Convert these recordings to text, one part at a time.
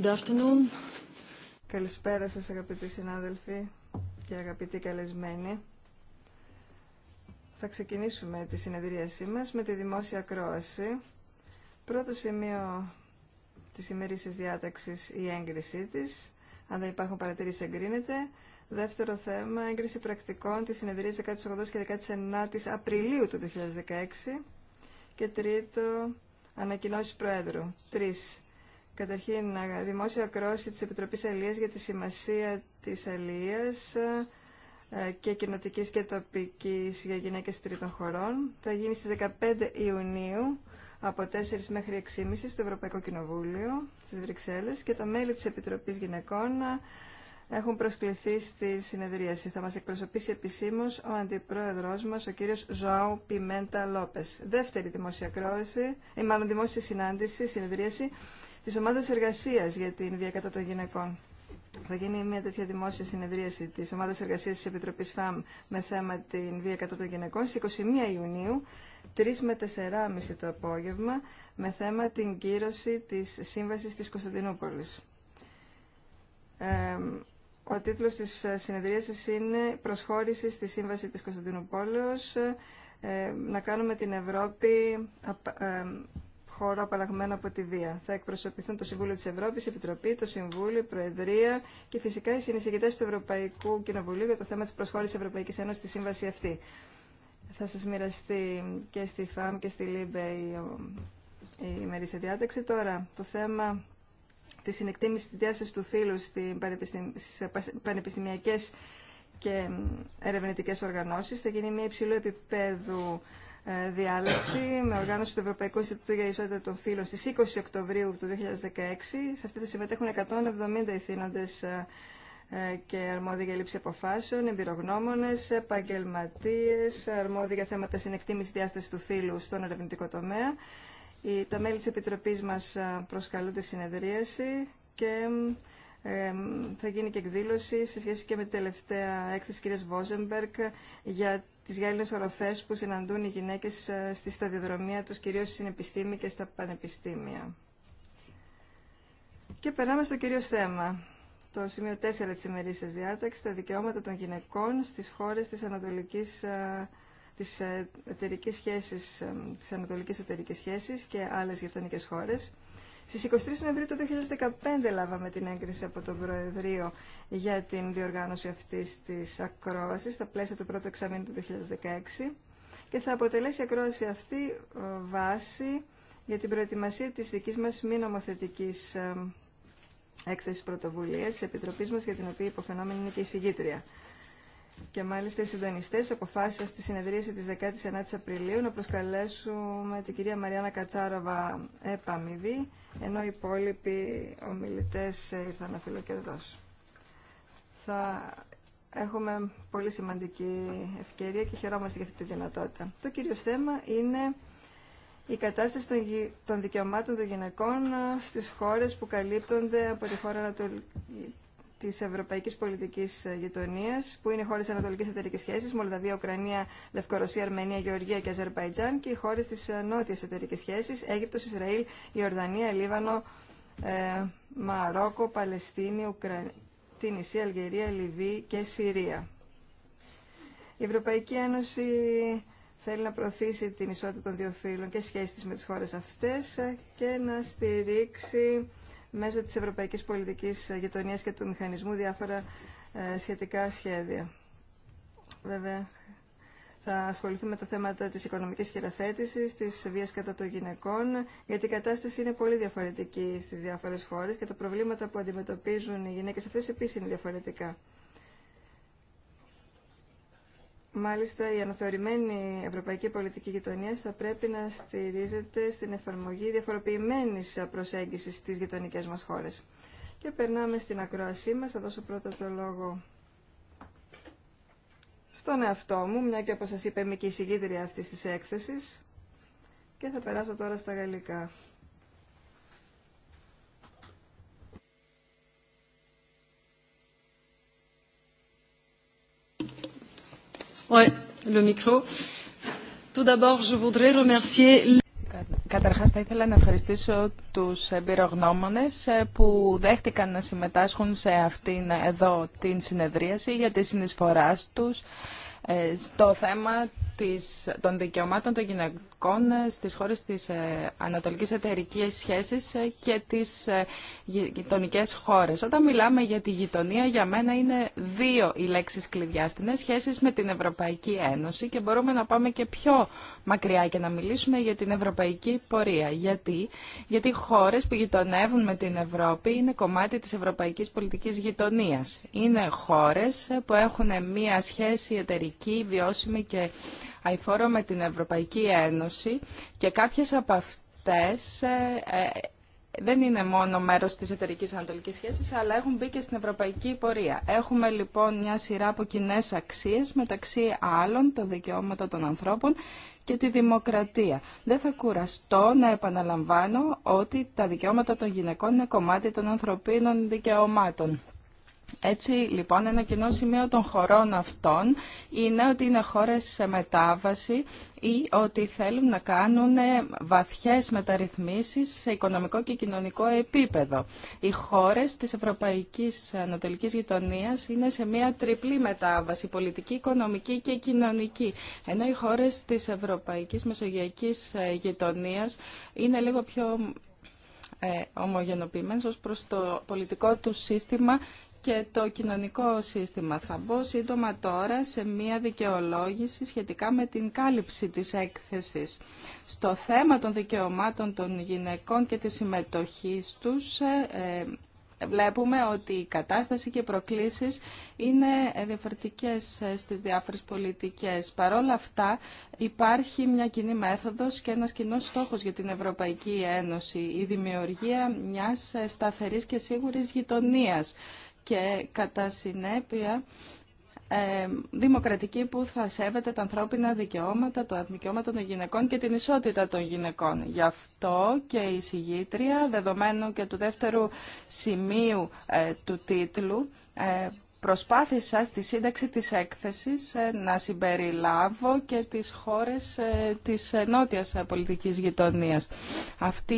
Good afternoon. Καλησπέρα σας αγαπητοί συνάδελφοι και αγαπητοί καλεσμένοι. Θα ξεκινήσουμε τη συνεδρίασή μας με τη δημόσια ακρόαση. Πρώτο σημείο της ημερήσης διάταξης η έγκρισή της. Αν δεν υπάρχουν παρατηρήσεις εγκρίνεται. Δεύτερο θέμα, έγκριση πρακτικών της συνεδρίας 18 και 19 Απριλίου του 2016. Και τρίτο, ανακοινώσεις Προέδρου. Τρεις Καταρχήν, δημόσια κρόση της Επιτροπής Αλίας για τη σημασία της αλίας ε, και κοινοτική και τοπική για γυναίκες τρίτων χωρών. Θα γίνει στις 15 Ιουνίου από 4 μέχρι 6.30 στο Ευρωπαϊκό Κοινοβούλιο στις Βρυξέλλες και τα μέλη της Επιτροπής Γυναικών ε, έχουν προσκληθεί στη συνεδρίαση. Θα μας εκπροσωπήσει επισήμω ο αντιπρόεδρός μας, ο κύριος Ζωάου Πιμέντα Λόπες. Δεύτερη δημόσια κρόση, ή ε, μάλλον δημόσια συνάντηση, συνεδρίαση, Τη ομάδας εργασίας για την βία κατά των γυναικών. Θα γίνει μια τέτοια δημόσια συνεδρίαση τη Ομάδα Εργασία τη Επιτροπή ΦΑΜ με θέμα την βία κατά των γυναικών στι 21 Ιουνίου, 3 με 4.30 το απόγευμα, με θέμα την κύρωση τη Σύμβαση τη Κωνσταντινούπολη. ο τίτλος της συνεδρίασης είναι «Προσχώρηση στη Σύμβαση της Κωνσταντινούπολης ε, να κάνουμε την Ευρώπη ε, χώρο απαλλαγμένο από τη βία. Θα εκπροσωπηθούν το Συμβούλιο τη Ευρώπη, η Επιτροπή, το Συμβούλιο, η Προεδρία και φυσικά οι συνεισηγητέ του Ευρωπαϊκού Κοινοβουλίου για το θέμα τη προσχώρηση Ευρωπαϊκή Ένωση στη σύμβαση αυτή. Θα σα μοιραστεί και στη ΦΑΜ και στη ΛΥΜΠΕ η, η ημερήσια διάταξη. Τώρα, το θέμα τη συνεκτίμηση τη διάσταση του φύλου στι πανεπιστημιακέ και ερευνητικέ οργανώσει θα γίνει μια υψηλού επίπεδου ε, διάλεξη με οργάνωση του Ευρωπαϊκού Ινστιτούτου για Ισότητα των Φύλων στις 20 Οκτωβρίου του 2016. Σε αυτή τη συμμετέχουν 170 ηθήνοντες ε, ε, και αρμόδιοι για λήψη αποφάσεων, εμπειρογνώμονε, επαγγελματίε, αρμόδιοι για θέματα συνεκτίμηση διάσταση του φύλου στον ερευνητικό τομέα. Τα μέλη τη Επιτροπή μα προσκαλούνται συνεδρίαση και θα γίνει και εκδήλωση σε σχέση και με την τελευταία έκθεση κυρίας Βόζεμπερκ για τι γέλιε οροφέ που συναντούν οι γυναίκες ε, στη σταδιοδρομία του κυρίω στην επιστήμη και στα πανεπιστήμια. Και περνάμε στο κυρίως θέμα, το σημείο 4 τη ημερήσια διάταξη τα δικαιώματα των γυναικών στις χώρες της Ανατολικής ε, της ε, εταιρικής σχέσης, της ανατολικής σχέσης και άλλες γειτονικές χώρες. Στις 23 Νοεμβρίου του 2015 λάβαμε την έγκριση από το Προεδρείο για την διοργάνωση αυτής της ακρόασης στα πλαίσια του πρώτου εξαμήνου του 2016 και θα αποτελέσει η ακρόαση αυτή ε, βάση για την προετοιμασία της δικής μας μη νομοθετικής ε, έκθεσης πρωτοβουλίας της Επιτροπής μας για την οποία υποφαινόμενη είναι και η συγγήτρια. Και μάλιστα οι συντονιστέ αποφάσισαν στη συνεδρίαση τη 19η Απριλίου να προσκαλέσουμε την κυρία Μαριάννα Κατσάροβα επαμοιβή, ενώ οι υπόλοιποι ομιλητέ ήρθαν αφιλοκερδό. Θα έχουμε πολύ σημαντική ευκαιρία και χαιρόμαστε για αυτή τη δυνατότητα. Το κύριο θέμα είναι η κατάσταση των δικαιωμάτων των γυναικών ε, στις χώρες που καλύπτονται από τη χώρα Τη Ευρωπαϊκή Πολιτική Γειτονία, που είναι χώρες ανατολική εταιρική σχέση, Μολδαβία, Ουκρανία, Λευκορωσία, Αρμενία, Γεωργία και Αζερβαϊτζάν και οι χώρες της ε, Νότιας εταιρική Σχέσης, Αίγυπτος, Ισραήλ, Ιορδανία, Λίβανο, ε, Μαρόκο, Παλαιστίνη, Ουκρανία, την Αλγερία, Λιβύη και Συρία. Η Ευρωπαϊκή Ένωση θέλει να προωθήσει την ισότητα των δύο φύλων και σχέση με τις χώρες αυτές και να στηρίξει μέσω της Ευρωπαϊκής Πολιτικής Γειτονίας και του Μηχανισμού διάφορα ε, σχετικά σχέδια. Βέβαια, θα ασχοληθούμε με τα θέματα της οικονομικής χειραφέτησης, της βίας κατά των γυναικών, γιατί η κατάσταση είναι πολύ διαφορετική στις διάφορες χώρες και τα προβλήματα που αντιμετωπίζουν οι γυναίκες αυτές επίσης είναι διαφορετικά. Μάλιστα, η αναθεωρημένη ευρωπαϊκή πολιτική γειτονία θα πρέπει να στηρίζεται στην εφαρμογή διαφοροποιημένη προσέγγιση στι γειτονικέ μα χώρε. Και περνάμε στην ακρόασή μα. Θα δώσω πρώτα το λόγο στον εαυτό μου, μια και όπω σα είπα είμαι και η συγκίτρια αυτή τη έκθεση. Και θα περάσω τώρα στα γαλλικά. Καταρχάς θα ήθελα να ευχαριστήσω τους εμπειρογνώμονες ε, που δέχτηκαν να συμμετάσχουν σε αυτήν εδώ την συνεδρίαση για τη συνεισφορά τους ε, στο θέμα των δικαιωμάτων των γυναίκων γυναικών ε, στις χώρες της ε, ανατολικής εταιρικής σχέσης ε, και τις γειτονικέ χώρες. Όταν μιλάμε για τη γειτονία, για μένα είναι δύο οι λέξεις κλειδιά. σχέσεις με την Ευρωπαϊκή Ένωση και μπορούμε να πάμε και πιο μακριά και να μιλήσουμε για την ευρωπαϊκή πορεία. Γιατί, Γιατί οι χώρες που γειτονεύουν με την Ευρώπη είναι κομμάτι της ευρωπαϊκής πολιτικής γειτονίας. Είναι χώρες που έχουν μια σχέση εταιρική, βιώσιμη και αηφόρο με την Ευρωπαϊκή Ένωση και κάποιες από αυτές ε, ε, δεν είναι μόνο μέρος της εταιρική ανατολικής σχέσης, αλλά έχουν μπει και στην ευρωπαϊκή πορεία. Έχουμε λοιπόν μια σειρά από κοινέ αξίες, μεταξύ άλλων τα δικαιώματα των ανθρώπων και τη δημοκρατία. Δεν θα κουραστώ να επαναλαμβάνω ότι τα δικαιώματα των γυναικών είναι κομμάτι των ανθρωπίνων δικαιωμάτων. Έτσι λοιπόν ένα κοινό σημείο των χωρών αυτών είναι ότι είναι χώρες σε μετάβαση ή ότι θέλουν να κάνουν βαθιές μεταρρυθμίσεις σε οικονομικό και κοινωνικό επίπεδο. Οι χώρες της Ευρωπαϊκής Ανατολικής Γειτονίας είναι σε μια τριπλή μετάβαση, πολιτική, οικονομική και κοινωνική. Ενώ οι χώρες της Ευρωπαϊκής Μεσογειακής ε, Γειτονίας είναι λίγο πιο ε, ομογενοποιημένες ως προς το πολιτικό του σύστημα και το κοινωνικό σύστημα. Θα μπω σύντομα τώρα σε μία δικαιολόγηση σχετικά με την κάλυψη της έκθεσης. Στο θέμα των δικαιωμάτων των γυναικών και της συμμετοχής τους ε, ε, βλέπουμε ότι η κατάσταση και οι προκλήσεις είναι διαφορετικές ε, στις διάφορες πολιτικές. Παρόλα αυτά υπάρχει μια κοινή μέθοδος και ένας κοινό στόχος για την Ευρωπαϊκή Ένωση, η δημιουργία μιας σταθερής και σίγουρης γειτονίας και κατά συνέπεια ε, δημοκρατική που θα σέβεται τα ανθρώπινα δικαιώματα, τα δικαιώματα των γυναικών και την ισότητα των γυναικών. Γι' αυτό και η συγγήτρια, δεδομένου και του δεύτερου σημείου ε, του τίτλου, ε, Προσπάθησα στη σύνταξη της έκθεσης ε, να συμπεριλάβω και τις χώρες ε, της νότιας πολιτικής γειτονίας. Αυτή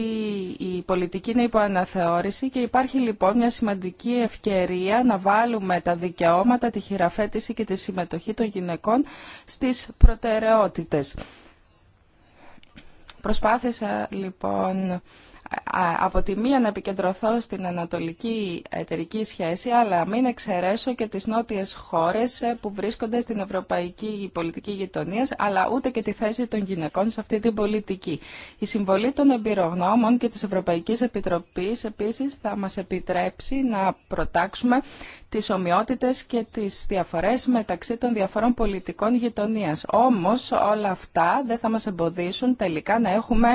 η πολιτική είναι υπό αναθεώρηση και υπάρχει λοιπόν μια σημαντική ευκαιρία να βάλουμε τα δικαιώματα, τη χειραφέτηση και τη συμμετοχή των γυναικών στις προτεραιότητες. Προσπάθησα λοιπόν από τη μία να επικεντρωθώ στην ανατολική εταιρική σχέση, αλλά μην εξαιρέσω και τις νότιες χώρες ε, που βρίσκονται στην ευρωπαϊκή πολιτική γειτονία, αλλά ούτε και τη θέση των γυναικών σε αυτή την πολιτική. Η συμβολή των εμπειρογνώμων και της Ευρωπαϊκής Επιτροπής επίσης θα μας επιτρέψει να προτάξουμε τις ομοιότητες και τις διαφορές μεταξύ των διαφορών πολιτικών γειτονίας. Όμως όλα αυτά δεν θα μας εμποδίσουν τελικά να έχουμε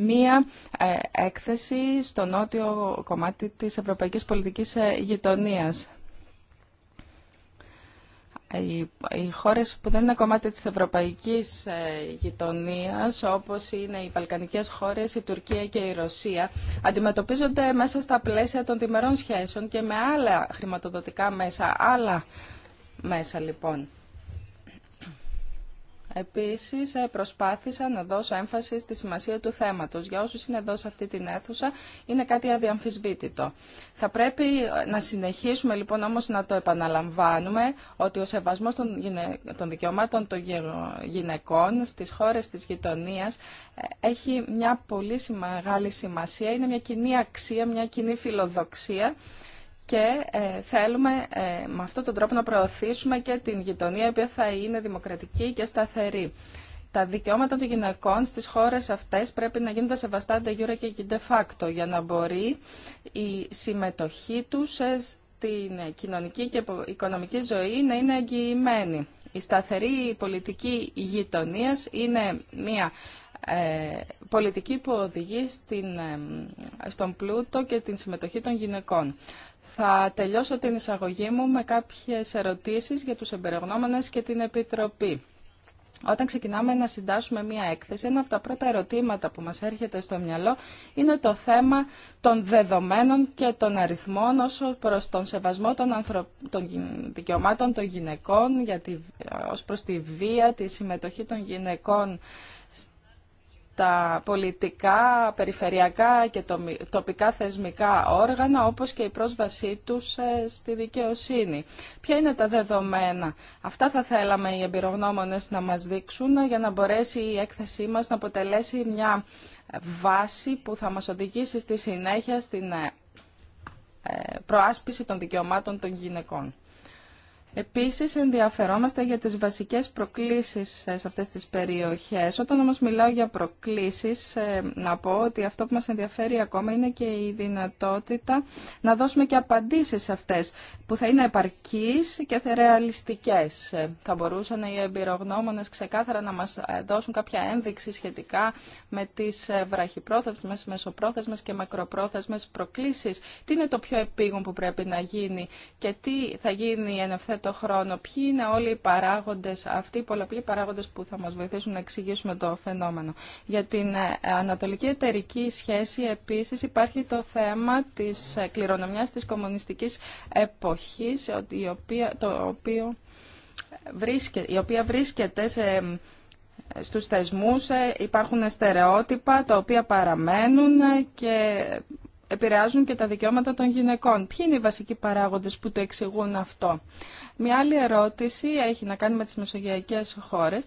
μία ε, έκθεση στο νότιο κομμάτι της ευρωπαϊκής πολιτικής ε, γειτονίας. Ε, οι χώρες που δεν είναι κομμάτι της ευρωπαϊκής γειτονίας, όπως είναι οι Βαλκανικές χώρες, η Τουρκία και η Ρωσία, αντιμετωπίζονται μέσα στα πλαίσια των διμερών σχέσεων και με άλλα χρηματοδοτικά μέσα, άλλα μέσα λοιπόν. Επίσης, ε, προσπάθησα να δώσω έμφαση στη σημασία του θέματος. Για όσους είναι εδώ σε αυτή την αίθουσα, είναι κάτι αδιαμφισβήτητο. Θα πρέπει ε, να συνεχίσουμε λοιπόν όμως να το επαναλαμβάνουμε, ότι ο σεβασμός των, των δικαιωμάτων των γυναικών στις χώρες της γειτονίας ε, έχει μια πολύ μεγάλη σημασία, είναι μια κοινή αξία, μια κοινή φιλοδοξία και ε, θέλουμε ε, με αυτόν τον τρόπο να προωθήσουμε και την γειτονία η οποία θα είναι δημοκρατική και σταθερή. Τα δικαιώματα των γυναικών στις χώρες αυτές πρέπει να γίνονται σεβαστά de και de facto για να μπορεί η συμμετοχή τους ε, στην κοινωνική και οικονομική ζωή να είναι εγγυημένη. Η σταθερή πολιτική γειτονία είναι μια πολιτική που οδηγεί στην, στον πλούτο και την συμμετοχή των γυναικών. Θα τελειώσω την εισαγωγή μου με κάποιες ερωτήσεις για τους εμπεριγνώμενες και την Επιτροπή. Όταν ξεκινάμε να συντάσσουμε μία έκθεση, ένα από τα πρώτα ερωτήματα που μας έρχεται στο μυαλό είναι το θέμα των δεδομένων και των αριθμών όσο προς τον σεβασμό των, των δικαιωμάτων των γυναικών, για τη... ως προς τη βία, τη συμμετοχή των γυναικών τα πολιτικά, περιφερειακά και τοπικά θεσμικά όργανα, όπως και η πρόσβασή τους ε, στη δικαιοσύνη. Ποια είναι τα δεδομένα. Αυτά θα θέλαμε οι εμπειρογνώμονες να μας δείξουν ε, για να μπορέσει η έκθεσή μας να αποτελέσει μια βάση που θα μας οδηγήσει στη συνέχεια στην ε, προάσπιση των δικαιωμάτων των γυναικών. Επίσης ενδιαφερόμαστε για τις βασικές προκλήσεις σε αυτές τις περιοχές. Όταν όμως μιλάω για προκλήσεις, ε, να πω ότι αυτό που μας ενδιαφέρει ακόμα είναι και η δυνατότητα να δώσουμε και απαντήσεις σε αυτές, που θα είναι επαρκείς και θερεαλιστικέ. Ε, θα μπορούσαν οι εμπειρογνώμονες ξεκάθαρα να μας ε, δώσουν κάποια ένδειξη σχετικά με τις βραχυπρόθεσμες, μεσοπρόθεσμες και μακροπρόθεσμες προκλήσεις. Τι είναι το πιο επίγον που πρέπει να γίνει και τι θα γίνει εν ευθέτω το χρόνο. Ποιοι είναι όλοι οι παράγοντες αυτοί, οι πολλαπλοί παράγοντες που θα μας βοηθήσουν να εξηγήσουμε το φαινόμενο. Για την ε, ανατολική εταιρική σχέση επίσης υπάρχει το θέμα της ε, κληρονομιάς της κομμουνιστικής εποχής, η οποία, το οποίο βρίσκεται, η οποία βρίσκεται ε, στους θεσμούς υπάρχουν στερεότυπα τα οποία παραμένουν και επηρεάζουν και τα δικαιώματα των γυναικών. Ποιοι είναι οι βασικοί παράγοντες που το εξηγούν αυτό. Μια άλλη ερώτηση έχει να κάνει με τις μεσογειακές χώρες.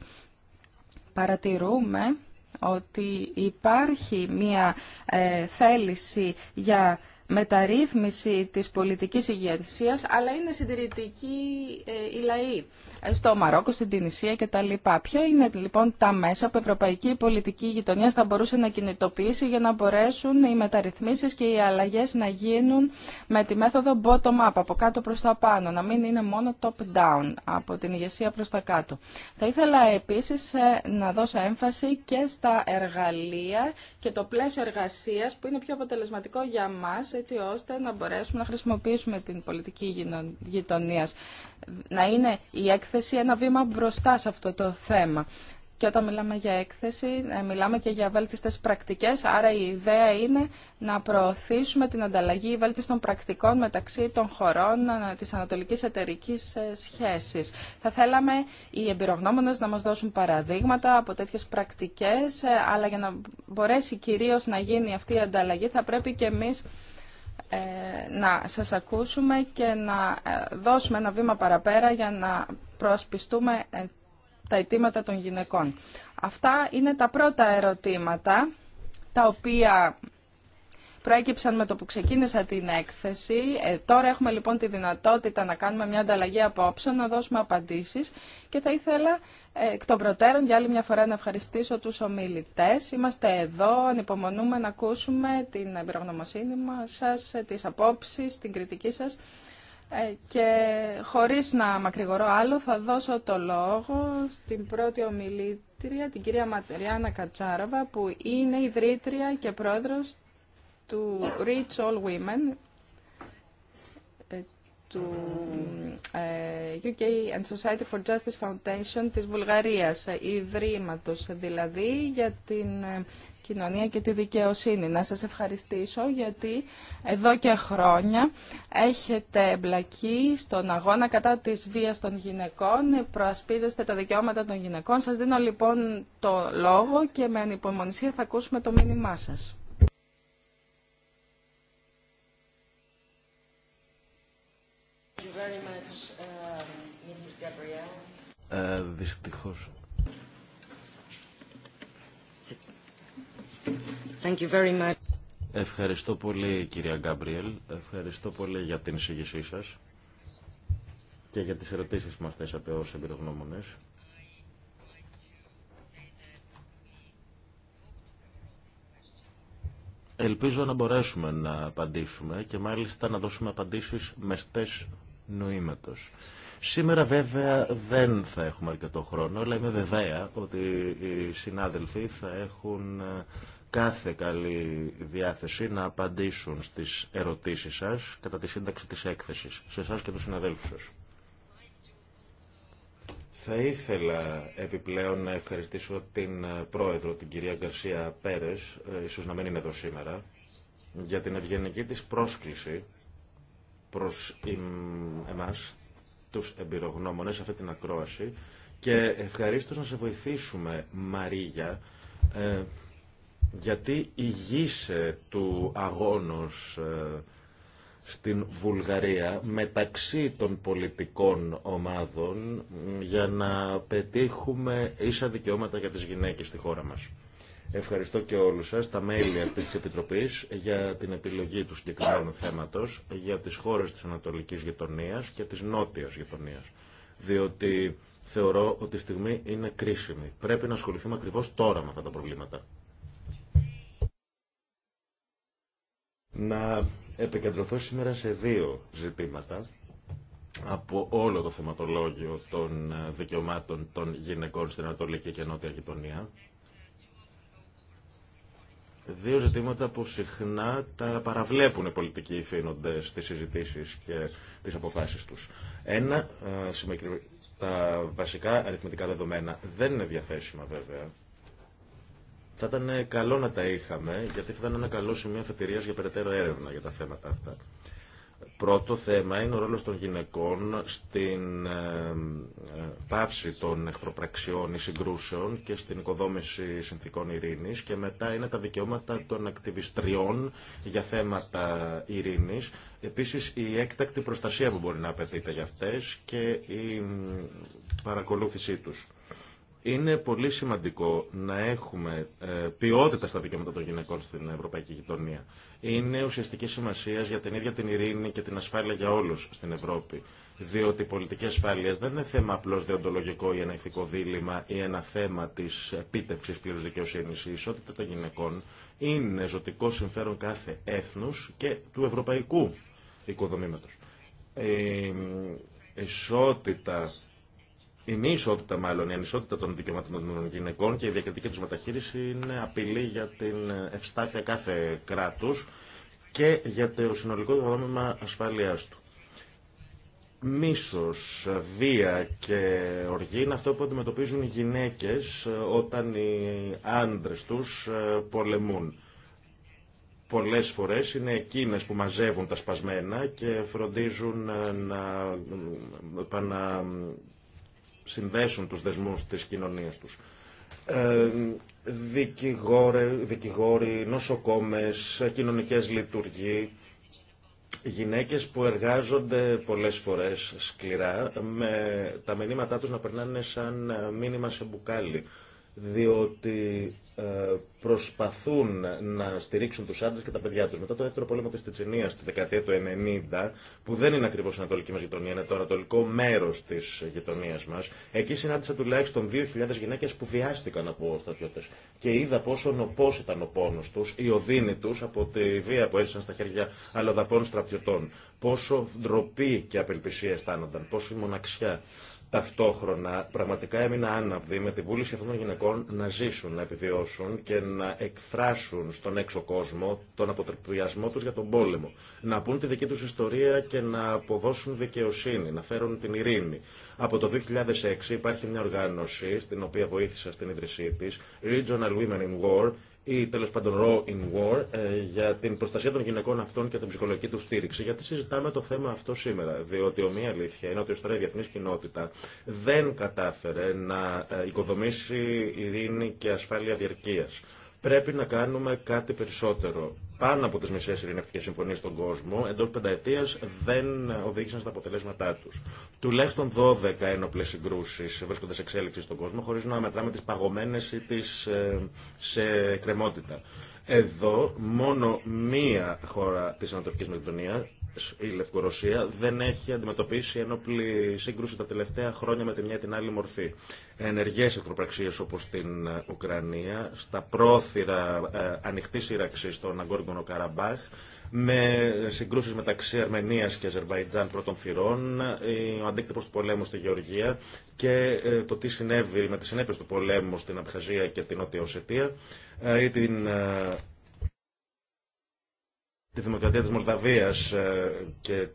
Παρατηρούμε ότι υπάρχει μια ε, θέληση για μεταρρύθμιση της πολιτικής ηγεσίας, αλλά είναι συντηρητικοί η ε, λαοί ε, στο Μαρόκο, στην Τινησία κτλ. Ποια είναι λοιπόν τα μέσα που η ευρωπαϊκή πολιτική γειτονιά θα μπορούσε να κινητοποιήσει για να μπορέσουν οι μεταρρυθμίσεις και οι αλλαγές να γίνουν με τη μέθοδο bottom-up, από κάτω προς τα πάνω, να μην είναι μόνο top-down, από την ηγεσία προς τα κάτω. Θα ήθελα επίσης ε, να δώσω έμφαση και στα εργαλεία και το πλαίσιο εργασίας που είναι πιο αποτελεσματικό για μας έτσι ώστε να μπορέσουμε να χρησιμοποιήσουμε την πολιτική γειτονία. Να είναι η έκθεση ένα βήμα μπροστά σε αυτό το θέμα. Και όταν μιλάμε για έκθεση, ε, μιλάμε και για βέλτιστες πρακτικές, άρα η ιδέα είναι να προωθήσουμε την ανταλλαγή βέλτιστων πρακτικών μεταξύ των χωρών ε, της ανατολικής εταιρικής ε, σχέσης. Θα θέλαμε οι εμπειρογνώμονες να μας δώσουν παραδείγματα από τέτοιες πρακτικές, αλλά για να μπορέσει κυρίως να γίνει αυτή η ανταλλαγή θα πρέπει και εμείς ε, να σας ακούσουμε και να ε, δώσουμε ένα βήμα παραπέρα για να προασπιστούμε ε, τα αιτήματα των γυναικών. Αυτά είναι τα πρώτα ερωτήματα τα οποία προέκυψαν με το που ξεκίνησα την έκθεση. Ε, τώρα έχουμε λοιπόν τη δυνατότητα να κάνουμε μια ανταλλαγή απόψε, να δώσουμε απαντήσεις και θα ήθελα ε, εκ των προτέρων για άλλη μια φορά να ευχαριστήσω τους ομιλητές. Είμαστε εδώ, ανυπομονούμε να ακούσουμε την εμπειρογνωμοσύνη μας, σας, ε, τις απόψεις, την κριτική σας. Και χωρίς να μακρηγορώ άλλο, θα δώσω το λόγο στην πρώτη ομιλήτρια, την κυρία Ματεριάνα Κατσάραβα, που είναι ιδρύτρια και πρόεδρο του Reach All Women του uh, UK uh, and Society for Justice Foundation της Βουλγαρίας, uh, ιδρύματος δηλαδή για την κοινωνία και τη δικαιοσύνη. Να σας ευχαριστήσω γιατί εδώ και χρόνια έχετε εμπλακεί στον αγώνα κατά της βίας των γυναικών, προασπίζεστε τα δικαιώματα των γυναικών. Σας δίνω λοιπόν το λόγο και με ανυπομονησία θα ακούσουμε το μήνυμά σας. Ε, Thank you very Ευχαριστώ πολύ κυρία Γκάμπριελ, ευχαριστώ πολύ για την εισήγησή σας και για τις ερωτήσεις που μας θέσατε ως εμπειρογνώμονες. Ελπίζω να μπορέσουμε να απαντήσουμε και μάλιστα να δώσουμε απαντήσεις μεστές νοήματος. Σήμερα βέβαια δεν θα έχουμε αρκετό χρόνο, αλλά είμαι βεβαία ότι οι συνάδελφοι θα έχουν ε, κάθε καλή διάθεση να απαντήσουν στις ερωτήσεις σας κατά τη σύνταξη της έκθεσης, σε εσά και τους συναδέλφους σας. Θα ήθελα επιπλέον να ευχαριστήσω την ε, πρόεδρο, την κυρία Γκαρσία Πέρες, ε, ίσως να μην είναι εδώ σήμερα, για την ευγενική της πρόσκληση προς εμάς, τους εμπειρογνώμονες, αυτή την ακρόαση και ευχαρίστως να σε βοηθήσουμε, Μαρίγια, ε, γιατί ηγείσαι του αγώνος ε, στην Βουλγαρία μεταξύ των πολιτικών ομάδων για να πετύχουμε ίσα δικαιώματα για τις γυναίκες στη χώρα μας. Ευχαριστώ και όλους σας, τα μέλη αυτής της Επιτροπής, για την επιλογή του συγκεκριμένου θέματος, για τις χώρες της Ανατολικής Γειτονίας και της Νότιας Γειτονίας. Διότι θεωρώ ότι η στιγμή είναι κρίσιμη. Πρέπει να ασχοληθούμε ακριβώς τώρα με αυτά τα προβλήματα. Να επικεντρωθώ σήμερα σε δύο ζητήματα από όλο το θεματολόγιο των δικαιωμάτων των γυναικών στην Ανατολική και Νότια Γειτονία Δύο ζητήματα που συχνά τα παραβλέπουν οι πολιτικοί υφήνοντες στις συζητήσεις και τις αποφάσεις τους. Ένα, ε, τα βασικά αριθμητικά δεδομένα δεν είναι διαθέσιμα βέβαια. Θα ήταν καλό να τα είχαμε, γιατί θα ήταν ένα καλό σημείο αφετηρίας για περαιτέρω έρευνα για τα θέματα αυτά. Πρώτο θέμα είναι ο ρόλος των γυναικών στην ε, ε, πάυση των εχθροπραξιών ή συγκρούσεων και στην οικοδόμηση συνθήκων ειρήνης και μετά είναι τα δικαιώματα των ακτιβιστριών για θέματα ειρήνης. Επίσης η έκτακτη προστασία που μπορεί να απαιτείται για αυτές και η παρακολούθησή τους. Είναι πολύ σημαντικό να έχουμε ε, ποιότητα στα δικαιώματα των γυναικών στην ευρωπαϊκή γειτονία. Είναι ουσιαστική σημασία για την ίδια την ειρήνη και την ασφάλεια για όλου στην Ευρώπη. Διότι η πολιτική ασφάλεια δεν είναι θέμα απλώ διοντολογικό ή ένα ηθικό δίλημα ή ένα θέμα τη επίτευξη πλήρου δικαιοσύνη. Η ισότητα των γυναικών είναι ζωτικό συμφέρον κάθε έθνου και του ευρωπαϊκού οικοδομήματο. Η ε, ισότητα η μη ισότητα, μάλλον η ανισότητα των δικαιωμάτων των γυναικών και η διακριτική του μεταχείριση είναι απειλή για την ευστάθεια κάθε κράτου και για το συνολικό δρόμημα ασφαλεία του. Μίσος, βία και οργή είναι αυτό που αντιμετωπίζουν οι γυναίκες όταν οι άντρε τους ε, πολεμούν. Πολλέ φορές είναι εκείνε που μαζεύουν τα σπασμένα και φροντίζουν ε, να ε, συνδέσουν τους δεσμούς της κοινωνίας τους. Ε, δικηγόροι, δικηγόροι, νοσοκόμες, κοινωνικές λειτουργοί, γυναίκες που εργάζονται πολλές φορές σκληρά με τα μηνύματά τους να περνάνε σαν μήνυμα σε μπουκάλι διότι ε, προσπαθούν να στηρίξουν τους άντρες και τα παιδιά τους. Μετά το δεύτερο πόλεμο της Τσετσενίας τη δεκαετία του 90, που δεν είναι ακριβώς η ανατολική μας γειτονία, είναι το ανατολικό μέρος της γειτονίας μας, εκεί συνάντησα τουλάχιστον 2.000 γυναίκες που βιάστηκαν από στρατιώτες. Και είδα πόσο νοπός ήταν ο πόνος τους, η οδύνη τους από τη βία που έζησαν στα χέρια αλλοδαπών στρατιωτών. Πόσο ντροπή και απελπισία αισθάνονταν, πόσο μοναξιά ταυτόχρονα πραγματικά έμεινα άναυδη με τη βούληση αυτών των γυναικών να ζήσουν, να επιβιώσουν και να εκφράσουν στον έξω κόσμο τον αποτρεπιασμό τους για τον πόλεμο. Να πούν τη δική τους ιστορία και να αποδώσουν δικαιοσύνη, να φέρουν την ειρήνη. Από το 2006 υπάρχει μια οργάνωση στην οποία βοήθησα στην ίδρυσή της, Regional Women in War, ή τέλο πάντων Raw in War ε, για την προστασία των γυναικών αυτών και την ψυχολογική του στήριξη. Γιατί συζητάμε το θέμα αυτό σήμερα. Διότι ομοία αλήθεια είναι ότι η ιστορία διεθνή κοινότητα δεν κατάφερε να ε, οικοδομήσει ειρήνη και ασφάλεια διαρκεία. Πρέπει να κάνουμε κάτι περισσότερο πάνω από τι μισέ ειρηνευτικέ συμφωνίε στον κόσμο εντό πενταετία δεν οδήγησαν στα αποτελέσματά του. Τουλάχιστον 12 ένοπλε συγκρούσει βρίσκονται σε εξέλιξη στον κόσμο χωρί να μετράμε τι παγωμένε ή τι ε, σε κρεμότητα. Εδώ μόνο μία χώρα της Ανατολικής Μακεδονίας η Λευκορωσία δεν έχει αντιμετωπίσει ενόπλη σύγκρουση τα τελευταία χρόνια με τη μια την άλλη μορφή. ενεργέ εχθροπραξίε όπω στην ε, Ουκρανία, στα πρόθυρα ε, ανοιχτή σύραξη στον Αγκόργονο Καραμπάχ, με συγκρούσει μεταξύ Αρμενία και Αζερβαϊτζάν πρώτων θυρών, ε, ο αντίκτυπο του πολέμου στη Γεωργία και το τι συνέβη με τι συνέπειε του πολέμου στην Αμπχαζία και την Νότια ή την τη δημοκρατία της Μολδαβίας ε, και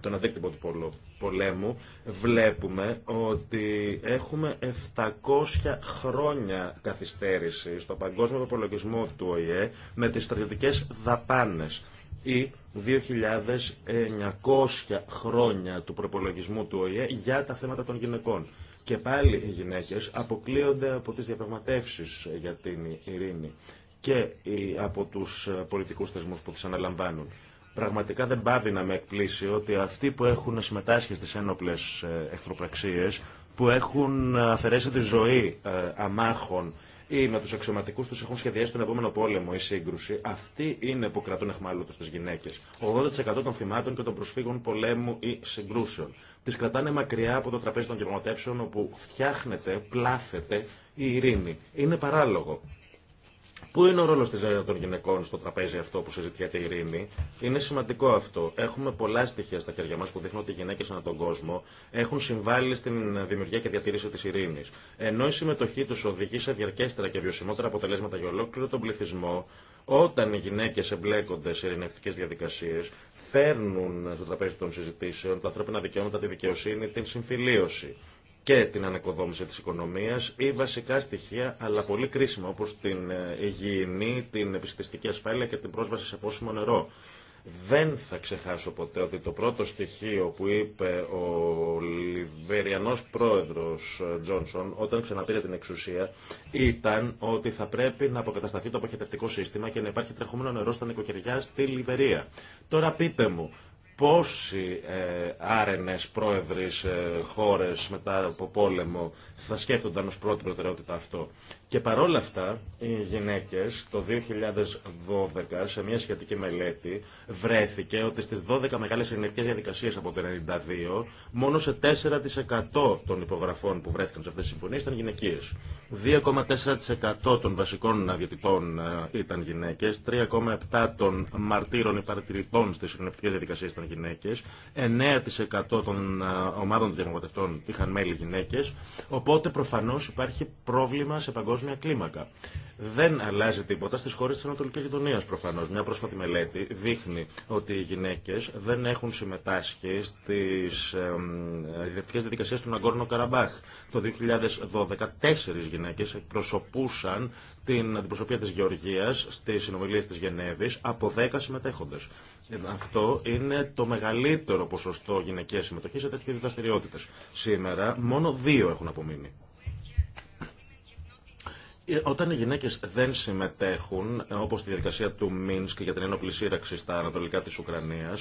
τον αντίκτυπο του πολέμου, βλέπουμε ότι έχουμε 700 χρόνια καθυστέρηση στο παγκόσμιο προπολογισμό του ΟΗΕ με τις στρατιωτικές δαπάνες ή 2.900 χρόνια του προπολογισμού του ΟΗΕ για τα θέματα των γυναικών. Και πάλι οι γυναίκες αποκλείονται από τις διαπραγματεύσεις για την ειρήνη και από του ε, πολιτικού θεσμού που τι αναλαμβάνουν. Πραγματικά δεν πάβει να με εκπλήσει ότι αυτοί που έχουν συμμετάσχει στι ένοπλε εχθροπραξίε, που έχουν ε, αφαιρέσει τη ζωή ε, αμάχων ή με του αξιωματικού του έχουν σχεδιάσει τον επόμενο πόλεμο ή σύγκρουση, αυτοί είναι που κρατούν εχμάλωτο τι γυναίκε. 80% των θυμάτων και των προσφύγων πολέμου ή συγκρούσεων. Τις κρατάνε μακριά από το τραπέζι των διαπραγματεύσεων όπου φτιάχνεται, πλάθεται η συγκρουσεων τι κρατανε μακρια απο το Είναι παράλογο. Πού είναι ο ρόλο ε, των γυναικών στο τραπέζι αυτό που συζητιέται η ειρήνη. Είναι σημαντικό αυτό. Έχουμε πολλά στοιχεία στα χέρια μα που δείχνουν ότι οι γυναίκε ανά τον κόσμο έχουν συμβάλει στην δημιουργία και διατήρηση τη ειρήνη. Ενώ η συμμετοχή του οδηγεί σε διαρκέστερα και βιωσιμότερα αποτελέσματα για ολόκληρο τον πληθυσμό, όταν οι γυναίκε εμπλέκονται σε ειρηνευτικέ διαδικασίε, φέρνουν στο τραπέζι των συζητήσεων τα ανθρώπινα δικαιώματα, τη δικαιοσύνη, την συμφιλίωση και την ανακοδόμηση της οικονομίας ή βασικά στοιχεία, αλλά πολύ κρίσιμα, όπως την ε, υγιεινή, την επιστηστική ασφάλεια και την πρόσβαση σε πόσιμο νερό. Δεν θα ξεχάσω ποτέ ότι το πρώτο στοιχείο που είπε ο Λιβεριανός πρόεδρος ε, Τζόνσον όταν ξαναπήρε την εξουσία ήταν ότι θα πρέπει να αποκατασταθεί το αποχετευτικό σύστημα και να υπάρχει τρεχόμενο νερό στα νοικοκυριά στη Λιβερία. Τώρα πείτε μου, πόσοι ε, άρενες πρόεδρες ε, χώρες μετά από πόλεμο θα σκέφτονταν ως πρώτη προτεραιότητα αυτό. Και παρόλα αυτά οι γυναίκες το 2012 σε μια σχετική μελέτη βρέθηκε ότι στις 12 μεγάλες ελληνικές διαδικασίες από το 1992 μόνο σε 4% των υπογραφών που βρέθηκαν σε αυτές τις συμφωνίες ήταν γυναικείες. 2,4% των βασικών διαιτητών ε, ήταν γυναίκες, 3,7% των μαρτύρων ή παρατηρητών στις ελληνικές διαδικασίες ήταν ήταν γυναίκες, 9% των ε, ομάδων των διαπραγματευτών είχαν μέλη γυναίκε, οπότε προφανώ υπάρχει πρόβλημα σε παγκόσμια κλίμακα. Δεν αλλάζει τίποτα στι χώρε τη Ανατολική Γειτονία προφανώ. Μια πρόσφατη μελέτη δείχνει ότι οι γυναίκε δεν έχουν συμμετάσχει στις ιδιωτικέ διαδικασίες του Ναγκόρνο Καραμπάχ. Το 2012 τέσσερις γυναίκες εκπροσωπούσαν την αντιπροσωπεία τη γεωργία στι συνομιλίε τη Γενέβη από 10 συμμετέχοντε. Ε, αυτό είναι το μεγαλύτερο ποσοστό γυναικείας συμμετοχή σε τέτοιες δραστηριότητε. Σήμερα μόνο δύο έχουν απομείνει. Ε, όταν οι γυναίκε δεν συμμετέχουν, ε, όπω στη διαδικασία του Μίνσκ για την ένοπλη σύραξη στα ανατολικά τη Ουκρανία,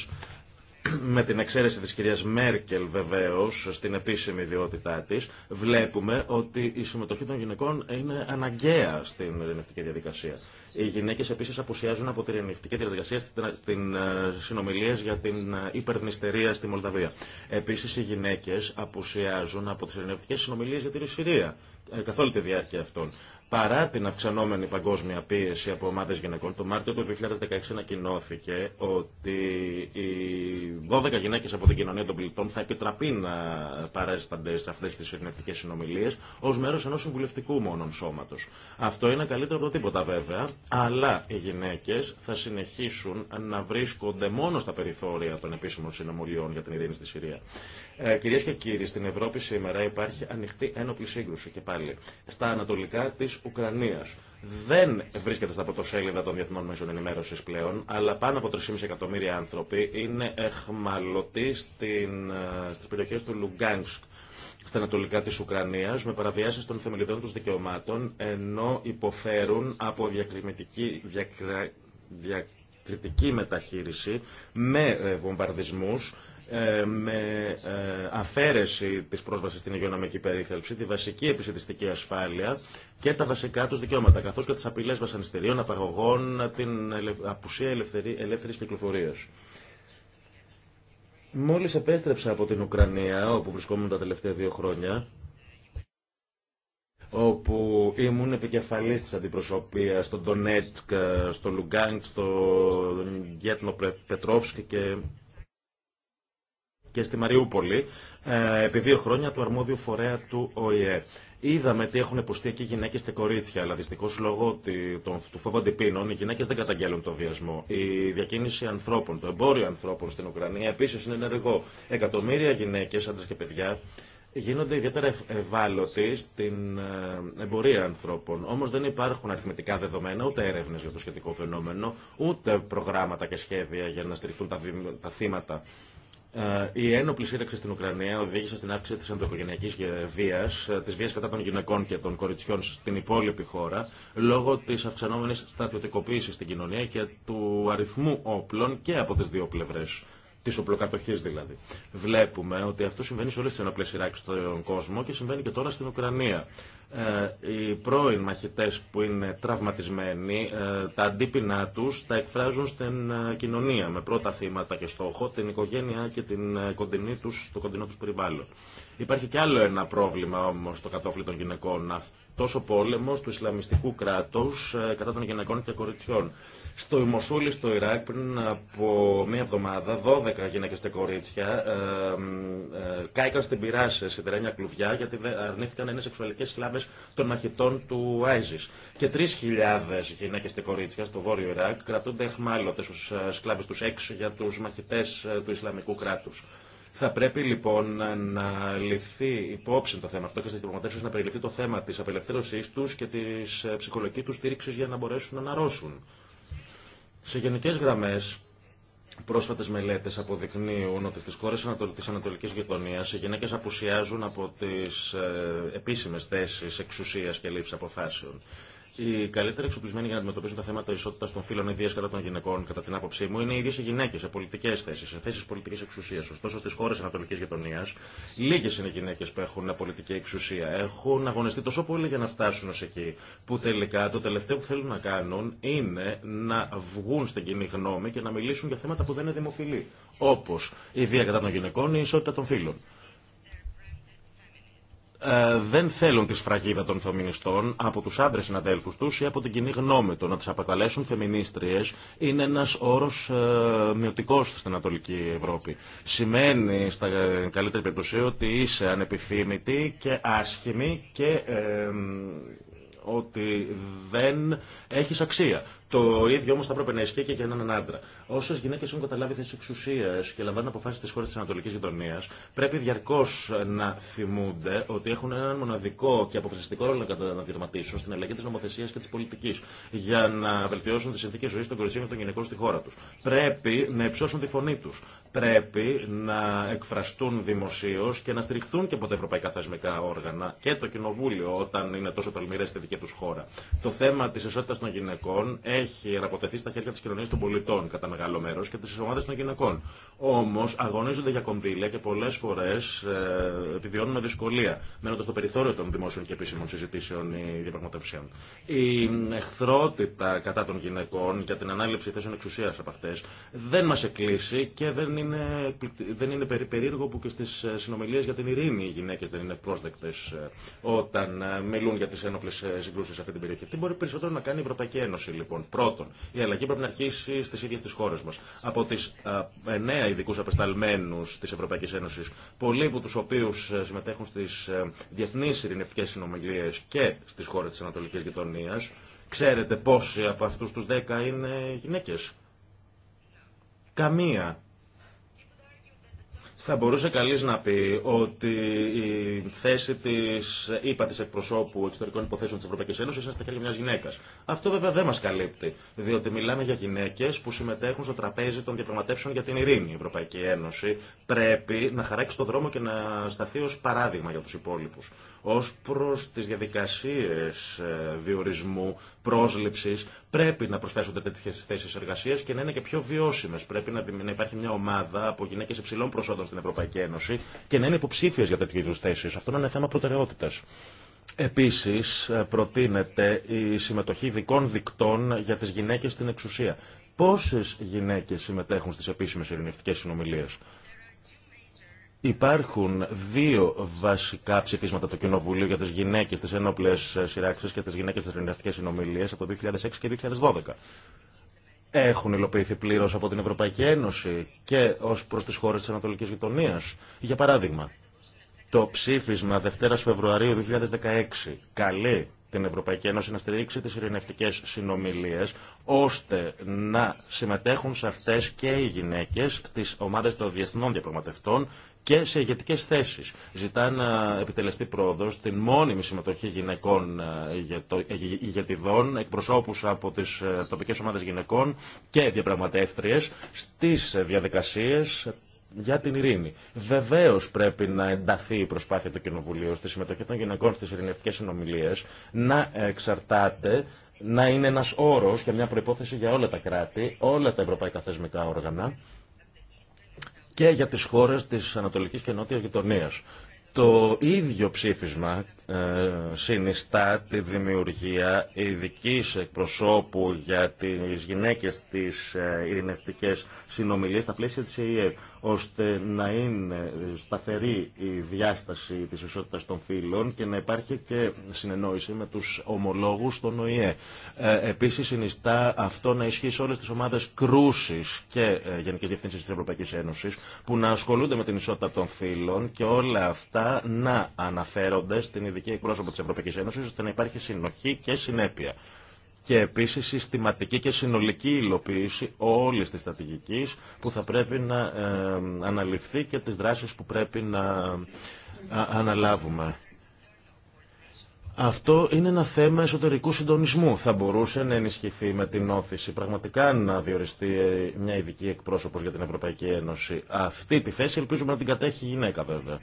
με την εξαίρεση της κυρίας Μέρκελ βεβαίως στην επίσημη ιδιότητά της, βλέπουμε ότι η συμμετοχή των γυναικών είναι αναγκαία στην ειρηνευτική διαδικασία. Οι γυναίκες επίσης απουσιάζουν από την ειρηνευτική διαδικασία στην ε, συνομιλίες για την ε, υπερνηστερία στη Μολδαβία. Επίσης οι γυναίκες απουσιάζουν από τις ειρηνευτικές συνομιλίες για την Συρία ε, καθ' όλη τη διάρκεια αυτών. Παρά την αυξανόμενη παγκόσμια πίεση από ομάδες γυναικών, το Μάρτιο του 2016 ανακοινώθηκε ότι οι 12 γυναίκες από την κοινωνία των πληκτών θα επιτραπεί να παρέστανται σε αυτές τις ειρηνευτικές συνομιλίες ως μέρος ενός συμβουλευτικού μόνον σώματος. Αυτό είναι καλύτερο από το τίποτα βέβαια, αλλά οι γυναίκες θα συνεχίσουν να βρίσκονται μόνο στα περιθώρια των επίσημων συνομιλιών για την ειρήνη στη Συρία. Ε, Κυρίε και κύριοι, στην Ευρώπη σήμερα υπάρχει ανοιχτή ένοπλη σύγκρουση και πάλι στα ανατολικά τη Ουκρανία. Δεν βρίσκεται στα πρωτοσέλιδα των διεθνών μέσων ενημέρωση πλέον, αλλά πάνω από 3,5 εκατομμύρια άνθρωποι είναι εχμαλωτοί ε, στι περιοχέ του Λουγκάνσκ στα ανατολικά της Ουκρανίας με παραβιάσεις των θεμελιδών τους δικαιωμάτων ενώ υποφέρουν από διακρα... διακριτική μεταχείριση με ε, βομβαρδισμούς ε, με ε, αφαίρεση της πρόσβασης στην υγειονομική περίθαλψη, τη βασική επισητιστική ασφάλεια και τα βασικά τους δικαιώματα, καθώς και τις απειλές βασανιστήριων, απαγωγών, την απουσία ελεύθερης κυκλοφορίας. Μόλις επέστρεψα από την Ουκρανία, όπου βρισκόμουν τα τελευταία δύο χρόνια, όπου ήμουν επικεφαλής της αντιπροσωπείας στο Ντονέτσκ, στο Λουγκάντ, στο Γιέτνο Πετρόφσκ και και στη Μαριούπολη ε, επί δύο χρόνια του αρμόδιου φορέα του ΟΗΕ. Είδαμε τι έχουν υποστεί εκεί γυναίκε και κορίτσια, αλλά δυστυχώ λόγω του φόβου αντιπίνων οι γυναίκε δεν καταγγέλουν τον βιασμό. Η διακίνηση ανθρώπων, το εμπόριο ανθρώπων στην Ουκρανία επίση είναι ενεργό. Εκατομμύρια γυναίκε, άντρε και παιδιά γίνονται ιδιαίτερα ευάλωτοι στην ε, εμπορία ανθρώπων. Όμω δεν υπάρχουν αριθμητικά δεδομένα, ούτε έρευνε για το σχετικό φαινόμενο, ούτε προγράμματα και σχέδια για να στηριχθούν τα θύματα ε, η ένοπλη σύραξη στην Ουκρανία οδήγησε στην αύξηση τη ανδροκογενειακή βία, ε, τη βία κατά των γυναικών και των κοριτσιών στην υπόλοιπη χώρα, λόγω τη αυξανόμενη στρατιωτικοποίηση στην κοινωνία και του αριθμού όπλων και από τι δύο πλευρέ τη οπλοκατοχή δηλαδή. Βλέπουμε ότι αυτό συμβαίνει σε όλε τι ενόπλε σειράξει στον κόσμο και συμβαίνει και τώρα στην Ουκρανία. Ε, οι πρώην μαχητέ που είναι τραυματισμένοι, ε, τα αντίπεινα του τα εκφράζουν στην ε, κοινωνία με πρώτα θύματα και στόχο την οικογένεια και την ε, κοντινή τους, το κοντινό του περιβάλλον. Υπάρχει και άλλο ένα πρόβλημα όμω στο κατόφλι των γυναικών. Αυτό ο πόλεμο του Ισλαμιστικού κράτου κατά των γυναικών και κοριτσιών στο Μοσούλη, στο Ιράκ, πριν από μία εβδομάδα, 12 γυναίκε και κορίτσια ε, ε, κάηκαν στην πειρά σε σιδερένια κλουβιά γιατί αρνήθηκαν να είναι σεξουαλικέ σλάβε των μαχητών του Άιζη. Και 3.000 γυναίκε και κορίτσια στο βόρειο Ιράκ κρατούνται εχμάλωτε ε, στου σκλάβε του 6 για του μαχητέ ε, του Ισλαμικού κράτου. Θα πρέπει λοιπόν να ληφθεί υπόψη το θέμα αυτό και στι διαπραγματεύσει να περιληφθεί το θέμα τη απελευθέρωσή του και τη ε, ψυχολογική του στήριξη για να μπορέσουν να αναρρώσουν. Σε γενικέ γραμμές, πρόσφατες μελέτες αποδεικνύουν ότι στις χώρε της Ανατολική Γειτονία, οι γυναίκε απουσιάζουν από τις ε, επίσημες θέσει εξουσία και λήψη αποφάσεων. Οι καλύτεροι εξοπλισμένοι για να αντιμετωπίσουν τα θέματα ισότητα των φύλων, ιδίω κατά των γυναικών, κατά την άποψή μου, είναι οι ίδιε οι γυναίκε σε πολιτικέ θέσει, σε θέσει πολιτική εξουσία. Ωστόσο, στι χώρε Ανατολική Γειτονία, λίγε είναι οι γυναίκε που έχουν πολιτική εξουσία. Έχουν αγωνιστεί τόσο πολύ για να φτάσουν ω εκεί, που τελικά το τελευταίο που θέλουν να κάνουν είναι να βγουν στην κοινή γνώμη και να μιλήσουν για θέματα που δεν είναι δημοφιλή. Όπω η βία κατά των γυναικών ή η ισότητα των φίλων. Ε, δεν θέλουν τη σφραγίδα των φεμινιστών από τους άντρες συναδέλφους τους ή από την κοινή γνώμη του. Να τις αποκαλέσουν φεμινίστριες είναι ένας όρος ε, μειωτικός στην Ανατολική Ευρώπη. Σημαίνει στα καλύτερη περίπτωση ότι είσαι ανεπιθύμητη και άσχημη και... Ε, ότι δεν έχεις αξία. Το ίδιο όμω θα έπρεπε να ισχύει και για έναν άντρα. Όσε γυναίκε έχουν καταλάβει θέσει εξουσία και λαμβάνουν αποφάσει στι χώρε τη Ανατολική Γειτονία, πρέπει διαρκώ να θυμούνται ότι έχουν έναν μοναδικό και αποφασιστικό ρόλο να διαδραματίσουν στην αλλαγή τη νομοθεσία και τη πολιτική για να βελτιώσουν τι συνθήκε ζωή των κοριτσιών και των γυναικών στη χώρα του. Πρέπει να υψώσουν τη φωνή του. Πρέπει να εκφραστούν δημοσίω και να στηριχθούν και από τα ευρωπαϊκά θεσμικά όργανα και το κοινοβούλιο όταν είναι τόσο τολμηρέ στη δική του χώρα. Το θέμα τη ισότητα των γυναικών έχει αναποτεθεί στα χέρια τη κοινωνία των πολιτών κατά μεγάλο μέρο και τη ομάδα των γυναικών. Όμω αγωνίζονται για κονδύλια και πολλέ φορέ ε, επιβιώνουν με δυσκολία, μένοντα στο περιθώριο των δημόσιων και επίσημων συζητήσεων ή διαπραγματεύσεων. Η εχθρότητα κατά των γυναικών για την ανάληψη θέσεων εξουσία από αυτέ δεν μα εκκλείσει και δεν είναι, δεν είναι περίεργο που και στι ε, συνομιλίε για την ειρήνη οι γυναίκε δεν είναι πρόσδεκτε ε, όταν ε, μιλούν για τι ένοπλε συγκρούσει σε αυτή την περιοχή. Τι μπορεί περισσότερο να κάνει η Ευρωπαϊκή Ένωση λοιπόν Πρώτον, η αλλαγή πρέπει να αρχίσει στι ίδιε τι χώρε μα. Από τι ε, εννέα ειδικού απεσταλμένου τη Ευρωπαϊκή Ένωση, πολλοί από του οποίου ε, συμμετέχουν στι ε, διεθνεί ειρηνευτικέ συνομιλίε και στι χώρε τη Ανατολική Γειτονία, ξέρετε πόσοι από αυτού του δέκα είναι γυναίκε. Καμία θα μπορούσε καλής να πει ότι η θέση της είπα της εκπροσώπου εξωτερικών υποθέσεων της Ευρωπαϊκής Ένωσης είναι στα χέρια μιας γυναίκας. Αυτό βέβαια δεν μας καλύπτει, διότι μιλάμε για γυναίκες που συμμετέχουν στο τραπέζι των διαπραγματεύσεων για την ειρήνη. Η Ευρωπαϊκή Ένωση πρέπει να χαράξει το δρόμο και να σταθεί ως παράδειγμα για τους υπόλοιπους. Ως προς τις διαδικασίες ε, διορισμού, πρόσληψης, πρέπει να προσθέσονται τέτοιες θέσεις εργασίας και να είναι και πιο βιώσιμες. Πρέπει να υπάρχει μια ομάδα από γυναίκες υψηλών προσόντων στην Ευρωπαϊκή Ένωση και να είναι υποψήφιες για τέτοιου είδους θέσεις. Αυτό είναι θέμα προτεραιότητας. Επίσης, ε, προτείνεται η συμμετοχή ειδικών δικτών για τις γυναίκες στην εξουσία. Πόσες γυναίκες συμμετέχουν στις επίσημες ειρηνευτικές συνομιλίες. Υπάρχουν δύο βασικά ψηφίσματα του Κοινοβουλίου για τι γυναίκε τη ενόπλε σειράξη και τι γυναίκε τη ειρηνευτικές συνομιλίες από το 2006 και 2012. Έχουν υλοποιηθεί πλήρω από την Ευρωπαϊκή Ένωση και ω προ τι χώρε τη Ανατολική Γειτονία. Για παράδειγμα, το ψήφισμα Δευτέρα Φεβρουαρίου 2016 καλεί την Ευρωπαϊκή Ένωση να στηρίξει τι ειρηνευτικέ συνομιλίε, ώστε να συμμετέχουν σε αυτέ και οι γυναίκε στι ομάδε των διεθνών διαπραγματευτών και σε ηγετικέ θέσει. Ζητά να επιτελεστεί πρόοδο στην μόνιμη συμμετοχή γυναικών ε, ε, ηγετιδών, εκπροσώπου από τι ε, τοπικέ ομάδε γυναικών και διαπραγματεύτριε στι διαδικασίε για την ειρήνη. Βεβαίω πρέπει να ενταθεί η προσπάθεια του Κοινοβουλίου στη συμμετοχή των γυναικών στι ειρηνευτικέ συνομιλίε, να εξαρτάται να είναι ένας όρος και μια προϋπόθεση για όλα τα κράτη, όλα τα ευρωπαϊκά θεσμικά όργανα και για τις χώρες της Ανατολικής και Νότιας Γειτονίας. Το ίδιο ψήφισμα ε, συνιστά τη δημιουργία ειδική εκπροσώπου για τις γυναίκες της ε, ειρηνευτικές συνομιλίες στα πλαίσια της ΕΕ ώστε να είναι σταθερή η διάσταση της ισότητας των φύλων και να υπάρχει και συνεννόηση με τους ομολόγους των ΟΗΕ. Ε, επίσης συνιστά αυτό να ισχύει σε όλες τις ομάδες κρούσης και ε, γενικής διευθύνσης της Ευρωπαϊκής Ένωσης που να ασχολούνται με την ισότητα των φύλων και όλα αυτά να αναφέρονται στην ειδική εκπρόσωπο της Ευρωπαϊκής Ένωσης ώστε να υπάρχει συνοχή και συνέπεια και επίσης συστηματική και συνολική υλοποίηση όλη τη στρατηγική που θα πρέπει να ε, αναλυφθεί και τις δράσεις που πρέπει να αναλάβουμε. Αυτό είναι ένα θέμα εσωτερικού συντονισμού. Θα μπορούσε να ενισχυθεί με την όθηση πραγματικά να διοριστεί ε, μια ειδική εκπρόσωπος για την Ευρωπαϊκή Ένωση. Αυτή τη θέση ελπίζουμε να την κατέχει η γυναίκα βέβαια.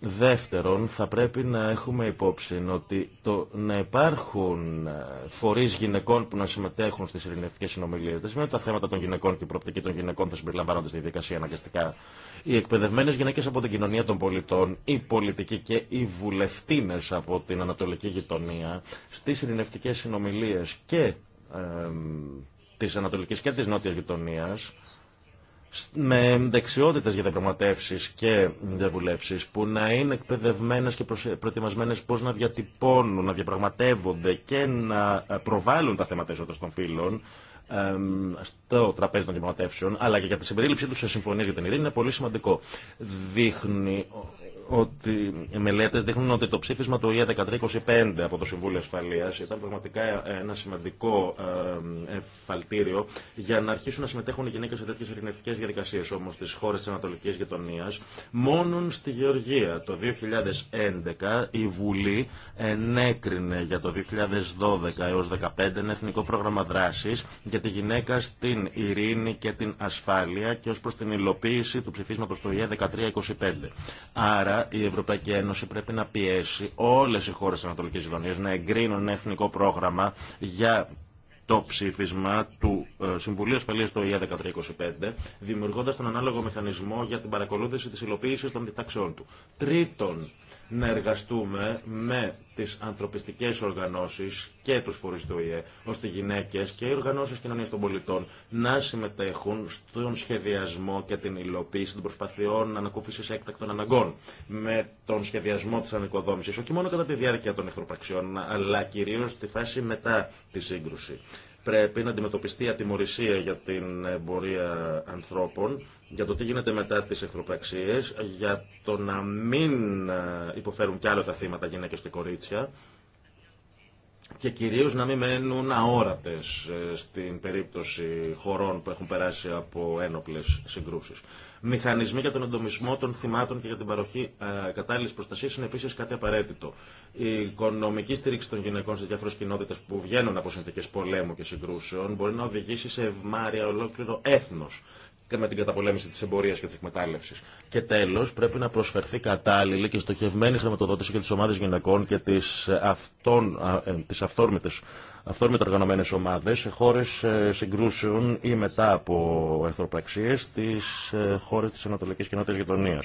Δεύτερον, θα πρέπει να έχουμε υπόψη ότι το να υπάρχουν ε, φορεί γυναικών που να συμμετέχουν στι ειρηνευτικέ συνομιλίε δεν σημαίνει ότι τα θέματα των γυναικών και η προοπτική των γυναικών θα συμπεριλαμβάνονται στη διαδικασία αναγκαστικά. Οι εκπαιδευμένε γυναίκε από την κοινωνία των πολιτών, οι πολιτικοί και οι βουλευτίνε από την Ανατολική γειτονία στι ειρηνευτικέ συνομιλίε και ε, τη Ανατολική και τη Νότια γειτονία με δεξιότητες για διαπραγματεύσεις και διαβουλεύσεις που να είναι εκπαιδευμένες και προετοιμασμένες πώς να διατυπώνουν, να διαπραγματεύονται και να ε, προβάλλουν τα θέματα ισότητας των φύλων στο τραπέζι των διαπραγματεύσεων, αλλά και για τη συμπερίληψή του σε συμφωνίε για την ειρήνη είναι πολύ σημαντικό. Δείχνει ότι οι μελέτες δείχνουν ότι το ψήφισμα του ΙΕ 1325 από το Συμβούλιο Ασφαλείας ήταν πραγματικά ε, ένα σημαντικό ε, εφαλτήριο για να αρχίσουν να συμμετέχουν οι γυναίκες σε τέτοιες ειρηνευτικές διαδικασίες όμως στις χώρες της Ανατολικής Γειτονίας. Μόνον στη Γεωργία το 2011 η Βουλή ενέκρινε για το 2012 έως 2015 ένα εθνικό πρόγραμμα δράσης για τη γυναίκα στην ειρήνη και την ασφάλεια και ως προς την υλοποίηση του ψηφίσματος του ΙΕ 1325. Άρα η Ευρωπαϊκή Ένωση πρέπει να πιέσει όλες οι χώρες της Ανατολικής Ιδονίας να εγκρίνουν ένα εθνικό πρόγραμμα για το ψήφισμα του ε, Συμβουλίου Ασφαλείας του ΙΑ 1325, δημιουργώντας τον ανάλογο μηχανισμό για την παρακολούθηση της υλοποίησης των διτάξεών του. Τρίτον, να εργαστούμε με τις ανθρωπιστικές οργανώσεις και τους φορείς του ΙΕ, ώστε οι γυναίκες και οι οργανώσεις κοινωνίας των πολιτών να συμμετέχουν στον σχεδιασμό και την υλοποίηση των προσπαθειών ανακούφισης έκτακτων αναγκών, με τον σχεδιασμό της ανοικοδόμησης, όχι μόνο κατά τη διάρκεια των εχθροπραξιών, αλλά κυρίως στη φάση μετά τη σύγκρουση πρέπει να αντιμετωπιστεί η ατιμορρησία για την εμπορία ανθρώπων, για το τι γίνεται μετά τις εχθροπραξίες, για το να μην ε, υποφέρουν κι άλλο τα θύματα γυναίκες και κορίτσια και κυρίως να μην μένουν αόρατες ε, στην περίπτωση χωρών που έχουν περάσει από ένοπλες συγκρούσεις. Μηχανισμοί για τον εντομισμό των θυμάτων και για την παροχή ε, κατάλληλη προστασία είναι επίση κάτι απαραίτητο. Η οικονομική στήριξη των γυναικών σε διάφορε κοινότητε που βγαίνουν από συνθήκε πολέμου και συγκρούσεων μπορεί να οδηγήσει σε ευμάρεια ολόκληρο έθνο με την καταπολέμηση τη εμπορία και τη εκμετάλλευση. Και τέλο, πρέπει να προσφερθεί κατάλληλη και στοχευμένη χρηματοδότηση για τι ομάδε γυναικών και τι ε, αυτόρμητε ε, ε, αυτό με οργανωμένε ομάδε σε χώρε ε, συγκρούσεων ή μετά από εχθροπραξίε στι ε, χώρε τη Ανατολική και Γειτονία.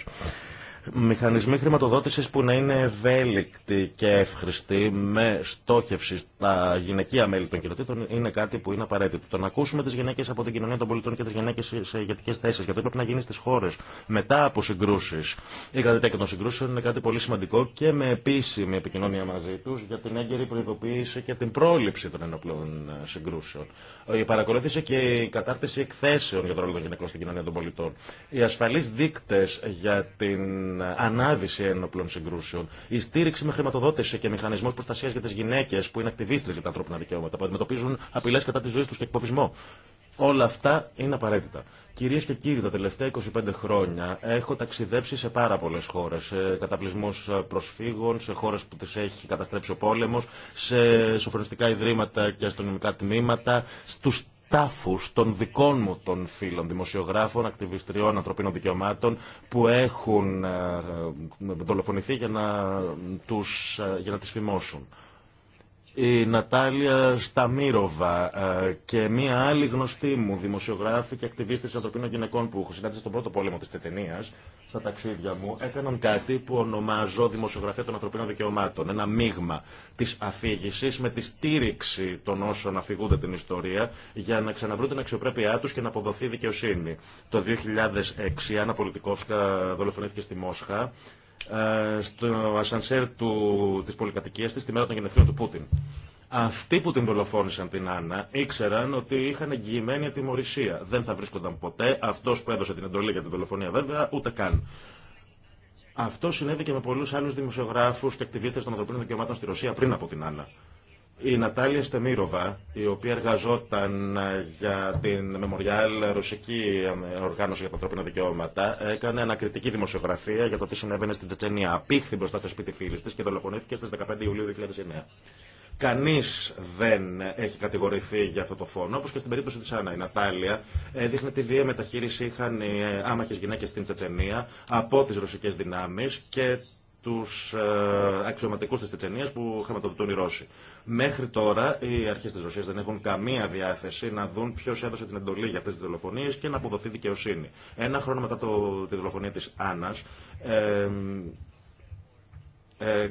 Μηχανισμοί χρηματοδότησης που να είναι ευέλικτοι και εύχρηστοι με στόχευση στα γυναικεία μέλη των κοινοτήτων είναι κάτι που είναι απαραίτητο. Το να ακούσουμε τις γυναίκες από την κοινωνία των πολιτών και τις γυναίκες σε ηγετικές θέσεις, γιατί πρέπει να γίνει στις χώρες μετά από συγκρούσεις ή κατά τέτοια των συγκρούσεων είναι κάτι πολύ σημαντικό και με επίσημη επικοινωνία μαζί τους για την έγκαιρη προειδοποίηση και την πρόληψη των ενοπλών συγκρούσεων. Η και η κατάρτιση εκθέσεων για τον ρόλο των γυναικών στην κοινωνία των πολιτών. Οι για την ανάδυση ένοπλων συγκρούσεων, η στήριξη με χρηματοδότηση και μηχανισμό προστασία για τι γυναίκε που είναι ακτιβίστρε για τα ανθρώπινα δικαιώματα, που αντιμετωπίζουν απειλέ κατά τη ζωή του και εκποβισμό. Όλα αυτά είναι απαραίτητα. Κυρίε και κύριοι, τα τελευταία 25 χρόνια έχω ταξιδέψει σε πάρα πολλέ χώρε. Σε καταπλισμού προσφύγων, σε χώρε που τι έχει καταστρέψει ο πόλεμο, σε σοφρονιστικά ιδρύματα και αστυνομικά τμήματα, στου τάφους των δικών μου των φίλων, δημοσιογράφων, ακτιβιστριών, ανθρωπίνων δικαιωμάτων που έχουν ε, ε, δολοφονηθεί για να, τους, ε, για να τις φημώσουν η Νατάλια Σταμύροβα ε, και μία άλλη γνωστή μου δημοσιογράφη και ακτιβίστη ανθρωπίνων γυναικών που έχω συνάντησε στον πρώτο πόλεμο τη Τσετσενία στα ταξίδια μου, έκαναν κάτι που ονομάζω Δημοσιογραφία των Ανθρωπίνων Δικαιωμάτων. Ένα μείγμα τη αφήγηση με τη στήριξη των όσων αφηγούνται την ιστορία για να ξαναβρούν την αξιοπρέπειά του και να αποδοθεί δικαιοσύνη. Το 2006 η Άννα Πολιτικόφσκα δολοφονήθηκε στη Μόσχα ε, στο ασανσέρ του, της πολυκατοικίας της τη μέρα των γενεθλίων του Πούτιν. Αυτοί που την δολοφόνησαν την Άννα ήξεραν ότι είχαν εγγυημένη ατιμορρησία. Δεν θα βρίσκονταν ποτέ. Αυτός που έδωσε την εντολή για την δολοφονία βέβαια ούτε καν. Αυτό συνέβη και με πολλούς άλλους δημοσιογράφους και ακτιβίστε των ανθρωπίνων δικαιωμάτων στη Ρωσία πριν από την Άννα. Η Νατάλια Στεμίροβα, η οποία εργαζόταν ε, για την Μεμοριαλ Ρωσική ε, Οργάνωση για τα Ανθρώπινα Δικαιώματα, έκανε ανακριτική δημοσιογραφία για το τι συνέβαινε στην Τσετσενία. Απήχθη μπροστά στα σπίτι φίλη τη και δολοφονήθηκε στι 15 Ιουλίου 2009. Κανεί δεν έχει κατηγορηθεί για αυτό το φόνο, όπω και στην περίπτωση τη Άννα. Η Νατάλια έδειχνε τη βία μεταχείριση είχαν οι ε, άμαχε γυναίκε στην Τσετσενία από τι ρωσικέ δυνάμει και του ε, αξιωματικού τη Τσετσενία που χρηματοδοτούν οι Ρώσοι. Μέχρι τώρα οι αρχέ τη Ρωσία δεν έχουν καμία διάθεση να δουν ποιο έδωσε την εντολή για αυτέ τι δολοφονίε και να αποδοθεί δικαιοσύνη. Ένα χρόνο μετά το, τη δολοφονία τη Άννα, ε,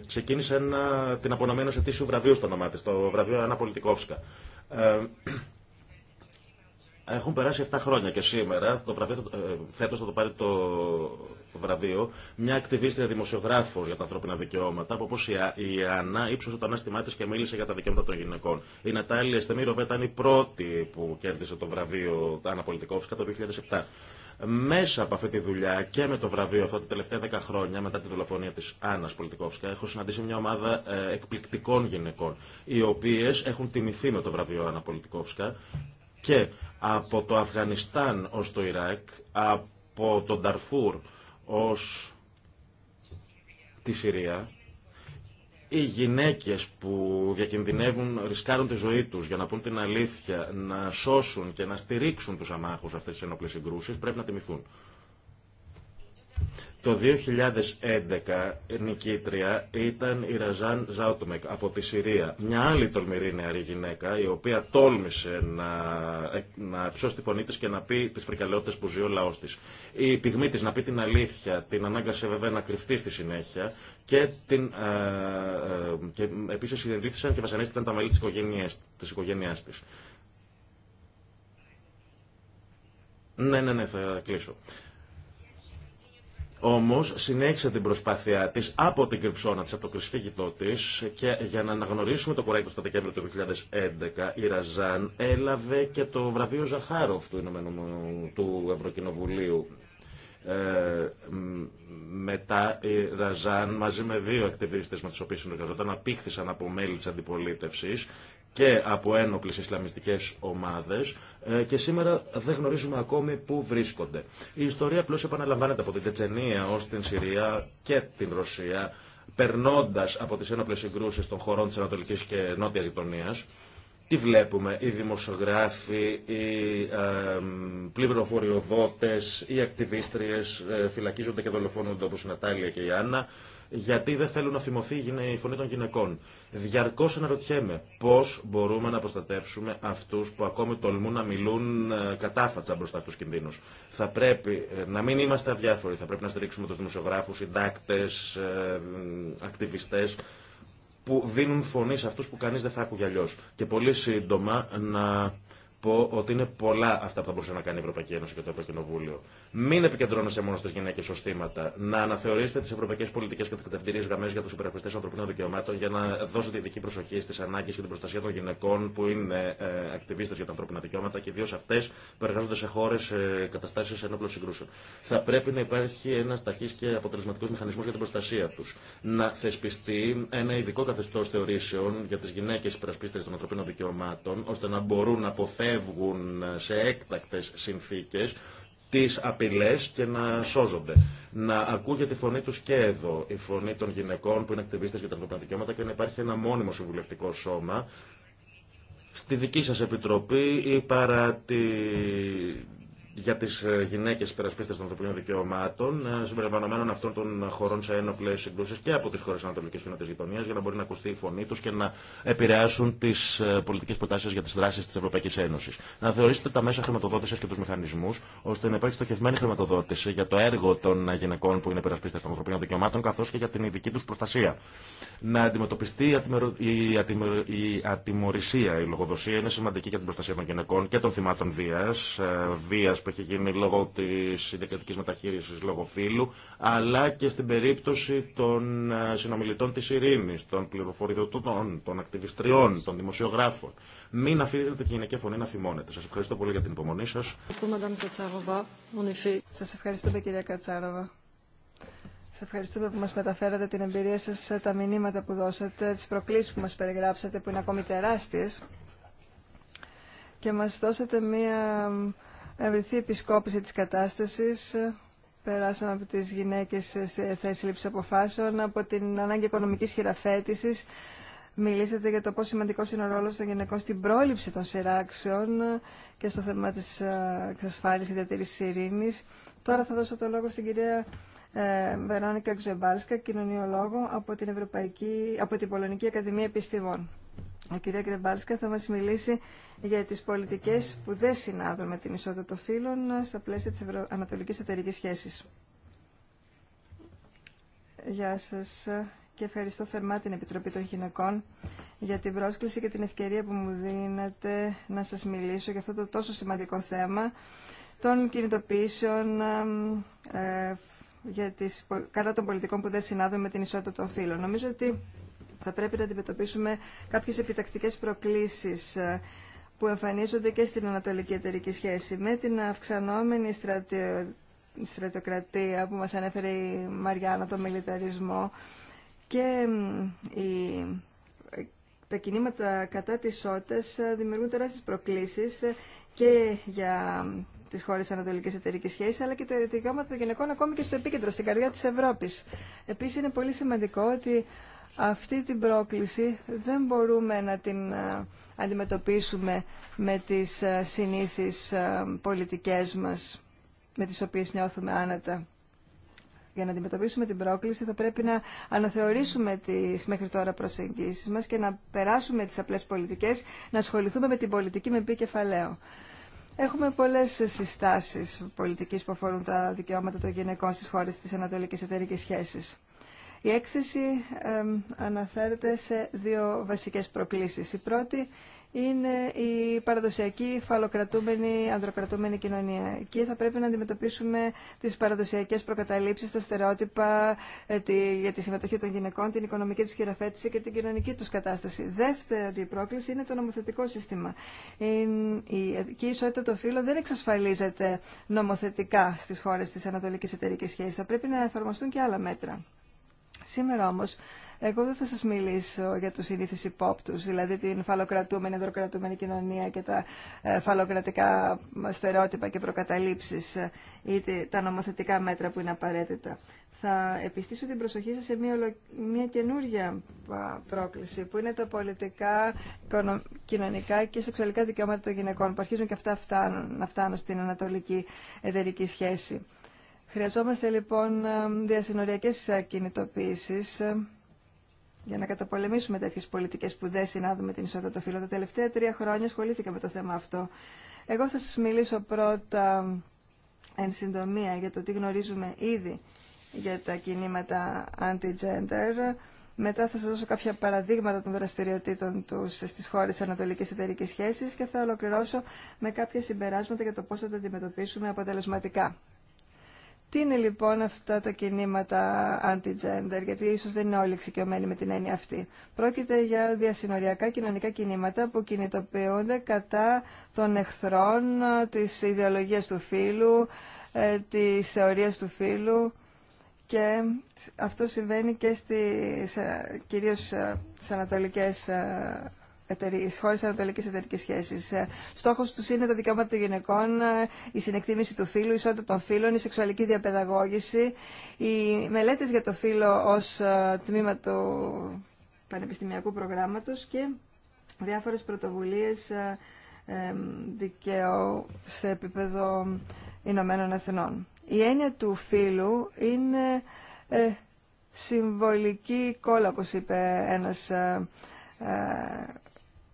ξεκίνησε ένα, την απονομή ενός ετήσιου βραβείου στο όνομά της, το βραβείο Ανά Πολιτικόφσκα. Ε, έχουν περάσει 7 χρόνια και σήμερα το βραβείο ε, φέτος θα το πάρει το βραβείο, μια ακτιβίστρια δημοσιογράφο για τα ανθρώπινα δικαιώματα, όπω η Άννα ύψωσε το ανάστημά τη και μίλησε για τα δικαιώματα των γυναικών. Η Νατάλια Στεμίροβα ήταν η πρώτη που κέρδισε το βραβείο Φυσικά το 2007 μέσα από αυτή τη δουλειά και με το βραβείο αυτά τα τελευταία 10 χρόνια μετά τη δολοφονία της Άννας Πολιτικόφσκα έχω συναντήσει μια ομάδα ε, εκπληκτικών γυναικών οι οποίες έχουν τιμηθεί με το βραβείο Άννα Πολιτικόφσκα και από το Αφγανιστάν ως το Ιράκ, από τον Ταρφούρ ως τη Συρία, οι γυναίκες που διακινδυνεύουν, ρισκάρουν τη ζωή τους για να πούν την αλήθεια, να σώσουν και να στηρίξουν τους αμάχους αυτές τις ενόπλες συγκρούσεις, πρέπει να τιμηθούν. Το 2011 νικήτρια ήταν η Ραζάν Ζάουτουμεκ από τη Συρία. Μια άλλη τολμηρή νεαρή γυναίκα η οποία τόλμησε να, να ψώσει τη φωνή της και να πει τις φρικαλαιότητες που ζει ο λαός της. Η πυγμή της να πει την αλήθεια, την ανάγκασε βέβαια να κρυφτεί στη συνέχεια και, την, ε, ε και επίσης και βασανίστηκαν τα μέλη της οικογένειάς, της. Οικογένειάς της. Ναι, ναι, ναι, θα κλείσω. Όμω συνέχισε την προσπάθειά τη από την κρυψώνα τη, από το κρυσφύγητό τη και για να αναγνωρίσουμε το κουράγιο του Δεκέμβριο του 2011, η Ραζάν έλαβε και το βραβείο Ζαχάροφ του, Ηνωμένου, του Ευρωκοινοβουλίου. Ε, μετά η Ραζάν μαζί με δύο ακτιβίστε με τι οποίε συνεργαζόταν απήχθησαν από μέλη τη αντιπολίτευση και από ένοπλες Ισλαμιστικές ομάδες ε, και σήμερα δεν γνωρίζουμε ακόμη πού βρίσκονται. Η ιστορία απλώ επαναλαμβάνεται από την Τετσενία ως την Συρία και την Ρωσία περνώντας από τις ένοπλες συγκρούσεις των χωρών της Ανατολικής και Νότιας Γειτονίας τι βλέπουμε, οι δημοσιογράφοι, οι ε, πληροφοριοδότες, οι ακτιβίστριες ε, φυλακίζονται και δολοφόνονται όπως η Νατάλια και η Άννα γιατί δεν θέλουν να θυμωθεί η φωνή των γυναικών. Διαρκώ αναρωτιέμαι πώ μπορούμε να προστατεύσουμε αυτού που ακόμη τολμούν να μιλούν ε, κατάφατσα μπροστά στου κινδύνου. Θα πρέπει ε, να μην είμαστε αδιάφοροι, θα πρέπει να στηρίξουμε του δημοσιογράφου, συντάκτε, ε, ακτιβιστέ που δίνουν φωνή σε αυτούς που κανείς δεν θα άκουγε αλλιώ. Και πολύ σύντομα να πω ότι είναι πολλά αυτά που θα μπορούσε να κάνει η Ευρωπαϊκή Ένωση και το Ευρωκοινοβούλιο. Μην επικεντρώνεσαι μόνο στι γυναίκε ω θύματα. Να αναθεωρήσετε τι ευρωπαϊκέ πολιτικέ και τι κατευθυντήριε γραμμέ για του υπερασπιστέ ανθρωπίνων δικαιωμάτων για να δώσετε ειδική προσοχή στι ανάγκε και την προστασία των γυναικών που είναι ε, ακτιβίστε για τα ανθρώπινα δικαιώματα και ιδίω αυτέ που εργάζονται σε χώρε ε, καταστάσει ενόπλων συγκρούσεων. Θα πρέπει να υπάρχει ένα ταχύ και αποτελεσματικό μηχανισμό για την προστασία του. Να θεσπιστεί ένα ειδικό καθεστώ θεωρήσεων για τι γυναίκε υπερασπίστε των ανθρωπίνων δικαιωμάτων ώστε να μπορούν να αποφέρουν σε έκτακτες συνθήκες τις απειλές και να σώζονται. Να ακούγεται τη φωνή τους και εδώ, η φωνή των γυναικών που είναι ακτιβίστες για τα ανθρώπινα δικαιώματα και να υπάρχει ένα μόνιμο συμβουλευτικό σώμα στη δική σας επιτροπή ή παρά τη για τις ε, γυναίκες υπερασπίστες των ανθρωπίνων δικαιωμάτων, ε, συμπεριλαμβανομένων αυτών των χωρών σε ένοπλε συγκρούσει και από τις χώρες Ανατολικής και Νότιας Γειτονίας, για να μπορεί να ακουστεί η φωνή τους και να επηρεάσουν τις ε, πολιτικές προτάσεις για τις δράσεις της Ευρωπαϊκής Ένωσης. Να θεωρήσετε τα μέσα χρηματοδότησης και τους μηχανισμούς, ώστε να υπάρχει στοχευμένη χρηματοδότηση για το έργο των γυναικών που είναι υπερασπίστες των ανθρωπίνων δικαιωμάτων, καθώς και για την ειδική τους προστασία. Να αντιμετωπιστεί η, ατιμερο... η, η ατιμορρησία, η λογοδοσία είναι σημαντική για την προστασία των γυναικών και των θυμάτων βίας, βίας που έχει γίνει λόγω τη συνδικατική μεταχείριση λόγω φύλου, αλλά και στην περίπτωση των ε, συνομιλητών τη ειρήνη, των πληροφοριδοτών, των ακτιβιστριών, των δημοσιογράφων. Μην αφήνετε τη γυναική φωνή να φημώνεται. Σα ευχαριστώ πολύ για την υπομονή σα. Σα ευχαριστούμε, κυρία Κατσάροβα. Σας ευχαριστούμε που μας μεταφέρατε την εμπειρία σας, τα μηνύματα που δώσατε, τις προκλήσεις που μας περιγράψατε, που είναι ακόμη τεράστιε. Και μας δώσατε μία η επισκόπηση της κατάστασης. Περάσαμε από τις γυναίκες στη θέση λήψη αποφάσεων, από την ανάγκη οικονομικής χειραφέτησης. Μιλήσατε για το πόσο σημαντικός είναι ο ρόλος των γυναικών στην πρόληψη των σειράξεων και στο θέμα της ε, εξασφάλισης και διατήρησης ειρήνης. Τώρα θα δώσω το λόγο στην κυρία ε, Βερόνικα Ξεμπάλσκα, κοινωνιολόγο από την, Ευρωπαϊκή, από την Πολωνική Ακαδημία Επιστημών. Η κυρία Κρεμπάλσκα θα μας μιλήσει για τις πολιτικές που δεν συνάδουν με την ισότητα των φύλων στα πλαίσια της Ανατολικής Εταιρικής Σχέσης. Γεια σας και ευχαριστώ θερμά την Επιτροπή των Γυναικών για την πρόσκληση και την ευκαιρία που μου δίνετε να σας μιλήσω για αυτό το τόσο σημαντικό θέμα των κινητοποιήσεων ε, ε, για τις, κατά των πολιτικών που δεν συνάδουν με την ισότητα των φύλων. Νομίζω ότι θα πρέπει να αντιμετωπίσουμε κάποιες επιτακτικές προκλήσεις ε, που εμφανίζονται και στην ανατολική εταιρική σχέση με την αυξανόμενη στρατοκρατία που μας ανέφερε η Μαριάννα, το μιλιταρισμό και η... τα κινήματα κατά της ΣΟΤΕΣ ε, δημιουργούν τεράστιες προκλήσεις ε, και για τι χώρε Ανατολική Εταιρική Σχέση, αλλά και τα δικαιώματα των γυναικών ακόμη και στο επίκεντρο, στην καρδιά τη Ευρώπη. Επίση, είναι πολύ σημαντικό ότι αυτή την πρόκληση δεν μπορούμε να την ε, αντιμετωπίσουμε με τις ε, συνήθεις ε, πολιτικές μας, με τις οποίες νιώθουμε άνετα. Για να αντιμετωπίσουμε την πρόκληση θα πρέπει να αναθεωρήσουμε τις μέχρι τώρα προσεγγίσεις μας και να περάσουμε τις απλές πολιτικές, να ασχοληθούμε με την πολιτική με πει κεφαλαίο. Έχουμε πολλές συστάσεις πολιτικής που αφορούν τα δικαιώματα των γυναικών στις χώρες της Ανατολικής Εταιρικής Σχέσης. Η έκθεση αναφέρεται σε δύο βασικές προκλήσεις. Η πρώτη είναι η παραδοσιακή φαλοκρατούμενη, ανδροκρατούμενη κοινωνία. Εκεί θα πρέπει να αντιμετωπίσουμε τις παραδοσιακές προκαταλήψεις, τα στερεότυπα ε, τη, για τη συμμετοχή των γυναικών, την οικονομική τους χειραφέτηση και την κοινωνική τους κατάσταση. Δεύτερη πρόκληση είναι το νομοθετικό σύστημα. Η, η ισότητα των φύλων δεν εξασφαλίζεται νομοθετικά στις χώρες της Ανατολικής Εταιρικής Σχέσης. Θα πρέπει να εφαρμοστούν και άλλα μέτρα. Σήμερα όμως εγώ δεν θα σας μιλήσω για τους συνήθει υπόπτου, δηλαδή την φαλοκρατούμενη, ενδροκρατούμενη κοινωνία και τα ε, φαλοκρατικά στερεότυπα και προκαταλήψεις ε, ή τα νομοθετικά μέτρα που είναι απαραίτητα. Θα επιστήσω την προσοχή σας σε μια, καινούργια πρόκληση που είναι τα πολιτικά, κοινωνικά και σεξουαλικά δικαιώματα των γυναικών που αρχίζουν και αυτά να φτάνουν στην ανατολική εταιρική σχέση. Χρειαζόμαστε λοιπόν ε, διασυνοριακές ε, κινητοποίησεις ε, για να καταπολεμήσουμε τέτοιες πολιτικές που δεν συνάδουν την ισότητα των φύλων. Τα τελευταία τρία χρόνια ασχολήθηκα με το θέμα αυτό. Εγώ θα σας μιλήσω πρώτα εν συντομία για το τι γνωρίζουμε ήδη για τα κινήματα anti-gender. Μετά θα σας δώσω κάποια παραδείγματα των δραστηριοτήτων τους στις χώρες ανατολικής εταιρικής σχέσης και θα ολοκληρώσω με κάποια συμπεράσματα για το πώς θα τα αντιμετωπίσουμε αποτελεσματικά. Τι είναι λοιπόν αυτά τα κινήματα anti-gender, γιατί ίσως δεν είναι όλοι εξοικειωμένοι με την έννοια αυτή. Πρόκειται για διασυνοριακά κοινωνικά κινήματα που κινητοποιούνται κατά των εχθρών της ιδεολογίας του φύλου, ε, της θεωρίας του φύλου και αυτό συμβαίνει και κυρίω ε, κυρίως ε, στις ανατολικές χώρε Ανατολική Εταιρική Σχέση. Ε, Στόχο του είναι τα δικαιώματα των γυναικών, ε, η συνεκτίμηση του φύλου, η ισότητα των φύλων, η σεξουαλική διαπαιδαγώγηση, οι μελέτε για το φύλο ω ε, τμήμα του πανεπιστημιακού προγράμματο και διάφορε πρωτοβουλίε δικαίου σε επίπεδο Ηνωμένων Εθνών. Η έννοια του φύλου είναι συμβολική κόλλα, όπως είπε ένας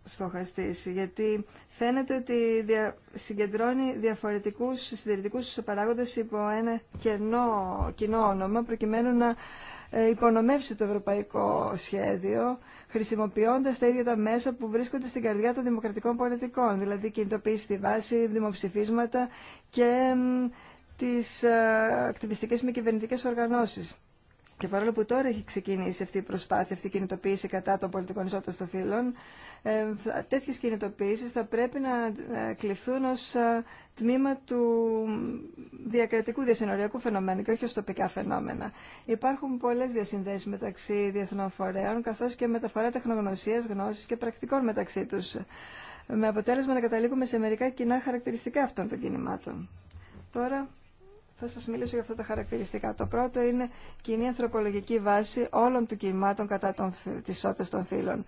στοχαστής, γιατί φαίνεται ότι δια, συγκεντρώνει διαφορετικούς συντηρητικούς παράγοντες υπό ένα κενό, κοινό όνομα, προκειμένου να ε, υπονομεύσει το ευρωπαϊκό σχέδιο, χρησιμοποιώντας τα ίδια τα μέσα που βρίσκονται στην καρδιά των δημοκρατικών πολιτικών, δηλαδή κινητοποίηση στη βάση, δημοψηφίσματα και τις ε, ακτιβιστικές με κυβερνητικές οργανώσεις. Και παρόλο που τώρα έχει ξεκινήσει αυτή η προσπάθεια, αυτή η κινητοποίηση κατά των πολιτικών ισότητας των φύλων, ε, τέτοιες κινητοποίησεις θα πρέπει να ε, κληθούν ω ε, τμήμα του διακρατικού διασυνοριακού φαινομένου και όχι ω τοπικά φαινόμενα. Υπάρχουν πολλέ διασυνδέσει μεταξύ διεθνών φορέων, καθώ και μεταφορά τεχνογνωσία, γνώσης και πρακτικών μεταξύ του. με αποτέλεσμα να καταλήγουμε σε μερικά κοινά χαρακτηριστικά αυτών των κινημάτων. Τώρα θα σας μιλήσω για αυτά τα χαρακτηριστικά. Το πρώτο είναι κοινή ανθρωπολογική βάση όλων των κινημάτων κατά των, της των φύλων.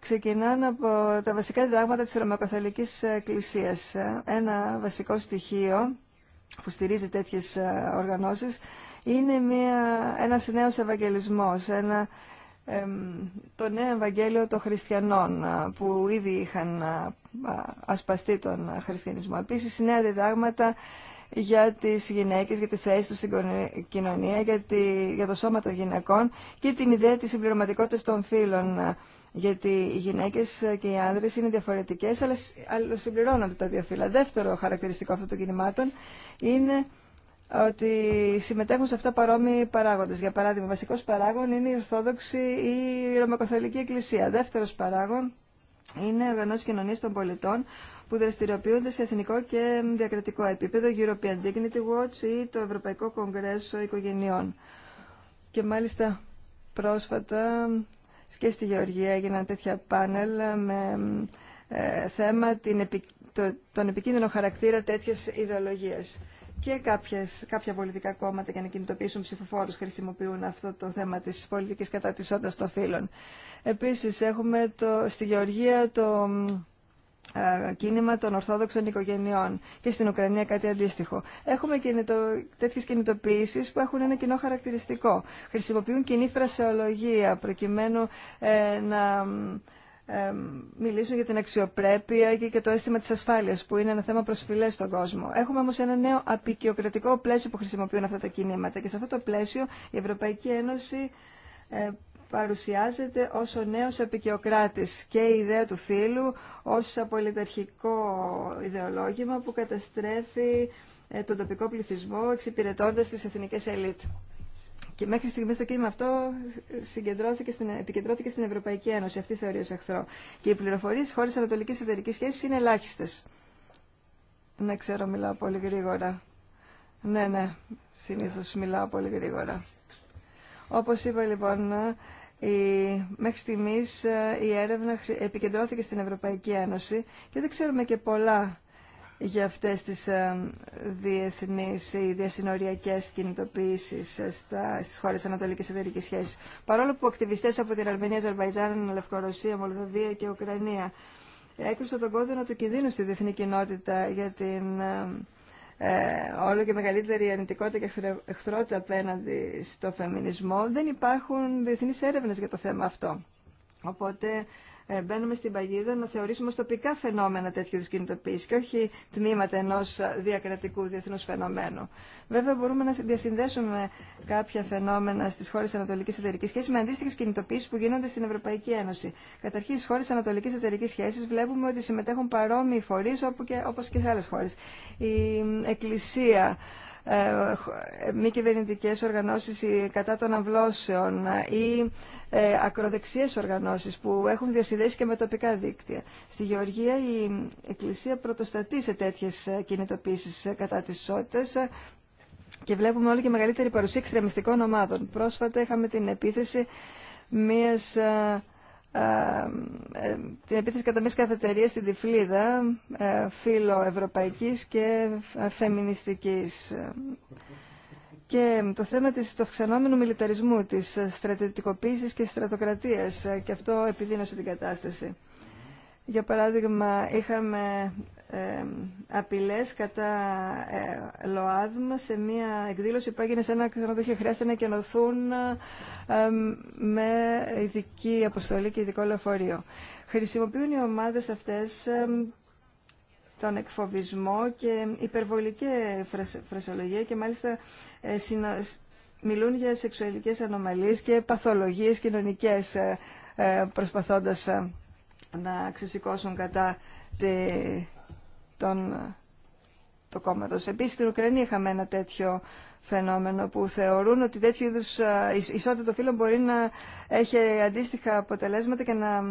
Ξεκινάνε από τα βασικά διδάγματα της Ρωμακοθαλικής Εκκλησίας. Ένα βασικό στοιχείο που στηρίζει τέτοιες ε, οργανώσεις είναι μια, ένας νέος ευαγγελισμός, ένα, το νέο Ευαγγέλιο των Χριστιανών ε, που ήδη είχαν ε, ασπαστεί τον χριστιανισμό. Επίσης, νέα διδάγματα για τις γυναίκες, για τη θέση τους στην κοινωνία, για, τη, για το σώμα των γυναικών και την ιδέα της συμπληρωματικότητας των φύλων. Γιατί οι γυναίκες και οι άνδρες είναι διαφορετικές, αλλά συμπληρώνονται τα δύο φύλλα. Δεύτερο χαρακτηριστικό αυτών των κινημάτων είναι ότι συμμετέχουν σε αυτά παρόμοιοι παράγοντες. Για παράδειγμα, βασικός παράγον είναι η Ορθόδοξη ή η Ρωμακοθολική Εκκλησία. Δεύτερος παράγον είναι οργανώσεις κοινωνίας των πολιτών που δραστηριοποιούνται σε εθνικό και διακρατικό επίπεδο, European Dignity Watch ή το Ευρωπαϊκό Κογκρέσο Οικογενειών. Και μάλιστα πρόσφατα και στη Γεωργία έγιναν τέτοια πάνελ με ε, θέμα την, το, τον επικίνδυνο χαρακτήρα τέτοιες ιδεολογίες. Και κάποιες, κάποια πολιτικά κόμματα για να κινητοποιήσουν ψηφοφόρους χρησιμοποιούν αυτό το θέμα της πολιτικής κατά της των φύλων. Επίσης έχουμε το, στη Γεωργία το ε, κίνημα των Ορθόδοξων οικογενειών και στην Ουκρανία κάτι αντίστοιχο. Έχουμε κινητο... τέτοιε κινητοποιήσει που έχουν ένα κοινό χαρακτηριστικό. Χρησιμοποιούν κοινή φρασεολογία προκειμένου ε, να ε, μιλήσουν για την αξιοπρέπεια και, και το αίσθημα τη ασφάλεια, που είναι ένα θέμα προσφυλέ στον κόσμο. Έχουμε όμω ένα νέο απεικιοκρατικό πλαίσιο που χρησιμοποιούν αυτά τα κινήματα και σε αυτό το πλαίσιο η Ευρωπαϊκή Ένωση ε, παρουσιάζεται ως ο νέος επικιοκράτης και η ιδέα του φίλου ως απολυταρχικό ιδεολόγημα που καταστρέφει ε, τον τοπικό πληθυσμό εξυπηρετώντας τις εθνικές ελίτ. Και μέχρι στιγμή το κίνημα αυτό συγκεντρώθηκε στην, επικεντρώθηκε στην Ευρωπαϊκή Ένωση. Αυτή θεωρεί ως εχθρό. Και οι πληροφορίε χώρε Ανατολική Εταιρική Σχέση είναι ελάχιστε. Ναι, ξέρω, μιλάω πολύ γρήγορα. Ναι, ναι, συνήθω μιλάω πολύ γρήγορα. Όπως είπα λοιπόν, η, μέχρι στιγμής ε, η έρευνα επικεντρώθηκε στην Ευρωπαϊκή Ένωση και δεν ξέρουμε και πολλά για αυτές τις ε, διεθνείς ή διασυνοριακές κινητοποίησεις ε, στα, στις χώρες Ανατολικής Εταιρικής Σχέσης. Παρόλο που ακτιβιστές από την Αρμενία, Ζαρβαϊζάν, Λευκορωσία, Μολδαβία και Ουκρανία έκρουσαν τον κόδωνα του κινδύνου στη διεθνή κοινότητα για την ε, όλο και μεγαλύτερη αρνητικότητα και εχθρότητα απέναντι στο φεμινισμό, δεν υπάρχουν διεθνείς έρευνες για το θέμα αυτό. Οπότε ε, μπαίνουμε στην παγίδα να θεωρήσουμε ως τοπικά φαινόμενα τέτοιου είδους κινητοποίηση και όχι τμήματα ενός διακρατικού διεθνούς φαινομένου. Βέβαια μπορούμε να διασυνδέσουμε κάποια φαινόμενα στις χώρες Ανατολικής Εταιρικής Σχέσης με αντίστοιχες κινητοποίησεις που γίνονται στην Ευρωπαϊκή Ένωση. Καταρχήν στις χώρες Ανατολικής Εταιρικής Σχέσης βλέπουμε ότι συμμετέχουν παρόμοιοι φορείς όπως και σε άλλες χώρες. Η Εκκλησία, ε, μη κυβερνητικέ οργανώσεις κατά των αυλώσεων ή ε, ακροδεξιές οργανώσεις που έχουν διασυνδέσει και με τοπικά δίκτυα. Στη Γεωργία η Εκκλησία πρωτοστατεί σε τέτοιες ε, κινητοποίησεις κατά της ισότητας και βλέπουμε όλο και μεγαλύτερη παρουσία εξτρεμιστικών ομάδων. Πρόσφατα είχαμε την επίθεση μιας την ε, ε, επίθεση κατά μιας καθετερίας στην Τυφλίδα, ε, ευρωπαϊκής και φεμινιστικής. Και το θέμα της, του αυξανόμενου μιλιταρισμού, της στρατιωτικοποίησης και στρατοκρατίας, και αυτό επιδίνωσε την κατάσταση. Για παράδειγμα, είχαμε απειλές κατά ε, ΛΟΑΔΜ σε μια εκδήλωση που έγινε σε ένα ξενοδοχείο. Χρειάζεται να κενωθούν με ειδική αποστολή και ειδικό λεωφορείο. Χρησιμοποιούν οι ομάδες αυτές τον εκφοβισμό και υπερβολική φρασιολογία και μάλιστα ε, μιλούν για σεξουαλικές ανομαλίες και παθολογίες κοινωνικές ε, προσπαθώντας να ξεσηκώσουν κατά των, ε, κόμμα κόμματος. Επίσης στην Ουκρανία είχαμε ένα τέτοιο φαινόμενο που θεωρούν ότι τέτοιου είδου ε, ισότητα των φύλων μπορεί να έχει αντίστοιχα αποτελέσματα και να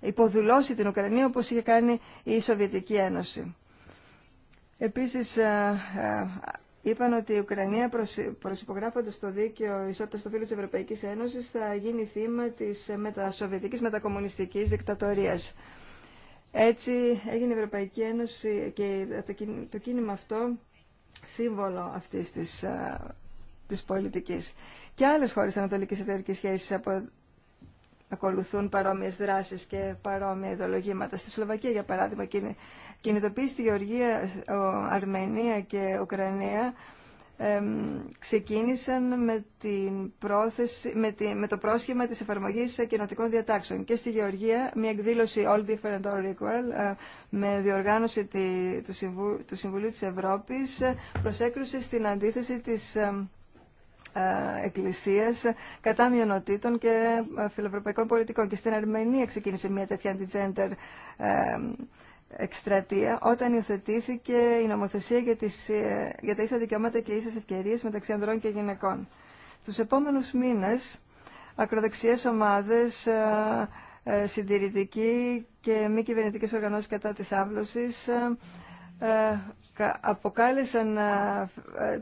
υποδουλώσει την Ουκρανία όπως είχε κάνει η Σοβιετική Ένωση. Επίσης, ε, είπαν ότι η Ουκρανία προσυπογράφοντας το δίκαιο ισότητας των φύλων της Ευρωπαϊκής Ένωσης θα γίνει θύμα της μετασοβιετικής μετακομμουνιστικής δικτατορίας. Έτσι έγινε η Ευρωπαϊκή Ένωση και το κίνημα αυτό σύμβολο αυτής της, της πολιτικής. Και άλλες χώρες ανατολικής εταιρικής σχέσης από, ακολουθούν παρόμοιες δράσεις και παρόμοια ιδεολογήματα. Στη Σλοβακία, για παράδειγμα, κινητοποίηση στη Γεωργία, Αρμενία και Ουκρανία ξεκίνησαν με, την με, με το πρόσχημα της εφαρμογής κοινοτικών διατάξεων. Και στη Γεωργία μια εκδήλωση All Different All Equal ε, με διοργάνωση του, του Συμβουλίου της Ευρώπης προσέκρουσε στην αντίθεση της ε, εκκλησίας κατά μειονοτήτων και ε, φιλοευρωπαϊκών πολιτικών. Και στην Αρμενία ξεκίνησε μια τέτοια αντιτζέντερ εκστρατεία όταν υιοθετήθηκε η νομοθεσία για, τις, ε, για τα ίσα δικαιώματα και ίσες ευκαιρίες μεταξύ ανδρών και γυναικών. Τους επόμενους μήνες ακροδεξιές ομάδες, ε, ε, συντηρητικοί και μη κυβερνητικέ οργανώσεις κατά της άβλωσης αποκάλεσαν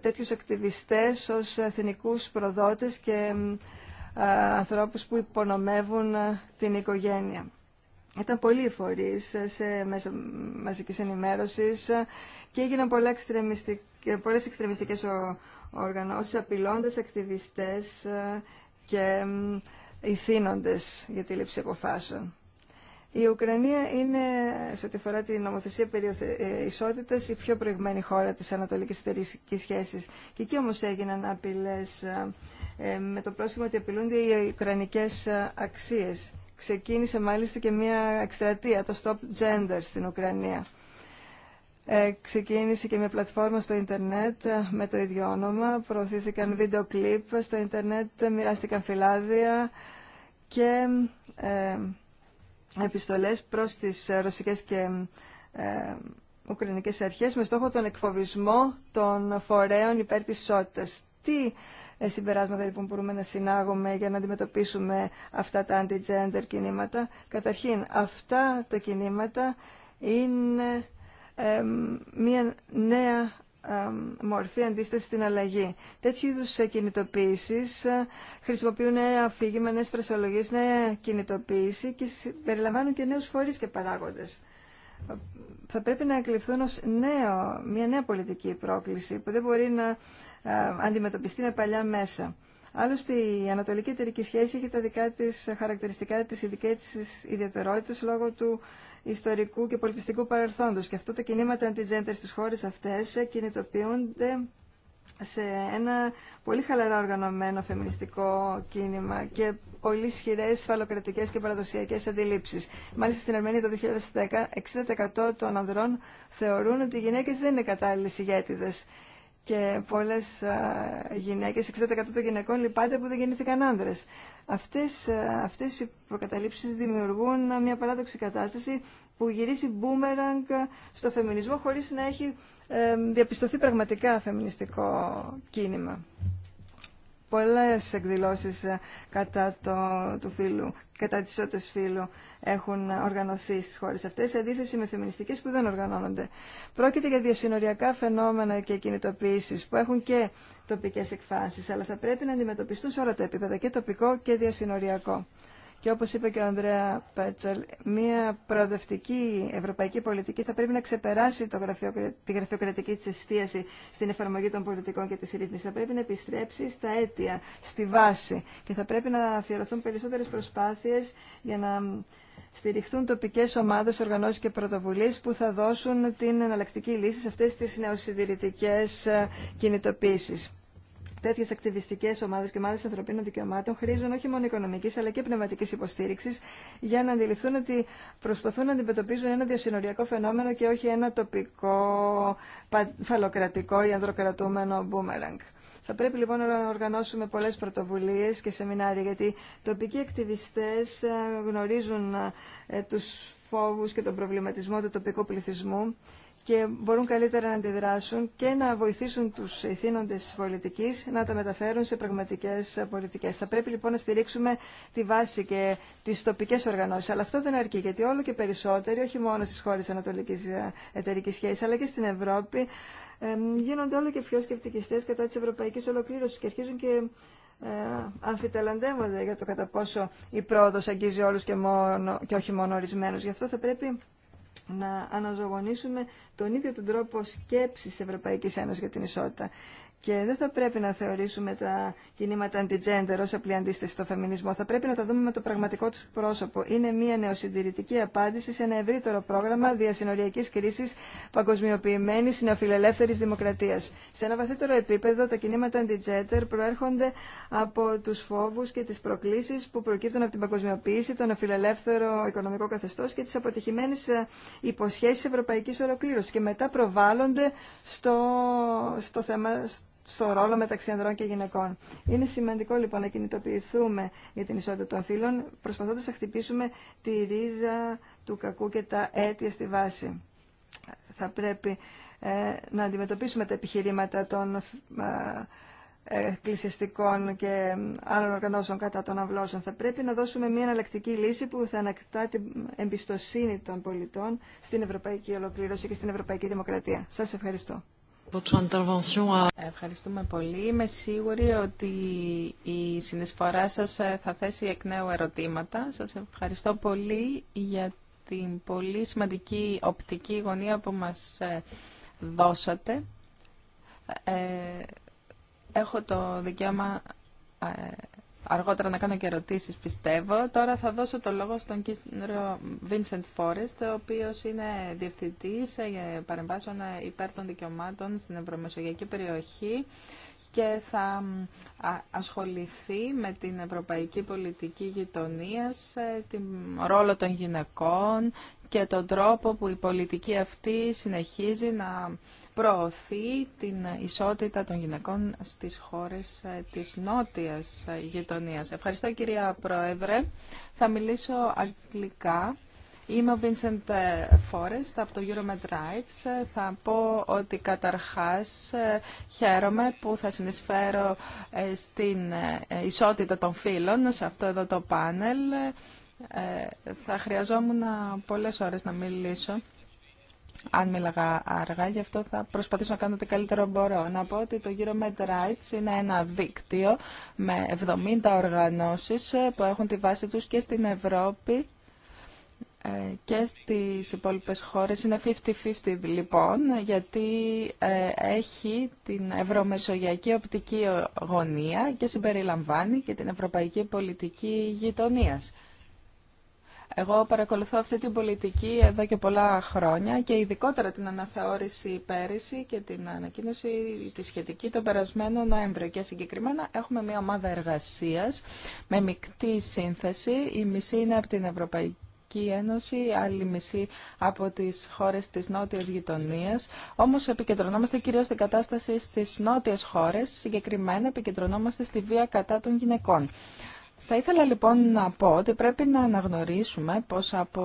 τέτοιους ακτιβιστές ως εθνικούς προδότες και ανθρώπους που υπονομεύουν την οικογένεια. Ήταν πολλοί φορεί σε μέσα μαζική ενημέρωση και έγιναν πολλέ εξτρεμιστικέ οργανώσει, απειλώντα οργανώσεις ακτιβιστές ε, και ηθήνοντε για τη λήψη αποφάσεων. Η Ουκρανία είναι, σε ό,τι αφορά την νομοθεσία περί ε, ισότητας, η πιο προηγμένη χώρα της ανατολικής εταιρικής σχέσης. Και εκεί όμως έγιναν απειλές ε, με το πρόσχημα ότι απειλούνται οι ουκρανικές αξίες. Ξεκίνησε μάλιστα και μια εκστρατεία, το Stop Gender στην Ουκρανία. Ε, ξεκίνησε και μια πλατφόρμα στο ίντερνετ ε, με το ίδιο όνομα. Προωθήθηκαν βίντεο κλιπ στο ίντερνετ, μοιράστηκαν φυλάδια και ε, επιστολές προς τις ρωσικές και ε, ουκρανικές αρχές με στόχο τον εκφοβισμό των φορέων υπέρ της ισότητας. Τι ε, συμπεράσματα λοιπόν μπορούμε να συνάγουμε για να αντιμετωπίσουμε αυτά τα anti-gender κινήματα. Καταρχήν, αυτά τα κινήματα είναι μια νέα μορφή αντίσταση στην αλλαγή. Τέτοιου είδου ε, κινητοποίησει ε, χρησιμοποιούν νέα αφήγημα, νέε φρασιολογίε, νέα κινητοποίηση και περιλαμβάνουν και νέου φορεί και παράγοντε. Θα πρέπει να εκλειφθούν ω μια νέα πολιτική πρόκληση που δεν μπορεί να αντιμετωπιστεί με παλιά μέσα. Άλλωστε, η Ανατολική Εταιρική Σχέση έχει τα δικά τη χαρακτηριστικά, τι ειδικέ τη ιδιαιτερότητε λόγω του ιστορικού και πολιτιστικού παρελθόντο. Και αυτό τα κινήματα αντιτζέντερ στι χώρε αυτέ κινητοποιούνται σε ένα πολύ χαλαρά οργανωμένο φεμινιστικό κίνημα και πολύ ισχυρέ φαλοκρατικέ και παραδοσιακέ αντιλήψει. Μάλιστα στην Αρμενία το 2010, 60% των ανδρών θεωρούν ότι οι γυναίκε δεν είναι κατάλληλε ηγέτηδε και πολλές γυναίκες, 60% των γυναικών λυπάται που δεν γεννήθηκαν άνδρες. Αυτές, οι προκαταλήψεις δημιουργούν μια παράδοξη κατάσταση που γυρίσει μπούμεραγκ στο φεμινισμό χωρίς να έχει διαπιστωθεί πραγματικά φεμινιστικό κίνημα πολλές εκδηλώσεις ε, κατά, το, του φύλου, κατά τις φύλου έχουν οργανωθεί στις χώρες αυτές, σε αντίθεση με φεμινιστικές που δεν οργανώνονται. Πρόκειται για διασυνοριακά φαινόμενα και κινητοποιήσεις που έχουν και τοπικές εκφάσεις, αλλά θα πρέπει να αντιμετωπιστούν σε όλα τα επίπεδα, και τοπικό και διασυνοριακό. Και όπως είπε και ο Ανδρέα Πέτσαλ, μια προοδευτική ευρωπαϊκή πολιτική θα πρέπει να ξεπεράσει το γραφείο, τη γραφειοκρατική της εστίαση στην εφαρμογή των πολιτικών και της ρύθμισης. Θα πρέπει να επιστρέψει στα αίτια, στη βάση και θα πρέπει να αφιερωθούν περισσότερες προσπάθειες για να στηριχθούν τοπικές ομάδες, οργανώσεις και πρωτοβουλίες που θα δώσουν την εναλλακτική λύση σε αυτές τις νεοσυντηρητικές ε, κινητοποίησεις τέτοιε ακτιβιστικέ ομάδε και ομάδε ανθρωπίνων δικαιωμάτων χρήζουν όχι μόνο οικονομική αλλά και πνευματική υποστήριξη για να αντιληφθούν ότι προσπαθούν να αντιμετωπίζουν ένα διασυνοριακό φαινόμενο και όχι ένα τοπικό, φαλοκρατικό ή ανδροκρατούμενο μπούμεραγκ. Θα πρέπει λοιπόν να οργανώσουμε πολλέ πρωτοβουλίε και σεμινάρια, γιατί τοπικοί ακτιβιστέ ε, γνωρίζουν ε, του φόβου και τον προβληματισμό του τοπικού πληθυσμού και μπορούν καλύτερα να αντιδράσουν και να βοηθήσουν του ηθήνοντε τη πολιτική να τα μεταφέρουν σε πραγματικέ πολιτικέ. Θα πρέπει λοιπόν να στηρίξουμε τη βάση και τι τοπικέ οργανώσει, Αλλά αυτό δεν αρκεί, γιατί όλο και περισσότεροι, όχι μόνο στι χώρε ανατολική Εταιρική σχέση, αλλά και στην Ευρώπη, γίνονται όλο και πιο σκεπτικιστέ κατά τη ευρωπαϊκή ολοκλήρωση και αρχίζουν και ε, αμφιταλαντεύονται για το κατά πόσο η πρόοδο αγγίζει όλου και, μόνο, και όχι μόνο ορισμένου. Γι' αυτό θα πρέπει να αναζωογονήσουμε τον ίδιο τον τρόπο σκέψης της Ευρωπαϊκής Ένωσης για την ισότητα. Και δεν θα πρέπει να θεωρήσουμε τα κινήματα αντιτζέντερ ως απλή αντίσταση στο φεμινισμό. Θα πρέπει να τα δούμε με το πραγματικό τους πρόσωπο. Είναι μια νεοσυντηρητική απάντηση σε ένα ευρύτερο πρόγραμμα διασυνοριακής κρίσης παγκοσμιοποιημένης νεοφιλελεύθερης δημοκρατίας. Σε ένα βαθύτερο επίπεδο τα κινήματα αντιτζέντερ προέρχονται από τους φόβους και τις προκλήσεις που προκύπτουν από την παγκοσμιοποίηση, τον αφιλελεύθερο οικονομικό καθεστώς και τις αποτυχημένες ε, υποσχέσεις ευρωπαϊκής ολοκλήρωσης και μετά προβάλλονται στο, στο θέμα στο ρόλο μεταξύ ανδρών και γυναικών. Είναι σημαντικό λοιπόν να κινητοποιηθούμε για την ισότητα των φύλων, προσπαθώντα να χτυπήσουμε τη ρίζα του κακού και τα αίτια στη βάση. Θα πρέπει ε, να αντιμετωπίσουμε τα επιχειρήματα των ε, εκκλησιαστικών και ε, άλλων οργανώσεων κατά των αυλώσεων. Θα πρέπει να δώσουμε μια εναλλακτική λύση που θα ανακτά την εμπιστοσύνη των πολιτών στην ευρωπαϊκή ολοκλήρωση και στην ευρωπαϊκή δημοκρατία. Σας ευχαριστώ. Ευχαριστούμε πολύ. Είμαι σίγουρη ότι η συνεισφορά σας ε, θα θέσει εκ νέου ερωτήματα. Σας ευχαριστώ πολύ για την πολύ σημαντική οπτική γωνία που μας ε, δώσατε. Ε, έχω το δικαίωμα αργότερα να κάνω και ερωτήσει, πιστεύω. Τώρα θα δώσω το λόγο στον κύριο Vincent Φόρεστ, ο οποίο είναι διευθυντής ε, παρεμβάσεων ε, υπέρ των δικαιωμάτων στην Ευρωμεσογειακή περιοχή και θα ασχοληθεί με την ευρωπαϊκή πολιτική γειτονίας, ε, τον ρόλο των γυναικών και τον τρόπο που η πολιτική αυτή συνεχίζει να προωθεί την ισότητα των γυναικών στις χώρες ε, της νότιας ε, γειτονίας. Ευχαριστώ κυρία Πρόεδρε. Θα μιλήσω αγγλικά. Είμαι ο Vincent ε, Forrest από το Euromed Rights. Θα πω ότι καταρχάς χαίρομαι που θα συνεισφέρω στην ισότητα των φίλων σε αυτό εδώ το πάνελ. Θα χρειαζόμουν πολλές ώρες να μιλήσω αν μίλαγα αργά, γι' αυτό θα προσπαθήσω να κάνω το καλύτερο μπορώ. Να πω ότι το γύρο Med Rights είναι ένα δίκτυο με 70 οργανώσεις που έχουν τη βάση τους και στην Ευρώπη ε, και στις υπόλοιπες χώρες. Είναι 50-50 λοιπόν, γιατί ε, έχει την ευρωμεσογειακή οπτική γωνία και συμπεριλαμβάνει και την ευρωπαϊκή πολιτική γειτονίας. Εγώ παρακολουθώ αυτή την πολιτική εδώ και πολλά χρόνια και ειδικότερα την αναθεώρηση πέρυσι και την ανακοίνωση τη σχετική τον περασμένο Νοέμβριο. Και συγκεκριμένα έχουμε μια ομάδα εργασία με μεικτή σύνθεση. Η μισή είναι από την Ευρωπαϊκή η Ένωση, άλλη μισή από τις χώρες της νότιας γειτονίας. Όμως επικεντρωνόμαστε κυρίως στην κατάσταση στις νότιες χώρες, συγκεκριμένα επικεντρωνόμαστε στη βία κατά των γυναικών. Θα ήθελα λοιπόν να πω ότι πρέπει να αναγνωρίσουμε πως από,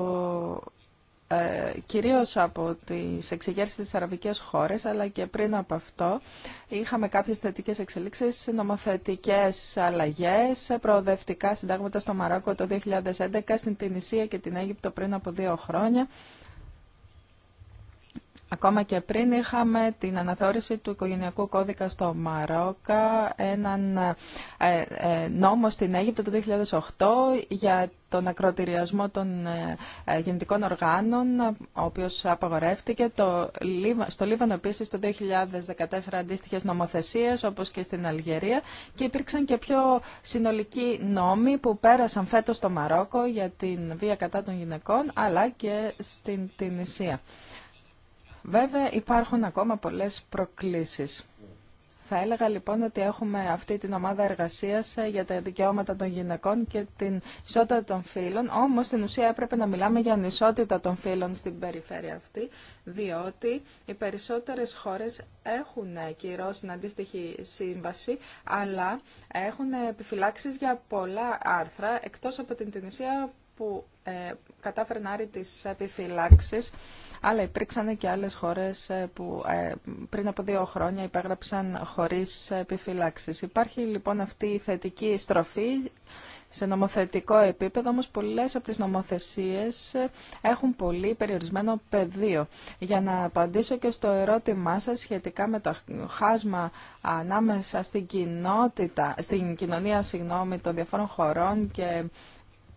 ε, κυρίως από τις εξηγέρσεις της αραβικές χώρες αλλά και πριν από αυτό είχαμε κάποιες θετικές εξελίξεις, νομοθετικές αλλαγές, προοδευτικά συντάγματα στο Μαράκο το 2011, στην Τινησία και την Αίγυπτο πριν από δύο χρόνια Ακόμα και πριν είχαμε την αναθεώρηση του οικογενειακού κώδικα στο Μαρόκα, έναν ε, ε, νόμο στην Αίγυπτο το 2008 για τον ακροτηριασμό των ε, γεννητικών οργάνων, ο οποίος απαγορεύτηκε. Το, στο Λίβανο επίσης το 2014 αντίστοιχε νομοθεσίες, όπως και στην Αλγερία. Και υπήρξαν και πιο συνολικοί νόμοι που πέρασαν φέτος στο Μαρόκο για την βία κατά των γυναικών, αλλά και στην Τινησία. Βέβαια υπάρχουν ακόμα πολλές προκλήσεις. Θα έλεγα λοιπόν ότι έχουμε αυτή την ομάδα εργασίας ε, για τα δικαιώματα των γυναικών και την ισότητα των φύλων, όμως στην ουσία έπρεπε να μιλάμε για ανισότητα των φύλων στην περιφέρεια αυτή, διότι οι περισσότερες χώρες έχουν κυρώσει την αντίστοιχη σύμβαση, αλλά έχουν επιφυλάξεις για πολλά άρθρα, εκτός από την Τινησία που ε, κατάφερε να τις επιφυλάξεις, αλλά υπήρξαν και άλλες χώρες ε, που ε, πριν από δύο χρόνια υπέγραψαν χωρίς επιφυλάξεις. Υπάρχει λοιπόν αυτή η θετική στροφή σε νομοθετικό επίπεδο, όμως πολλές από τις νομοθεσίες έχουν πολύ περιορισμένο πεδίο. Για να απαντήσω και στο ερώτημά σας σχετικά με το χάσμα ανάμεσα στην, κοινότητα, στην κοινωνία συγγνώμη, των διαφόρων χωρών και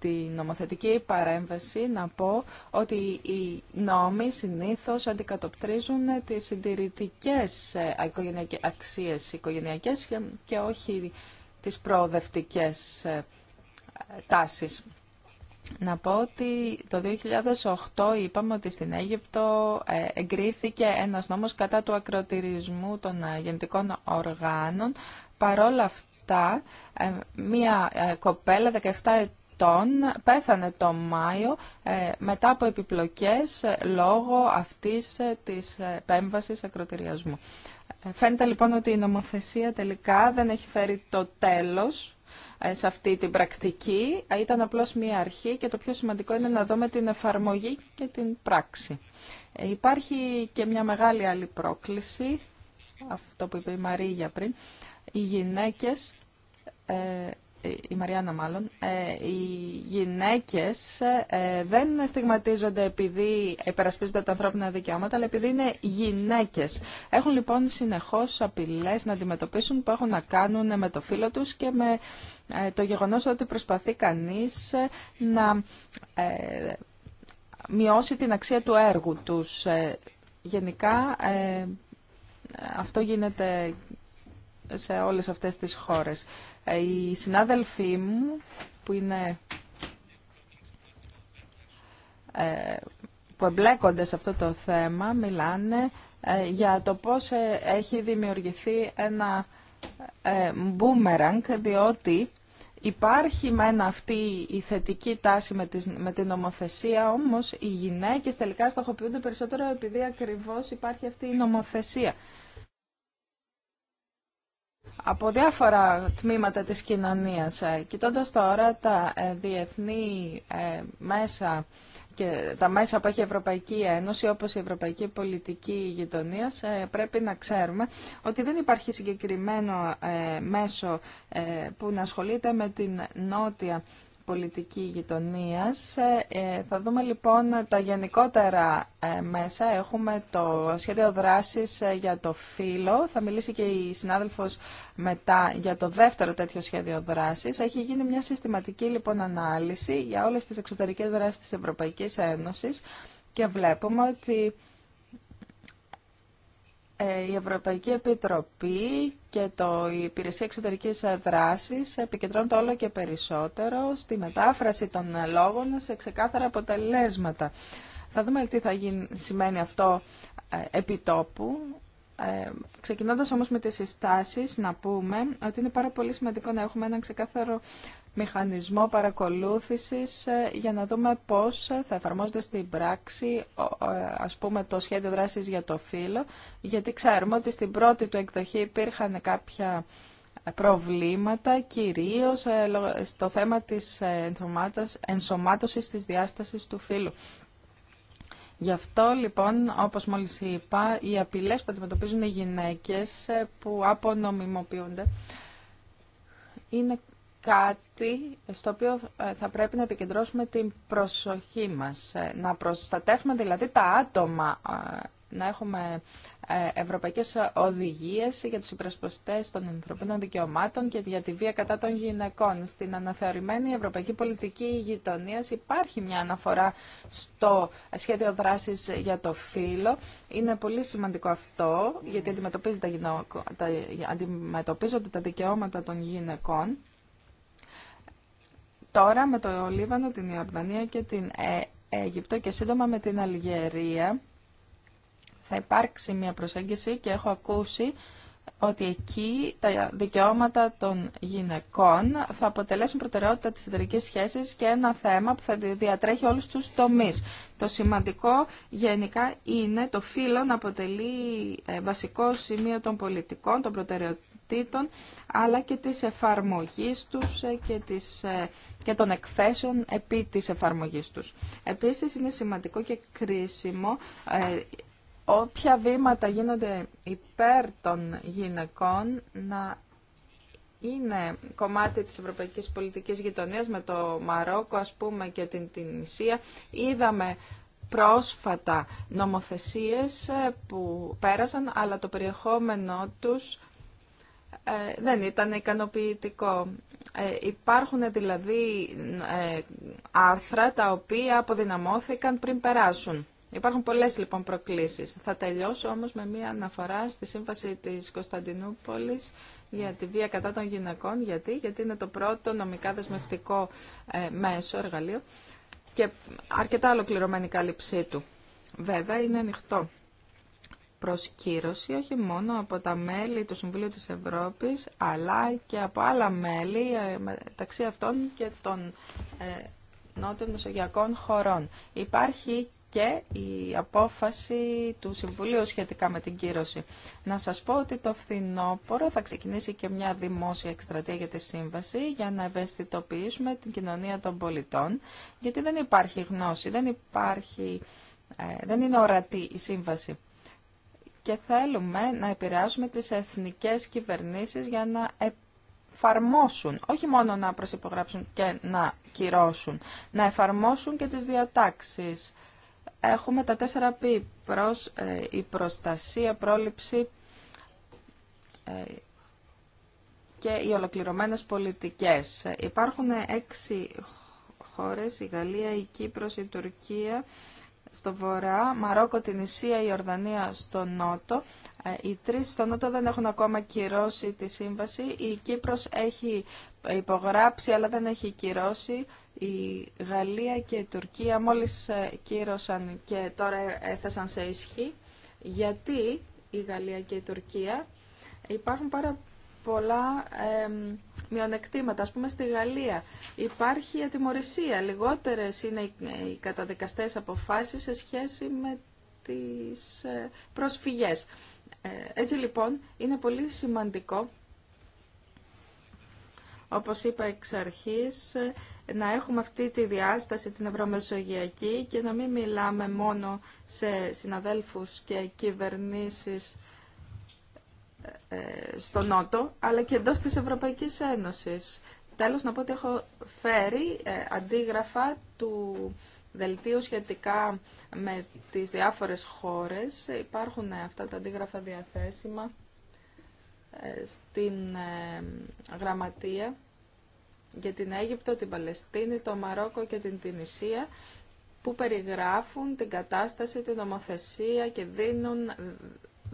τη νομοθετική παρέμβαση να πω ότι οι νόμοι συνήθως αντικατοπτρίζουν τις συντηρητικές ε, αξίες οικογενειακές και όχι τις προοδευτικές ε, τάσεις. Να πω ότι το 2008 είπαμε ότι στην Αίγυπτο ε, εγκρίθηκε ένας νόμος κατά του ακροτηρισμού των γεννητικών οργάνων. Παρόλα αυτά, μια κοπέλα 17 πέθανε το Μάιο ε, μετά από επιπλοκές ε, λόγω αυτής ε, της επέμβασης ακροτηριασμού. Φαίνεται λοιπόν ότι η νομοθεσία τελικά δεν έχει φέρει το τέλος σε αυτή την πρακτική. Ήταν απλώς μία αρχή και το πιο σημαντικό είναι να δούμε την εφαρμογή και την πράξη. Υπάρχει και μια μεγάλη άλλη πρόκληση, αυτό που είπε η Μαρία πριν. Οι γυναίκες ε, η Μαριάννα μάλλον, ε, οι γυναίκες ε, δεν στιγματίζονται επειδή υπερασπίζονται τα ανθρώπινα δικαιώματα, αλλά επειδή είναι γυναίκες. Έχουν λοιπόν συνεχώς απειλές να αντιμετωπίσουν που έχουν να κάνουν με το φίλο τους και με το γεγονός ότι προσπαθεί κανείς να μειώσει την αξία του έργου τους. Γενικά αυτό γίνεται σε όλες αυτές τις χώρες. Οι συνάδελφοί μου που είναι ε, που εμπλέκονται σε αυτό το θέμα μιλάνε ε, για το πώς ε, έχει δημιουργηθεί ένα μπούμεραγκ διότι Υπάρχει ένα αυτή η θετική τάση με την νομοθεσία, όμως οι γυναίκες τελικά στοχοποιούνται περισσότερο επειδή ακριβώς υπάρχει αυτή η νομοθεσία από διάφορα τμήματα της κοινωνίας. Ε, κοιτώντας τώρα τα ε, διεθνή ε, μέσα και τα μέσα που έχει η Ευρωπαϊκή Ένωση, όπως η Ευρωπαϊκή Πολιτική Γειτονία, πρέπει να ξέρουμε ότι δεν υπάρχει συγκεκριμένο μέσο που να ασχολείται με την νότια πολιτική γειτονίας. Ε, ε, θα δούμε λοιπόν τα γενικότερα ε, μέσα. Έχουμε το σχέδιο δράσης για το φύλλο. Θα μιλήσει και η συνάδελφος μετά για το δεύτερο τέτοιο σχέδιο δράσης. Έχει γίνει μια συστηματική λοιπόν ανάλυση για όλες τις εξωτερικές δράσεις της Ευρωπαϊκής Ένωσης και βλέπουμε ότι ε, η Ευρωπαϊκή Επιτροπή και το, η Υπηρεσία Εξωτερικής Δράσης το όλο και περισσότερο στη μετάφραση των λόγων σε ξεκάθαρα αποτελέσματα. Θα δούμε τι θα γίνει, σημαίνει αυτό ε, επιτόπου. Ε, ξεκινώντας όμως με τις συστάσεις να πούμε ότι είναι πάρα πολύ σημαντικό να έχουμε ένα ξεκάθαρο μηχανισμό παρακολούθησης ε, για να δούμε πώς θα εφαρμόζεται στην πράξη ας πούμε το σχέδιο δράσης για το φύλλο γιατί ξέρουμε ότι στην πρώτη του εκδοχή υπήρχαν κάποια προβλήματα κυρίως ε, στο θέμα της ε, ενσωμάτωσης της διάστασης του φύλλου. Γι' αυτό λοιπόν, όπως μόλις είπα, οι απειλές που αντιμετωπίζουν οι γυναίκες που απονομιμοποιούνται είναι κάτι στο οποίο ε, θα πρέπει να επικεντρώσουμε την προσοχή μας. Ε, να προστατεύουμε δηλαδή τα άτομα, ε, να έχουμε ευρωπαϊκές οδηγίες για τους υπερασπιστές των ανθρωπίνων δικαιωμάτων και για τη βία κατά των γυναικών. Στην αναθεωρημένη ευρωπαϊκή πολιτική γειτονία υπάρχει μια αναφορά στο σχέδιο δράσης για το φύλλο. Είναι πολύ σημαντικό αυτό, γιατί αντιμετωπίζονται τα, δικαιώματα των γυναικών Τώρα με το Λίβανο, την Ιορδανία και την ε, Αίγυπτο και σύντομα με την Αλγερία θα υπάρξει μια προσέγγιση και έχω ακούσει ότι εκεί τα δικαιώματα των γυναικών θα αποτελέσουν προτεραιότητα της εταιρική σχέσης και ένα θέμα που θα διατρέχει όλους τους τομείς. Το σημαντικό γενικά είναι το φύλλο να αποτελεί ε, βασικό σημείο των πολιτικών, των προτεραιοτήτων αλλά και της εφαρμογής τους ε, ε, και, των εκθέσεων επί της εφαρμογής τους. Επίσης είναι σημαντικό και κρίσιμο ε, όποια βήματα γίνονται υπέρ των γυναικών να είναι κομμάτι της ευρωπαϊκής πολιτικής γειτονίας με το Μαρόκο ας πούμε και την Τινησία. Είδαμε πρόσφατα νομοθεσίες που πέρασαν αλλά το περιεχόμενό τους ε, δεν ήταν ικανοποιητικό. Ε, υπάρχουν δηλαδή ε, άρθρα τα οποία αποδυναμώθηκαν πριν περάσουν. Υπάρχουν πολλές λοιπόν προκλήσεις. Θα τελειώσω όμως με μία αναφορά στη σύμβαση της Κωνσταντινούπολης για τη βία κατά των γυναικών. Γιατί, Γιατί είναι το πρώτο νομικά δεσμευτικό μέσο, εργαλείο και αρκετά ολοκληρωμένη κάλυψή του. Βέβαια είναι ανοιχτό προσκύρωση όχι μόνο από τα μέλη του Συμβουλίου της Ευρώπης αλλά και από άλλα μέλη ε, μεταξύ αυτών και των ε, νότιων μεσογειακών χωρών. Υπάρχει και η απόφαση του Συμβουλίου σχετικά με την κύρωση. Να σας πω ότι το φθινόπωρο θα ξεκινήσει και μια δημόσια εκστρατεία για τη σύμβαση για να ευαισθητοποιήσουμε την κοινωνία των πολιτών, γιατί δεν υπάρχει γνώση, δεν, υπάρχει, ε, δεν είναι ορατή η σύμβαση και θέλουμε να επηρεάσουμε τις εθνικές κυβερνήσεις για να εφαρμόσουν, όχι μόνο να προσυπογράψουν και να κυρώσουν, να εφαρμόσουν και τις διατάξεις. Έχουμε τα τέσσερα π. προς, ε, η προστασία, πρόληψη ε, και οι ολοκληρωμένες πολιτικές. Υπάρχουν έξι χώρες, η Γαλλία, η Κύπρος, η Τουρκία, στο βορρά, Μαρόκο, την Ισία, η Ορδανία στο νότο. Ε, οι τρεις στο νότο δεν έχουν ακόμα κυρώσει τη σύμβαση. Η Κύπρος έχει υπογράψει αλλά δεν έχει κυρώσει. Η Γαλλία και η Τουρκία μόλις ε, κύρωσαν και τώρα έθεσαν σε ισχύ. Γιατί η Γαλλία και η Τουρκία υπάρχουν πάρα πολλά ε, μειονεκτήματα. Ας πούμε στη Γαλλία υπάρχει ατιμορρησία. Λιγότερες είναι οι καταδικαστές αποφάσεις σε σχέση με τις ε, προσφυγές. Ε, έτσι λοιπόν είναι πολύ σημαντικό, όπως είπα εξ αρχής, ε, να έχουμε αυτή τη διάσταση την ευρωμεσογειακή και να μην μιλάμε μόνο σε συναδέλφους και κυβερνήσεις ε, στο Νότο, αλλά και εντός της Ευρωπαϊκής Ένωσης. Τέλος, να πω ότι έχω φέρει ε, αντίγραφα του δελτίου σχετικά με τις διάφορες χώρες. Υπάρχουν ε, αυτά τα αντίγραφα διαθέσιμα στην γραμματεία για την Αίγυπτο, την Παλαιστίνη, το Μαρόκο και την Τινησία που περιγράφουν την κατάσταση, την νομοθεσία και δίνουν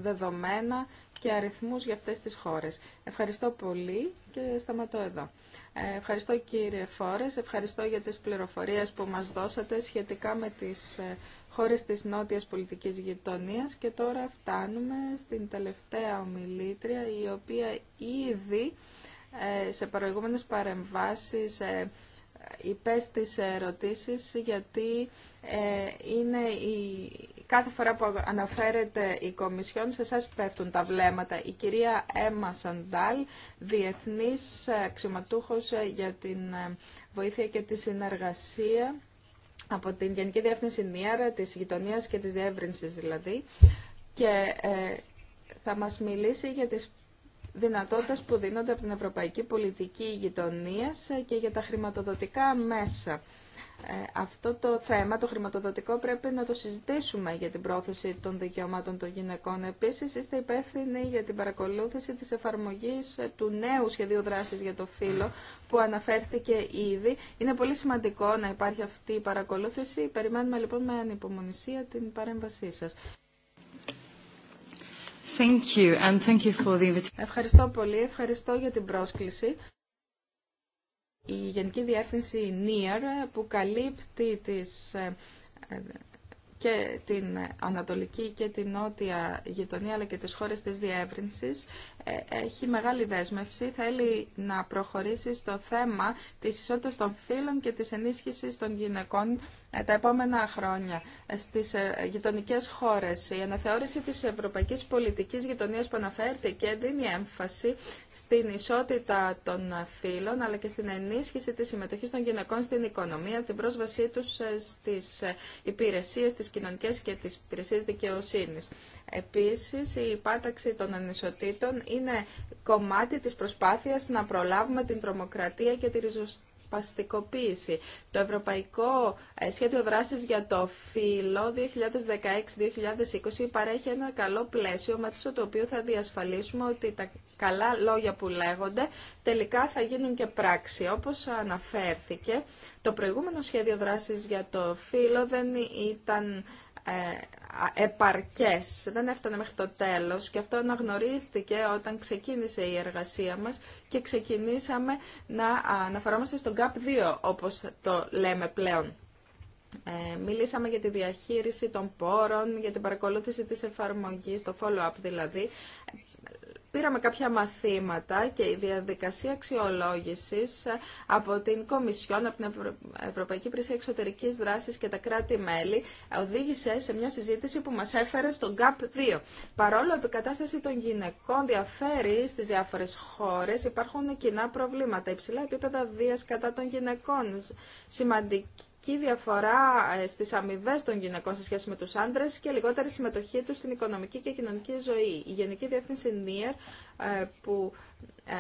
δεδομένα και αριθμούς για αυτές τις χώρες. Ευχαριστώ πολύ και σταματώ εδώ. Ε, ευχαριστώ κύριε Φόρες, ευχαριστώ για τις πληροφορίες που μας δώσατε σχετικά με τις ε, χώρες της νότιας πολιτικής γειτονίας και τώρα φτάνουμε στην τελευταία ομιλήτρια η οποία ήδη ε, σε προηγούμενες παρεμβάσεις υπέστησε ερωτήσεις γιατί είναι η κάθε φορά που αναφέρεται η Κομισιόν, σε εσά πέφτουν τα βλέμματα. Η κυρία Έμα Σαντάλ, διεθνής αξιωματούχο για την ε, βοήθεια και τη συνεργασία από την Γενική Διεύθυνση ΝΙΑΡΑ, της γειτονίας και της διεύρυνση δηλαδή, και ε, θα μας μιλήσει για τις δυνατότητες που δίνονται από την Ευρωπαϊκή Πολιτική Γειτονίας και για τα χρηματοδοτικά μέσα. Ε, αυτό το θέμα, το χρηματοδοτικό, πρέπει να το συζητήσουμε για την πρόθεση των δικαιωμάτων των γυναικών. Επίση. είστε υπεύθυνοι για την παρακολούθηση της εφαρμογής ε, του νέου σχεδίου δράση για το φύλλο, που αναφέρθηκε ήδη. Είναι πολύ σημαντικό να υπάρχει αυτή η παρακολούθηση. Περιμένουμε λοιπόν με ανυπομονησία την παρέμβασή σα. Ευχαριστώ πολύ. Ευχαριστώ για την πρόσκληση η Γενική Διεύθυνση NEAR που καλύπτει τις, ε, ε, και την Ανατολική και την Νότια γειτονία αλλά και τις χώρες της διεύρυνσης ε, έχει μεγάλη δέσμευση, θέλει να προχωρήσει στο θέμα της ισότητας των φύλων και της ενίσχυσης των γυναικών ε, τα επόμενα χρόνια ε, στις γειτονικέ χώρες. Η αναθεώρηση της ευρωπαϊκής πολιτικής γειτονίας που αναφέρθηκε δίνει έμφαση στην ισότητα των φύλων αλλά και στην ενίσχυση της συμμετοχής των γυναικών στην οικονομία, την πρόσβασή τους στις υπηρεσίες, τις κοινωνικές και τις υπηρεσίες δικαιοσύνης. Επίσης, η πάταξη των ανισοτήτων είναι κομμάτι της προσπάθειας να προλάβουμε την τρομοκρατία και τη ριζοσπαστικοποίηση. Το Ευρωπαϊκό ε, Σχέδιο Δράσης για το Φύλλο 2016-2020 παρέχει ένα καλό πλαίσιο με το οποίο θα διασφαλίσουμε ότι τα καλά λόγια που λέγονται τελικά θα γίνουν και πράξη. Όπως αναφέρθηκε, το προηγούμενο σχέδιο δράσης για το φύλλο δεν ήταν ε, επαρκές. Δεν έφτανε μέχρι το τέλος και αυτό αναγνωρίστηκε όταν ξεκίνησε η εργασία μας και ξεκινήσαμε να αναφερόμαστε στον GAP2, όπως το λέμε πλέον. Ε, μιλήσαμε για τη διαχείριση των πόρων, για την παρακολούθηση της εφαρμογής, το follow-up δηλαδή. Πήραμε κάποια μαθήματα και η διαδικασία αξιολόγησης ε, από την Κομισιόν, από την Ευρωπαϊκή Υπηρεσία Εξωτερικής Δράσης και τα κράτη-μέλη οδήγησε σε μια συζήτηση που μας έφερε στο GAP 2. Παρόλο που η κατάσταση των γυναικών διαφέρει στις διάφορες χώρες, υπάρχουν κοινά προβλήματα, υψηλά επίπεδα βίας κατά των γυναικών, σημαντική και η διαφορά ε, στι αμοιβέ των γυναικών σε σχέση με του άντρε και λιγότερη συμμετοχή του στην οικονομική και κοινωνική ζωή. Η Γενική Διεύθυνση ΝΙΕΡ ε, που ε,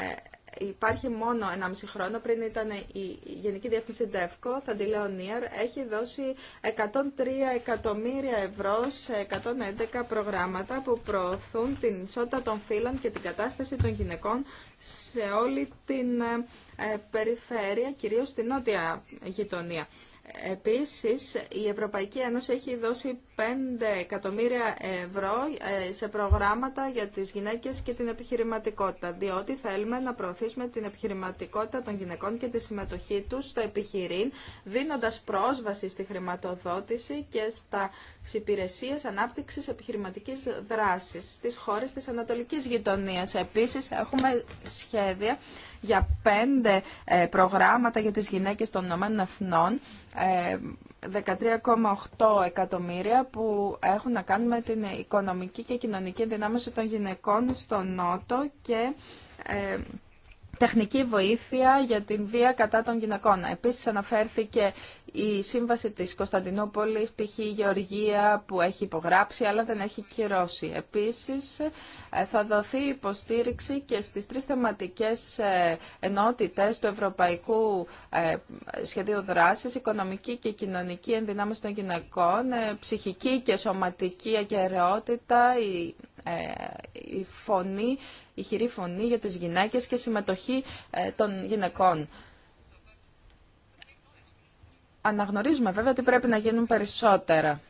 υπάρχει μόνο 1,5 χρόνο πριν ήταν η Γενική Διεύθυνση ΔΕΦΚΟ, θα τη λέω ΝΙΕΡ, έχει δώσει 103 εκατομμύρια ευρώ σε 111 προγράμματα που προωθούν την ισότητα των φύλων και την κατάσταση των γυναικών σε όλη την περιφέρεια, κυρίως στην νότια γειτονία. Επίσης, η Ευρωπαϊκή Ένωση έχει δώσει 5 εκατομμύρια ευρώ ε, σε προγράμματα για τις γυναίκες και την επιχειρηματικότητα, διότι θέλουμε να προωθήσουμε την επιχειρηματικότητα των γυναικών και τη συμμετοχή τους στο επιχειρήν, δίνοντας πρόσβαση στη χρηματοδότηση και στα υπηρεσίε ανάπτυξης επιχειρηματικής δράσης στις χώρες της Ανατολικής Γειτονίας. Επίσης, έχουμε σχέδια για 5 ε, προγράμματα για τις γυναίκες των Ηνωμένων 13,8 ε, εκατομμύρια που έχουν να κάνουν με την οικονομική και κοινωνική δυνάμωση των γυναικών στο Νότο και ε, τεχνική βοήθεια για την βία κατά των γυναικών. Επίσης αναφέρθηκε η σύμβαση της Κωνσταντινούπολης, π.χ. η Γεωργία που έχει υπογράψει αλλά δεν έχει κυρώσει. Επίσης ε, θα δοθεί υποστήριξη και στις τρεις θεματικές ε, ενότητες του Ευρωπαϊκού ε, Σχεδίου Δράσης, οικονομική και κοινωνική ενδυνάμωση των γυναικών, ψυχική και σωματική αγκαιρεότητα, η φωνή η χειρή φωνή για τις γυναίκες και συμμετοχή ε, των γυναικών. Αναγνωρίζουμε βέβαια ότι πρέπει να γίνουν περισσότερα.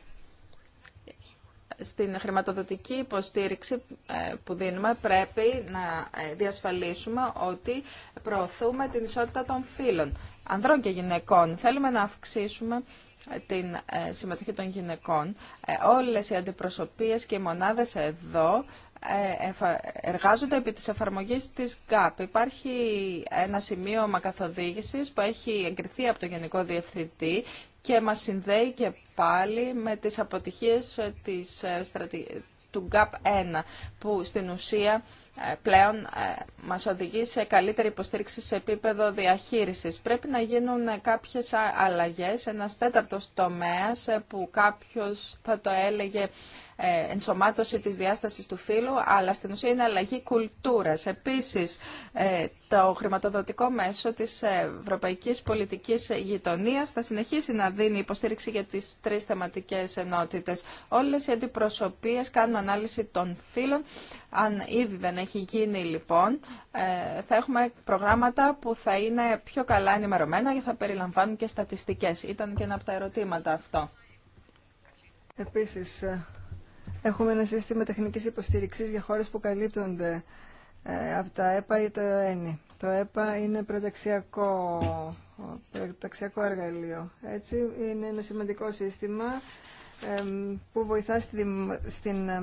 Στην χρηματοδοτική υποστήριξη ε, που δίνουμε πρέπει να ε, διασφαλίσουμε ότι προωθούμε την ισότητα των φύλων, ανδρών και γυναικών. Θέλουμε να αυξήσουμε την ε, συμμετοχή των γυναικών. Ε, όλες οι αντιπροσωπείες και οι μονάδες εδώ ε, εργάζονται επί της εφαρμογής της ΓΑΠ. Υπάρχει ένα σημείο μακαθοδήγησης που έχει εγκριθεί από το Γενικό Διευθυντή και μας συνδέει και πάλι με τις αποτυχίες της του GAP 1 που στην ουσία πλέον ε, μας οδηγεί σε καλύτερη υποστήριξη σε επίπεδο διαχείρισης. Πρέπει να γίνουν κάποιες αλλαγές, ένας τέταρτος τομέας ε, που κάποιος θα το έλεγε ε, ενσωμάτωση της διάστασης του φύλου, αλλά στην ουσία είναι αλλαγή κουλτούρας. Επίσης, ε, το χρηματοδοτικό μέσο της Ευρωπαϊκής Πολιτικής Γειτονίας θα συνεχίσει να δίνει υποστήριξη για τις τρεις θεματικές ενότητες. Όλες οι αντιπροσωπείες κάνουν ανάλυση των φύλων. Αν ήδη δεν έχει γίνει λοιπόν, ε, θα έχουμε προγράμματα που θα είναι πιο καλά ενημερωμένα και θα περιλαμβάνουν και στατιστικές. Ήταν και ένα από τα ερωτήματα αυτό. Επίσης, Έχουμε ένα σύστημα τεχνική υποστηριξή για χώρε που καλύπτονται ε, από τα ΕΠΑ ή το ΕΝΗ. Το ΕΠΑ είναι προταξιακό, προταξιακό εργαλείο. Έτσι, είναι ένα σημαντικό σύστημα που βοηθά στην, στην ε,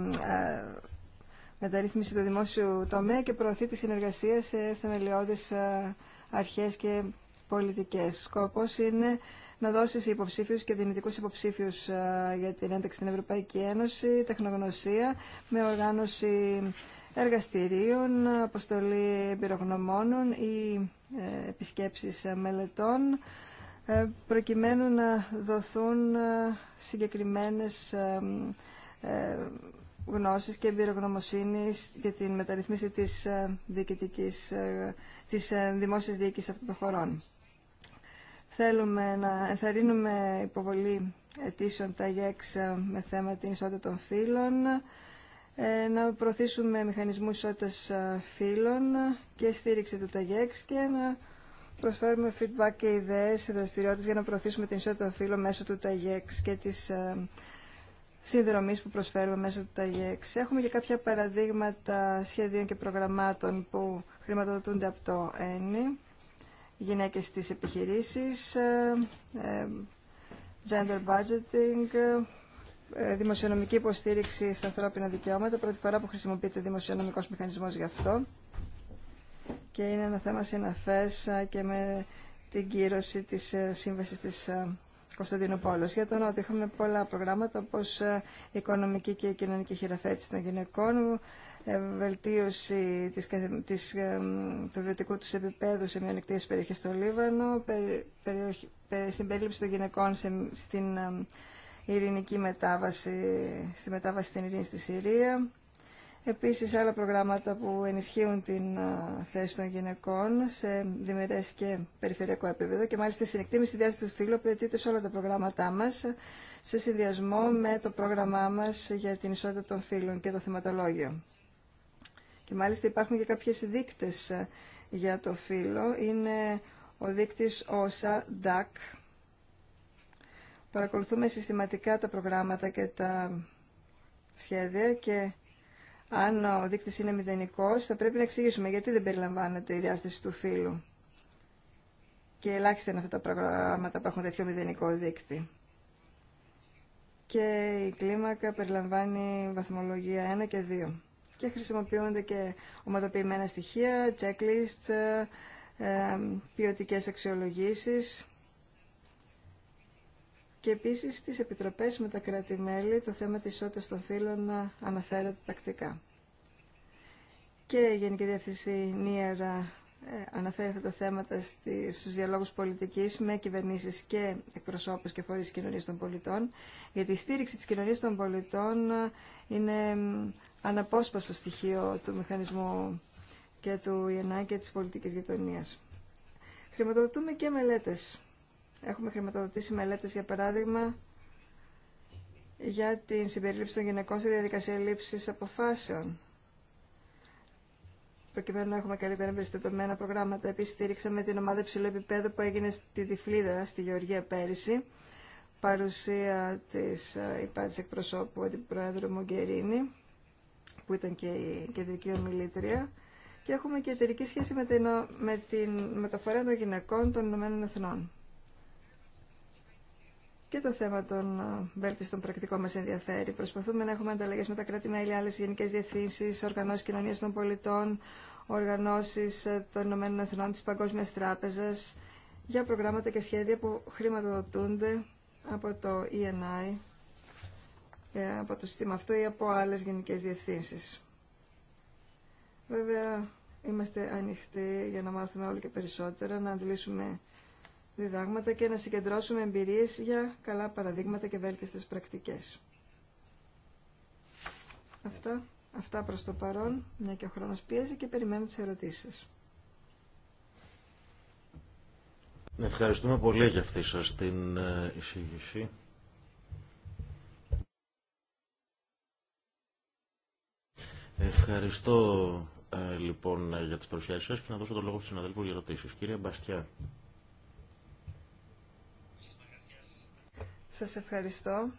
μεταρρύθμιση του δημόσιου τομέα και προωθεί τη συνεργασία σε θεμελιώδεις ε, αρχέ και πολιτικέ. Σκοπός είναι να δώσει σε υποψήφιους και δυνητικούς υποψήφιους ε, για την ένταξη στην Ευρωπαϊκή Ένωση, τεχνογνωσία με οργάνωση εργαστηρίων, αποστολή εμπειρογνωμόνων ή ε, επισκέψεις μελετών ε, προκειμένου να δοθούν συγκεκριμένες γνώσεις και εμπειρογνωμοσύνη για την μεταρρυθμίση της, διοικητικής, της δημόσιας διοίκησης αυτών των χωρών. Θέλουμε να ενθαρρύνουμε υποβολή αιτήσεων τα με θέμα την ισότητα των φύλων, ε, να προωθήσουμε μηχανισμούς ισότητας ε, φύλων και στήριξη του ΤΑΓΕΞ και να προσφέρουμε feedback και ιδέες σε δραστηριότητες για να προωθήσουμε την ισότητα των φύλων μέσω του ΤΑΓΕΞ και της ε, συνδρομής που προσφέρουμε μέσω του ΤΑΓΕΞ. Έχουμε και κάποια παραδείγματα σχεδίων και προγραμμάτων που χρηματοδοτούνται από το ΕΝΗ γυναίκες στις επιχειρήσεις, ε, ε, gender budgeting, ε, δημοσιονομική υποστήριξη στα ανθρώπινα δικαιώματα. Πρώτη φορά που χρησιμοποιείται δημοσιονομικός μηχανισμός γι' αυτό. Και είναι ένα θέμα συναφές και με την κύρωση της σύμβασης της Κωνσταντινούπολος. Για τον Νότο είχαμε πολλά προγράμματα όπως οικονομική και κοινωνική χειραφέτηση των γυναικών, βελτίωση της, της, του βιωτικού τους επίπεδου σε μειονεκτικές περιοχές στο Λίβανο, συμπερίληψη των γυναικών σε, στην ειρηνική μετάβαση, στη μετάβαση στην ειρήνη στη Συρία. Επίσης άλλα προγράμματα που ενισχύουν την ε, θέση των γυναικών σε διμερές και περιφερειακό επίπεδο και μάλιστα η συνεκτήμηση διάστησης του φύλου απαιτείται σε όλα τα προγράμματά μας σε συνδυασμό με το πρόγραμμά μας για την ισότητα των φύλων και το θεματολόγιο. Και μάλιστα υπάρχουν και κάποιες δείκτες ε, για το φύλλο. Είναι ο δείκτης OSA, DAC. Παρακολουθούμε συστηματικά τα προγράμματα και τα σχέδια και αν ο δείκτης είναι μηδενικός θα πρέπει να εξηγήσουμε γιατί δεν περιλαμβάνεται η διάσταση του φύλλου. Και ελάχιστα είναι αυτά τα προγράμματα που έχουν τέτοιο μηδενικό δείκτη. Και η κλίμακα περιλαμβάνει βαθμολογία 1 και 2 και χρησιμοποιούνται και ομαδοποιημένα στοιχεία, checklists, ε, ε, ποιοτικές αξιολογήσεις και επίσης στις επιτροπές με τα κράτη-μέλη το θέμα της ισότητας των φύλων ε, αναφέρεται τακτικά. Και η Γενική Διεύθυνση ε, αναφέρεται τα θέματα στους διαλόγους πολιτικής με κυβερνήσεις και εκπροσώπους και φορείς της κοινωνίας των πολιτών, γιατί η στήριξη της κοινωνίας των πολιτών ε, είναι αναπόσπαστο στοιχείο του μηχανισμού και του ΙΕΝΑ και της πολιτικής γειτονίας. Χρηματοδοτούμε και μελέτες. Έχουμε χρηματοδοτήσει μελέτες, για παράδειγμα, για την συμπερίληψη των γυναικών στη διαδικασία λήψης αποφάσεων προκειμένου να έχουμε καλύτερα εμπεριστατωμένα προγράμματα. Επίση, στηρίξαμε την ομάδα υψηλού επίπεδου που έγινε στη Τυφλίδα, στη Γεωργία, πέρυσι. Παρουσία τη ε, υπάρξη εκπροσώπου αντιπροέδρου Μογκερίνη, που ήταν και η κεντρική ομιλήτρια. Και έχουμε και εταιρική σχέση με, την, με, την, των Γυναικών των Ηνωμένων Εθνών και το θέμα των ε, βέλτιστων πρακτικών μα ενδιαφέρει. Προσπαθούμε να έχουμε ανταλλαγέ με τα κράτη-μέλη, άλλε γενικέ διευθύνσει, οργανώσει κοινωνία των πολιτών, οργανώσει ε, των Ηνωμένων Εθνών, τη Παγκόσμια Τράπεζα, για προγράμματα και σχέδια που χρηματοδοτούνται από το ENI, ε, από το σύστημα αυτό ή από άλλε γενικέ διευθύνσει. Βέβαια, είμαστε ανοιχτοί για να μάθουμε όλο και περισσότερα, να αντλήσουμε διδάγματα και να συγκεντρώσουμε εμπειρίες για καλά παραδείγματα και βέλτιστες πρακτικές. Αυτά, αυτά προς το παρόν, μια και ο χρόνος πίεζε και περιμένω τις ερωτήσεις. Ευχαριστούμε πολύ για αυτή σας την ε, εισήγηση. Ευχαριστώ ε, λοιπόν ε, για τις παρουσιάσεις σας και να δώσω το λόγο στους συναδέλφους για ερωτήσεις. Κύριε Μπαστιά. Σας ευχαριστώ.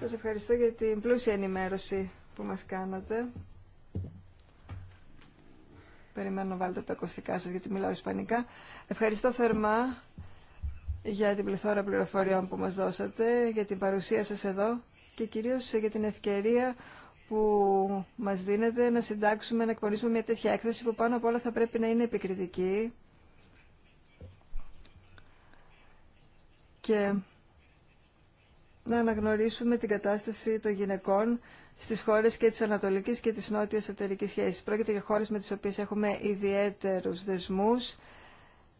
Σας ευχαριστώ για την πλούσια ενημέρωση που μας κάνατε. Περιμένω να βάλετε τα ακουστικά σας γιατί μιλάω ισπανικά. Ευχαριστώ θερμά για την πληθώρα πληροφοριών που μας δώσατε, για την παρουσία σας εδώ και κυρίως για την ευκαιρία που μας δίνετε να συντάξουμε, να εκπονήσουμε μια τέτοια έκθεση που πάνω απ' όλα θα πρέπει να είναι επικριτική και να αναγνωρίσουμε την κατάσταση των γυναικών στις χώρες και της Ανατολικής και της Νότιας εταιρικής σχέσης. Πρόκειται για χώρες με τις οποίες έχουμε ιδιαίτερους δεσμούς,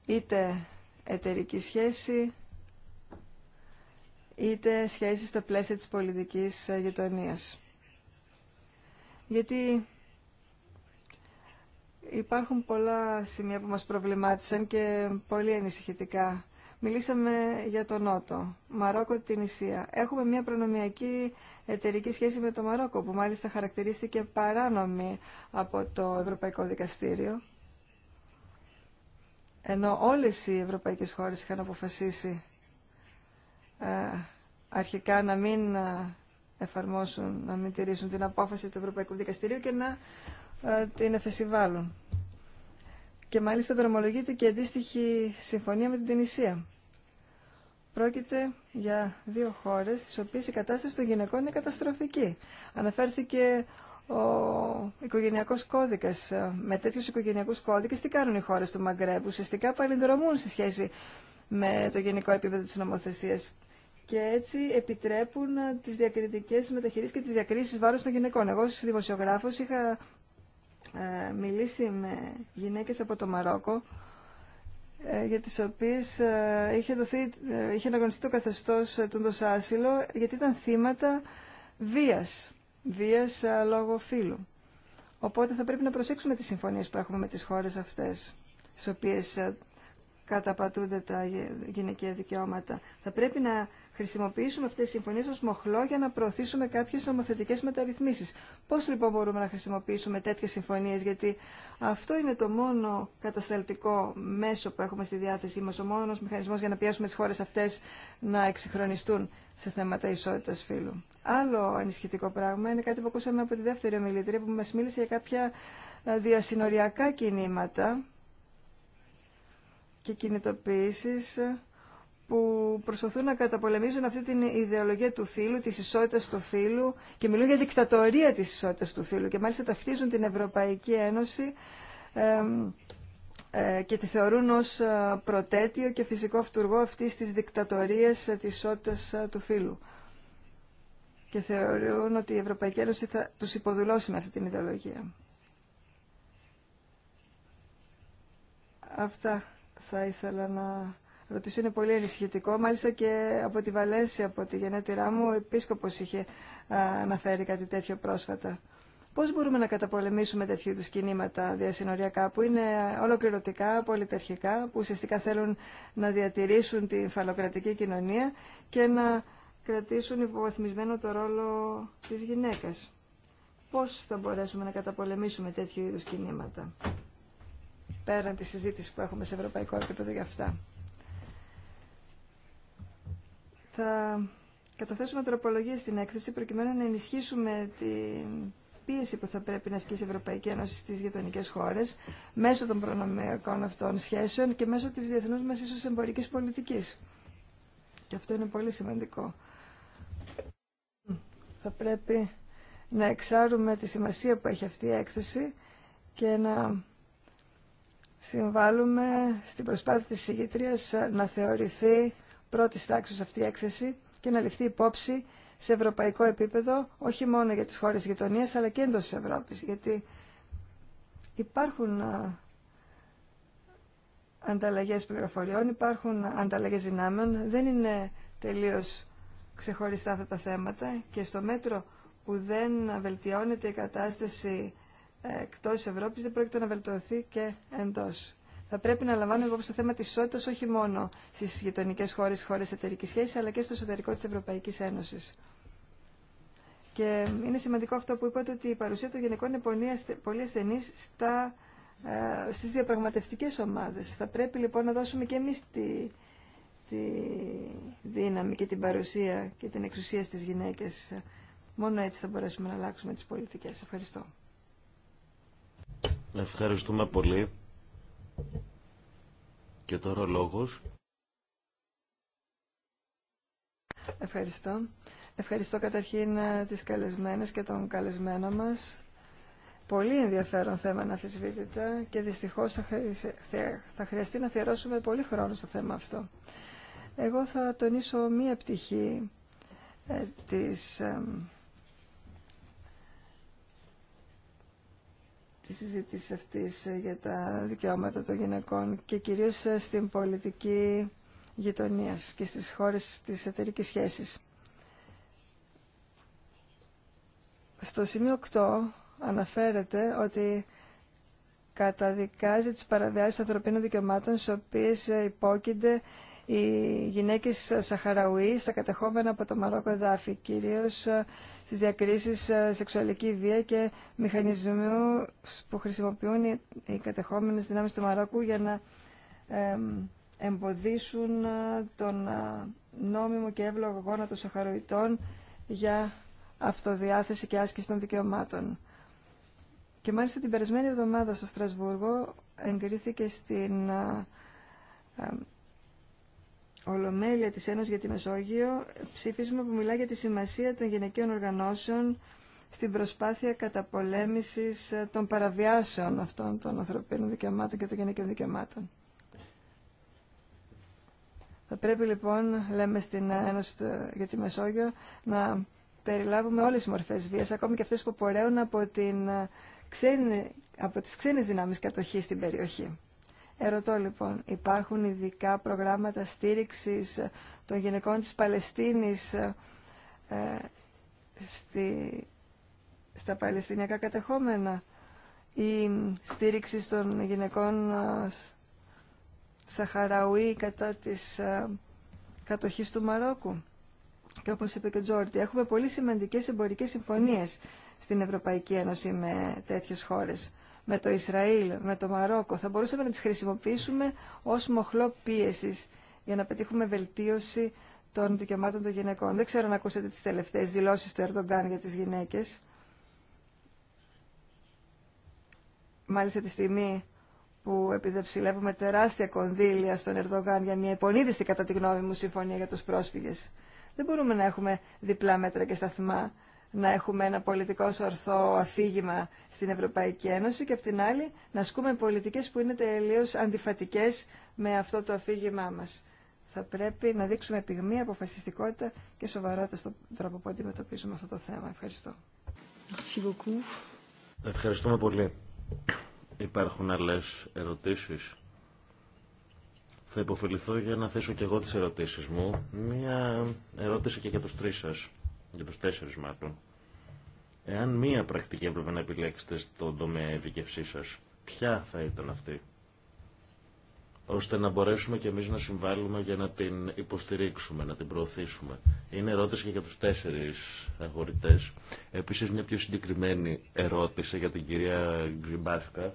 είτε εταιρική σχέση, είτε σχέση στα πλαίσια της πολιτικής γειτονία. Γιατί υπάρχουν πολλά σημεία που μας προβλημάτισαν και πολύ ανησυχητικά Μιλήσαμε για τον Νότο, Μαρόκο, την Ισία. Έχουμε μια προνομιακή εταιρική σχέση με το Μαρόκο, που μάλιστα χαρακτηρίστηκε παράνομη από το Ευρωπαϊκό Δικαστήριο. Ενώ όλες οι ευρωπαϊκές χώρες είχαν αποφασίσει ε, αρχικά να μην ε, εφαρμόσουν, να μην τηρήσουν την απόφαση του Ευρωπαϊκού Δικαστηρίου και να ε, την εφεσιβάλλουν. Και μάλιστα δρομολογείται και αντίστοιχη συμφωνία με την Τινησία. Πρόκειται για δύο χώρες στις οποίες η κατάσταση των γυναικών είναι καταστροφική. Αναφέρθηκε ο οικογενειακός κώδικας. Με τέτοιους οικογενειακούς κώδικες τι κάνουν οι χώρες του Μαγκρέμπ. Ουσιαστικά παλινδρομούν σε σχέση με το γενικό επίπεδο της νομοθεσίας και έτσι επιτρέπουν τις διακριτικές μεταχειρήσεις και τις διακρίσεις βάρος των γυναικών. Εγώ ως δημοσιογράφος είχα ε, μιλήσει με γυναίκες από το Μαρόκο ε, για τις οποίες ε, είχε, δοθεί, ε, είχε το καθεστώς του άσυλο γιατί ήταν θύματα βίας, βίας λόγω φύλου. Οπότε θα πρέπει να προσέξουμε τις συμφωνίες που έχουμε με τις χώρες αυτές, στις οποίες καταπατούνται τα γυναικεία δικαιώματα. Θα πρέπει να χρησιμοποιήσουμε αυτές τις συμφωνίες ως μοχλό για να προωθήσουμε κάποιες νομοθετικές μεταρρυθμίσεις. Πώς λοιπόν μπορούμε να χρησιμοποιήσουμε τέτοιες συμφωνίες, γιατί αυτό είναι το μόνο κατασταλτικό μέσο που έχουμε στη διάθεσή μας, ο μόνος μηχανισμός για να πιάσουμε τις χώρες αυτές να εξυγχρονιστούν σε θέματα ισότητας φύλου. Άλλο ανισχυτικό πράγμα είναι κάτι που ακούσαμε από τη δεύτερη ομιλητρία που μας μίλησε για κάποια ε, διασυνοριακά κινήματα και κινητοποιήσεις ε, που προσπαθούν να καταπολεμήσουν αυτή την ιδεολογία του φίλου, τη ισότητα του φίλου και μιλούν για δικτατορία της ισότητας του φίλου και μάλιστα ταυτίζουν την Ευρωπαϊκή Ένωση ε, και τη θεωρούν ως ε, προτέτειο και φυσικό αυτούργο αυτή τη δικτατορίας ε, της ισότητας ε, του φίλου Και θεωρούν ότι η Ευρωπαϊκή Ένωση θα του υποδουλώσει με αυτή την ιδεολογία. Αυτά θα ήθελα να ρωτήσω είναι πολύ ενισχυτικό. Μάλιστα και από τη Βαλέση, από τη γενέτειρά μου, ο επίσκοπος είχε αναφέρει κάτι τέτοιο πρόσφατα. Πώς μπορούμε να καταπολεμήσουμε τέτοιου είδους κινήματα διασυνοριακά που είναι ολοκληρωτικά, πολυτερχικά, που ουσιαστικά θέλουν να διατηρήσουν την φαλοκρατική κοινωνία και να κρατήσουν υποβαθμισμένο το ρόλο της γυναίκας. Πώς θα μπορέσουμε να καταπολεμήσουμε τέτοιου είδους κινήματα, πέραν τη συζήτηση που έχουμε σε ευρωπαϊκό επίπεδο για αυτά. Θα καταθέσουμε τροπολογία στην έκθεση προκειμένου να ενισχύσουμε την πίεση που θα πρέπει να ασκήσει η Ευρωπαϊκή Ένωση στις γειτονικές χώρες μέσω των προνομιακών αυτών σχέσεων και μέσω της διεθνούς μας ίσως εμπορικής πολιτικής. Και αυτό είναι πολύ σημαντικό. Θα πρέπει να εξάρουμε τη σημασία που έχει αυτή η έκθεση και να συμβάλλουμε στην προσπάθεια της συγκεκριτρίας να θεωρηθεί Πρώτη τάξη αυτή η έκθεση και να ληφθεί υπόψη σε ευρωπαϊκό επίπεδο, όχι μόνο για τις χώρες γειτονία, αλλά και εντός της Ευρώπης, γιατί υπάρχουν ανταλλαγές πληροφοριών, υπάρχουν ανταλλαγές δυνάμεων, δεν είναι τελείως ξεχωριστά αυτά τα θέματα και στο μέτρο που δεν βελτιώνεται η κατάσταση ε, εκτός Ευρώπης δεν πρόκειται να βελτιωθεί και εντός θα πρέπει να λαμβάνουμε υπόψη το θέμα τη ισότητα όχι μόνο στι γειτονικέ χώρε, χώρε εταιρική σχέση, αλλά και στο εσωτερικό τη Ευρωπαϊκή Ένωση. Και είναι σημαντικό αυτό που είπατε ότι η παρουσία των γυναικών είναι πολύ ασθενή στα ε, στις διαπραγματευτικές ομάδες. Θα πρέπει λοιπόν να δώσουμε και εμείς τη, τη δύναμη και την παρουσία και την εξουσία στις γυναίκες. Μόνο έτσι θα μπορέσουμε να αλλάξουμε τις πολιτικές. Ευχαριστώ. Ευχαριστούμε πολύ. Και τώρα ο λόγος. Ευχαριστώ. Ευχαριστώ καταρχήν ε, τις καλεσμένες και τον καλεσμένο μας. Πολύ ενδιαφέρον θέμα να αφισβήτητα και δυστυχώς θα χρειαστεί να αφιερώσουμε πολύ χρόνο στο θέμα αυτό. Εγώ θα τονίσω μία πτυχή ε, της ε, τις συζήτησης αυτής ε, για τα δικαιώματα των γυναικών και κυρίως ε, στην πολιτική γειτονία και στις χώρες της εταιρικής σχέσης. Στο σημείο 8 αναφέρεται ότι καταδικάζει τις παραβιάσεις ανθρωπίνων δικαιωμάτων στις οποίες ε, υπόκεινται οι γυναίκες Σαχαραουή στα κατεχόμενα από το Μαρόκο εδάφη, κυρίως ε, στις διακρίσεις ε, σεξουαλική βία και μηχανισμού που χρησιμοποιούν οι κατεχόμενες δυνάμεις του Μαρόκου για να εμποδίσουν ε, τον νόμιμο και εύλογο γόνατο των Σαχαροϊτών για αυτοδιάθεση και άσκηση των δικαιωμάτων. Και μάλιστα την περασμένη εβδομάδα στο Στρασβούργο εγκρίθηκε στην Ολομέλεια της Ένωσης για τη Μεσόγειο, ψήφισμα που μιλά για τη σημασία των γυναικείων οργανώσεων στην προσπάθεια καταπολέμησης ε, των παραβιάσεων αυτών των ανθρωπίνων δικαιωμάτων και των γυναικείων δικαιωμάτων. Θα πρέπει λοιπόν, λέμε στην ε, Ένωση ε, για τη Μεσόγειο, να περιλάβουμε όλες τις μορφές βίας, ακόμη και αυτές που πορεύουν από, την ξένη, από τις ξένες δυνάμεις κατοχής στην περιοχή. Ερωτώ λοιπόν, υπάρχουν ειδικά προγράμματα στήριξης των γυναικών της Παλαιστίνης ε, στη, στα παλαιστινιακά κατεχόμενα ή στήριξη των γυναικών ε, Σαχαραουή κατά της ε, κατοχής του Μαρόκου. Και όπως είπε και ο Τζόρτι, έχουμε πολύ σημαντικές εμπορικές συμφωνίες στην Ευρωπαϊκή Ένωση με τέτοιες χώρες με το Ισραήλ, με το Μαρόκο, θα μπορούσαμε να τις χρησιμοποιήσουμε ως μοχλό πίεσης για να πετύχουμε βελτίωση των δικαιωμάτων των γυναικών. Δεν ξέρω αν ακούσατε τις τελευταίες δηλώσεις του Ερντογκάν για τις γυναίκες. Μάλιστα τη στιγμή που επιδεψιλεύουμε τεράστια κονδύλια στον Ερντογκάν για μια υπονείδηστη κατά τη γνώμη μου συμφωνία για τους πρόσφυγες. Δεν μπορούμε να έχουμε διπλά μέτρα και σταθμά να έχουμε ένα πολιτικό ορθό αφήγημα στην Ευρωπαϊκή Ένωση και απ' την άλλη να ασκούμε πολιτικές που είναι τελείως αντιφατικές με αυτό το αφήγημά μας. Θα πρέπει να δείξουμε πυγμή, αποφασιστικότητα και σοβαρότητα στον τρόπο που αντιμετωπίζουμε αυτό το θέμα. Ευχαριστώ. Ευχαριστούμε πολύ. Υπάρχουν άλλες ερωτήσεις. Θα υποφεληθώ για να θέσω και εγώ τις ερωτήσεις μου. Μία ερώτηση και για τους τρεις σας για τους τέσσερις μάτων, εάν μία πρακτική έπρεπε να επιλέξετε στον τομέα ειδικευσής σας, ποια θα ήταν αυτή, ώστε να μπορέσουμε κι εμείς να συμβάλλουμε για να την υποστηρίξουμε, να την προωθήσουμε. Είναι ερώτηση και για τους τέσσερις αγορητές. Επίσης μια πιο συγκεκριμένη ερώτηση για την κυρία Γκριμπάσκα.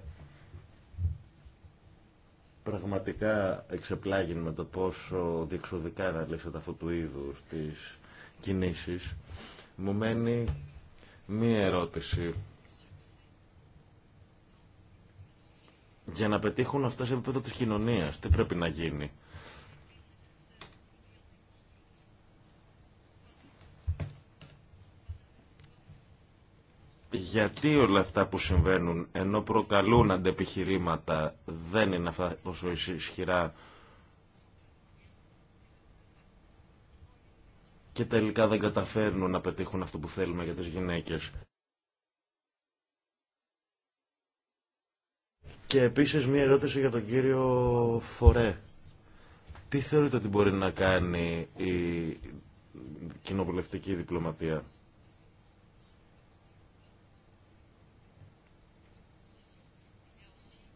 Πραγματικά εξεπλάγει με το πόσο διεξοδικά αναλύσατε αυτού του είδους τις κινήσεις, μου μένει μία ερώτηση. Για να πετύχουν αυτά σε επίπεδο της κοινωνίας, τι πρέπει να γίνει. γιατί όλα αυτά που συμβαίνουν ενώ προκαλούν αντεπιχειρήματα δεν είναι αυτά όσο ισχυρά και τελικά δεν καταφέρνουν να πετύχουν αυτό που θέλουμε για τις γυναίκες. Και επίσης μία ερώτηση για τον κύριο Φορέ. Τι θεωρείτε ότι μπορεί να κάνει η κοινοβουλευτική διπλωματία.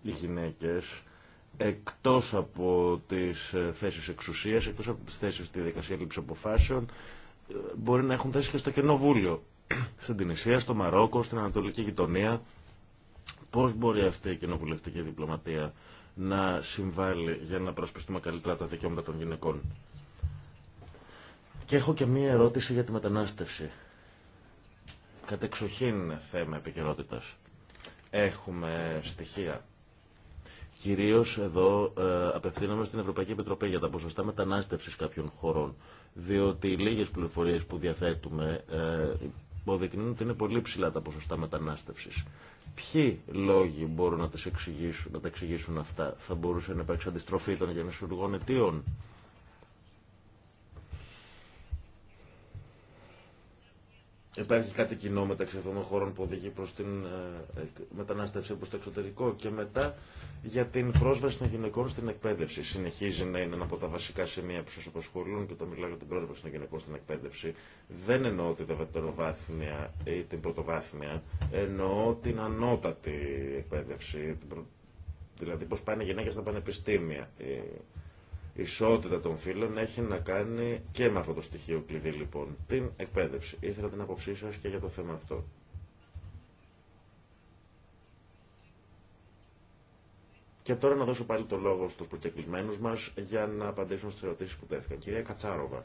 Οι γυναίκες εκτός από τις ε, θέσεις εξουσίας, εκτός από τις θέσεις στη δικασία λήψη αποφάσεων, ε, μπορεί να έχουν θέσει και στο Κοινοβούλιο, στην Τινησία, στο Μαρόκο, στην Ανατολική Γειτονία. Πώς μπορεί αυτή η κοινοβουλευτική διπλωματία να συμβάλλει για να προσπιστούμε καλύτερα τα δικαιώματα των γυναικών. Και έχω και μία ερώτηση για τη μετανάστευση. Κατεξοχήν θέμα επικαιρότητα. Έχουμε στοιχεία Κυρίω εδώ ε, απευθύνομαι στην Ευρωπαϊκή Επιτροπή για τα ποσοστά μετανάστευση κάποιων χωρών, διότι οι λίγες πληροφορίες που διαθέτουμε ε, υποδεικνύουν ότι είναι πολύ ψηλά τα ποσοστά μετανάστευση. Ποιοι λόγοι μπορούν να, τις εξηγήσουν, να τα εξηγήσουν αυτά, θα μπορούσε να υπάρξει αντιστροφή των γενεσουργών αιτίων. Υπάρχει κάτι κοινό μεταξύ αυτών των χωρών που οδηγεί προ την ε, μετανάστευση προ το εξωτερικό και μετά για την πρόσβαση των γυναικών στην εκπαίδευση. Συνεχίζει να είναι ένα από τα βασικά σημεία που σα απασχολούν και όταν μιλάω για την πρόσβαση των γυναικών στην εκπαίδευση δεν εννοώ τα δευτεροβάθμια ή την πρωτοβάθμια, εννοώ την ανώτατη εκπαίδευση, δηλαδή πώ πάνε οι γυναίκε στα πανεπιστήμια, ε, ισότητα των φίλων έχει να κάνει και με αυτό το στοιχείο κλειδί λοιπόν, την εκπαίδευση. Ήθελα την άποψή σα και για το θέμα αυτό. Και τώρα να δώσω πάλι το λόγο στους προκεκλημένους μας για να απαντήσουν στις ερωτήσεις που τέθηκαν. Κυρία Κατσάροβα,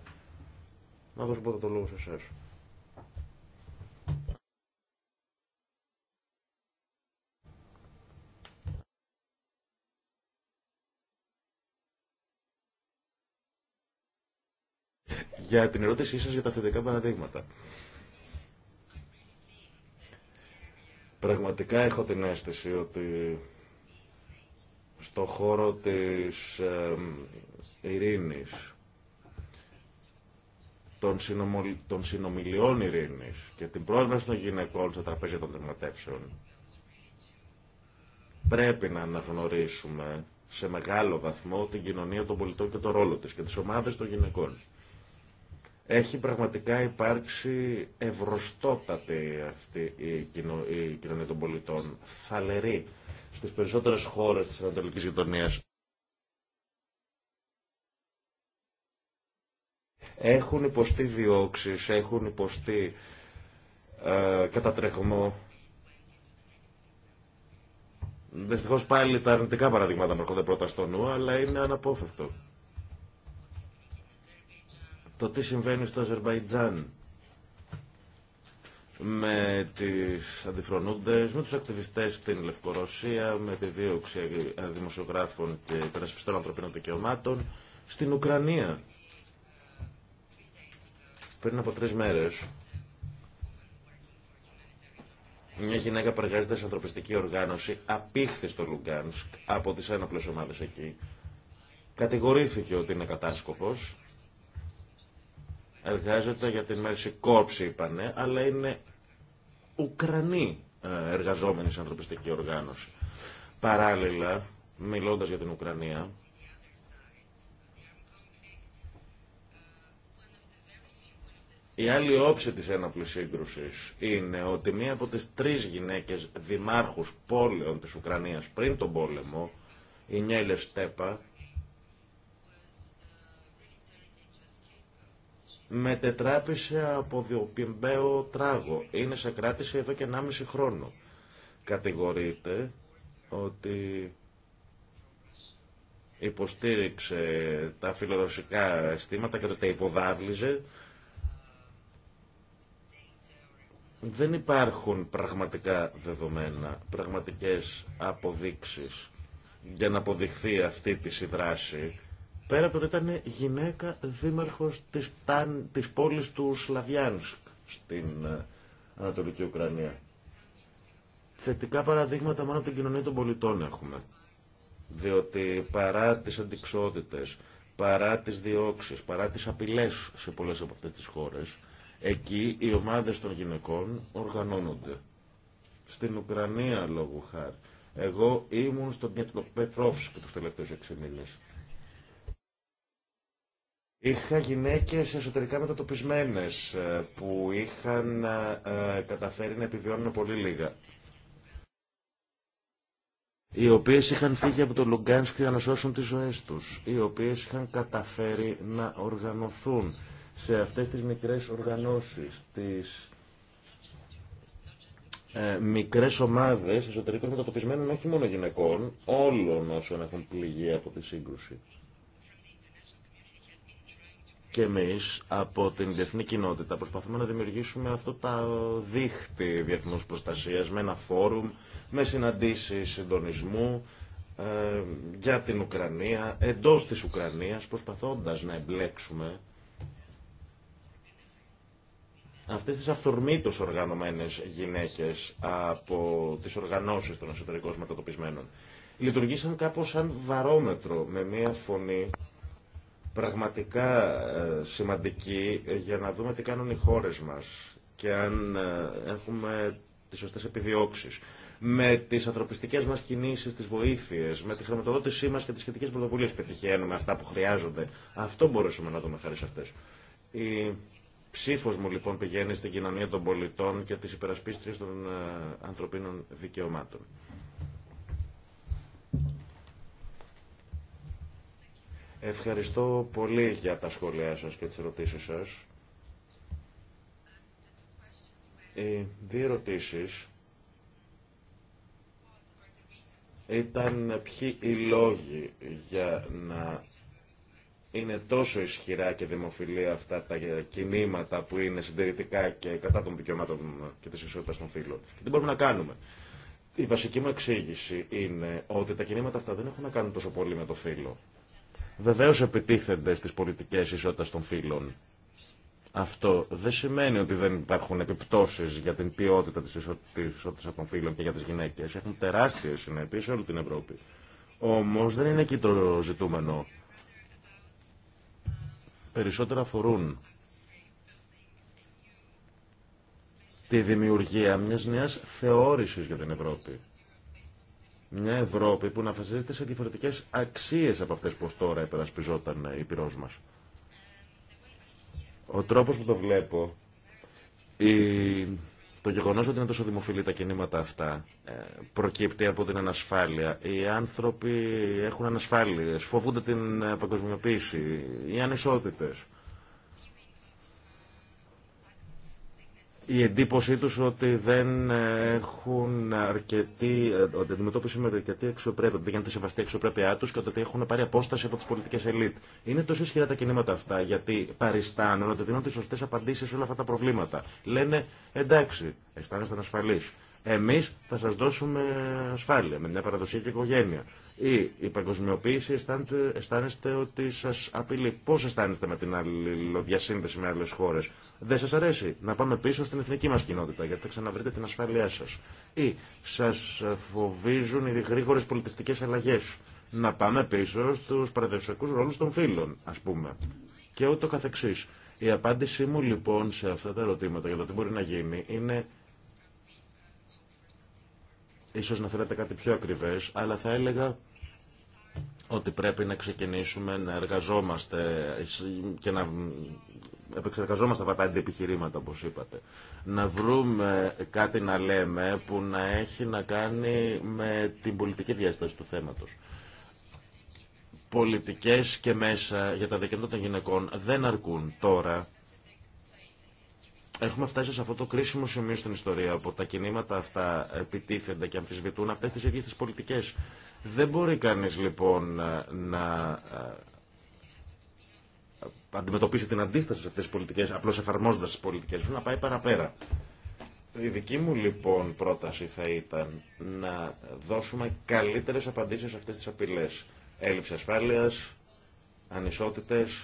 να δώσω πρώτα το λόγο σε εσάς. για την ερώτησή σας για τα θετικά παραδείγματα. Πραγματικά έχω την αίσθηση ότι στο χώρο της ειρήνης, των συνομιλιών ειρήνης και την πρόσβαση των γυναικών στα τραπέζια των δημοτεύσεων, πρέπει να αναγνωρίσουμε σε μεγάλο βαθμό την κοινωνία των πολιτών και τον ρόλο της και τις ομάδες των γυναικών. Έχει πραγματικά υπάρξει ευρωστότατη αυτή η, κοινο, κοινωνία των πολιτών, θαλερή στις περισσότερες χώρες της Ανατολικής Γειτονίας. Έχουν υποστεί διώξεις, έχουν υποστεί ε, κατατρεχμό. Δυστυχώς πάλι τα αρνητικά παραδείγματα μου έρχονται πρώτα στο νου, αλλά είναι αναπόφευκτο το τι συμβαίνει στο Αζερβαϊτζάν με τις αντιφρονούντες, με τους ακτιβιστές στην Λευκορωσία, με τη δίωξη δημοσιογράφων και υπερασπιστών ανθρωπίνων δικαιωμάτων, στην Ουκρανία. Πριν από τρεις μέρες, μια γυναίκα που εργάζεται σε ανθρωπιστική οργάνωση απήχθη στο Λουγκάνσκ από τις ένοπλες ομάδες εκεί. Κατηγορήθηκε ότι είναι κατάσκοπος Εργάζεται για την Μέρση Κόρψη, είπανε, αλλά είναι Ουκρανοί ε, εργαζόμενοι σε ανθρωπιστική οργάνωση. Παράλληλα, μιλώντας για την Ουκρανία, Η άλλη όψη της έναπλης σύγκρουσης είναι ότι μία από τις τρεις γυναίκες δημάρχους πόλεων της Ουκρανίας πριν τον πόλεμο, η Νιέλε Στέπα, μετετράπησε από διοπιμπαίο τράγο. Είναι σε κράτηση εδώ και 1,5 χρόνο. Κατηγορείται ότι υποστήριξε τα φιλορωσικά αισθήματα και το τα υποδάβλιζε. Δεν υπάρχουν πραγματικά δεδομένα, πραγματικές αποδείξεις για να αποδειχθεί αυτή τη δράση Πέρα από το ότι ήταν γυναίκα δήμαρχος της, Τάν, της πόλης του Σλαβιάνσκ στην ε, Ανατολική Ουκρανία. Θετικά παραδείγματα μόνο από την κοινωνία των πολιτών έχουμε. Διότι παρά τις αντικσότητες, παρά τις διώξεις, παρά τις απειλές σε πολλές από αυτές τις χώρες, εκεί οι ομάδες των γυναικών οργανώνονται. Στην Ουκρανία λόγου χάρη. Εγώ ήμουν στον Πετρόφσκ τους τελευταίους 6 μήνες Είχα γυναίκες εσωτερικά μετατοπισμένες ε, που είχαν ε, ε, καταφέρει να επιβιώνουν πολύ λίγα. Οι οποίες είχαν φύγει από το Λουγκάνσκ για να σώσουν τις ζωές τους. Οι οποίες είχαν καταφέρει να οργανωθούν σε αυτές τις μικρές οργανώσεις, τις ε, μικρές ομάδες εσωτερικών μετατοπισμένων όχι μόνο γυναικών, όλων όσων έχουν πληγεί από τη σύγκρουση και εμείς από την διεθνή κοινότητα προσπαθούμε να δημιουργήσουμε αυτό το δίχτυ διεθνούς προστασίας με ένα φόρουμ, με συναντήσεις συντονισμού ε, για την Ουκρανία, εντός της Ουκρανίας, προσπαθώντας να εμπλέξουμε αυτές τις αυθορμήτως οργανωμένες γυναίκες από τις οργανώσεις των εσωτερικών μετατοπισμένων. Λειτουργήσαν κάπως σαν βαρόμετρο με μία φωνή πραγματικά ε, σημαντική ε, για να δούμε τι κάνουν οι χώρες μας και αν ε, έχουμε τις σωστές επιδιώξεις με τις ανθρωπιστικές μας κινήσεις, τις βοήθειες, με τη χρηματοδότησή μας και τις σχετικές πρωτοβουλίες πετυχαίνουμε αυτά που χρειάζονται. Αυτό μπορούσαμε να δούμε χάρη σε αυτές. Η ψήφος μου λοιπόν πηγαίνει στην κοινωνία των πολιτών και τις υπερασπίστριες των ανθρωπίνων δικαιωμάτων. Ευχαριστώ πολύ για τα σχόλιά σας και τις ερωτήσεις σας. Οι δύο ερωτήσεις ήταν ποιοι οι λόγοι για να είναι τόσο ισχυρά και δημοφιλή αυτά τα κινήματα που είναι συντηρητικά και κατά των δικαιωμάτων και της ισότητας των φύλων. Και τι μπορούμε να κάνουμε. Η βασική μου εξήγηση είναι ότι τα κινήματα αυτά δεν έχουν να κάνουν τόσο πολύ με το φύλλο. Βεβαίω επιτίθενται στι πολιτικέ ισότητα των φύλων. Αυτό δεν σημαίνει ότι δεν υπάρχουν επιπτώσει για την ποιότητα τη ισότητα των φύλων και για τι γυναίκε. Έχουν τεράστιε συνέπειε σε όλη την Ευρώπη. Όμω δεν είναι εκεί το ζητούμενο. Περισσότερα αφορούν τη δημιουργία μιας νέας θεώρησης για την Ευρώπη. Μια Ευρώπη που να φασίζεται σε διαφορετικέ αξίε από αυτέ που τώρα υπερασπιζόταν η πυρό μα. Ο τρόπο που το βλέπω, η... το γεγονό ότι είναι τόσο δημοφιλή τα κινήματα αυτά, ε, προκύπτει από την ανασφάλεια. Οι άνθρωποι έχουν ανασφάλειε, φοβούνται την ε, παγκοσμιοποίηση, οι ανισότητε. η εντύπωσή τους ότι δεν έχουν αρκετή, ότι αντιμετώπιση με αρκετή αξιοπρέπεια, δεν γίνεται σεβαστή αξιοπρέπειά τους και ότι έχουν πάρει απόσταση από τις πολιτικές ελίτ. Είναι τόσο ισχυρά τα κινήματα αυτά γιατί παριστάνουν ότι δίνουν τις σωστές απαντήσεις σε όλα αυτά τα προβλήματα. Λένε εντάξει, αισθάνεστε ασφαλείς. Εμεί θα σα δώσουμε ασφάλεια με μια παραδοσιακή οικογένεια. Ή η παγκοσμιοποίηση αισθάνεστε, αισθάνεστε ότι σα απειλεί. Πώ αισθάνεστε με την αλληλοδιασύνδεση με άλλε χώρε. Δεν σα αρέσει να πάμε πίσω στην εθνική μα κοινότητα γιατί θα ξαναβρείτε την ασφάλειά σα. Ή σα φοβίζουν οι γρήγορε πολιτιστικέ αλλαγέ. Να πάμε πίσω στου παραδοσιακού ρόλου των φίλων, α πούμε, και ότι το καθεξή. Η σα φοβιζουν οι γρηγορε πολιτιστικε αλλαγε να παμε πισω στου παραδοσιακου ρολου των φιλων α πουμε και ουτω καθεξη η απαντηση μου λοιπόν σε αυτά τα ερωτήματα για το τι μπορεί να γίνει είναι Ίσως να θέλετε κάτι πιο ακριβές, αλλά θα έλεγα ότι πρέπει να ξεκινήσουμε να εργαζόμαστε και να επεξεργαζόμαστε αυτά τα αντιεπιχειρήματα όπως είπατε. Να βρούμε κάτι να λέμε που να έχει να κάνει με την πολιτική διάσταση του θέματος. Πολιτικές και μέσα για τα δικαιώματα των γυναικών δεν αρκούν τώρα Έχουμε φτάσει σε αυτό το κρίσιμο σημείο στην ιστορία που τα κινήματα αυτά επιτίθενται και αμφισβητούν αυτές τις ίδιες τις πολιτικές. Δεν μπορεί κανείς λοιπόν να ε, αντιμετωπίσει την αντίσταση σε αυτές τις πολιτικές απλώς εφαρμόζοντας τις πολιτικές. να πάει παραπέρα. Η δική μου λοιπόν πρόταση θα ήταν να δώσουμε καλύτερες απαντήσεις σε αυτές τις απειλές. Έλλειψη ασφάλειας, ανισότητες,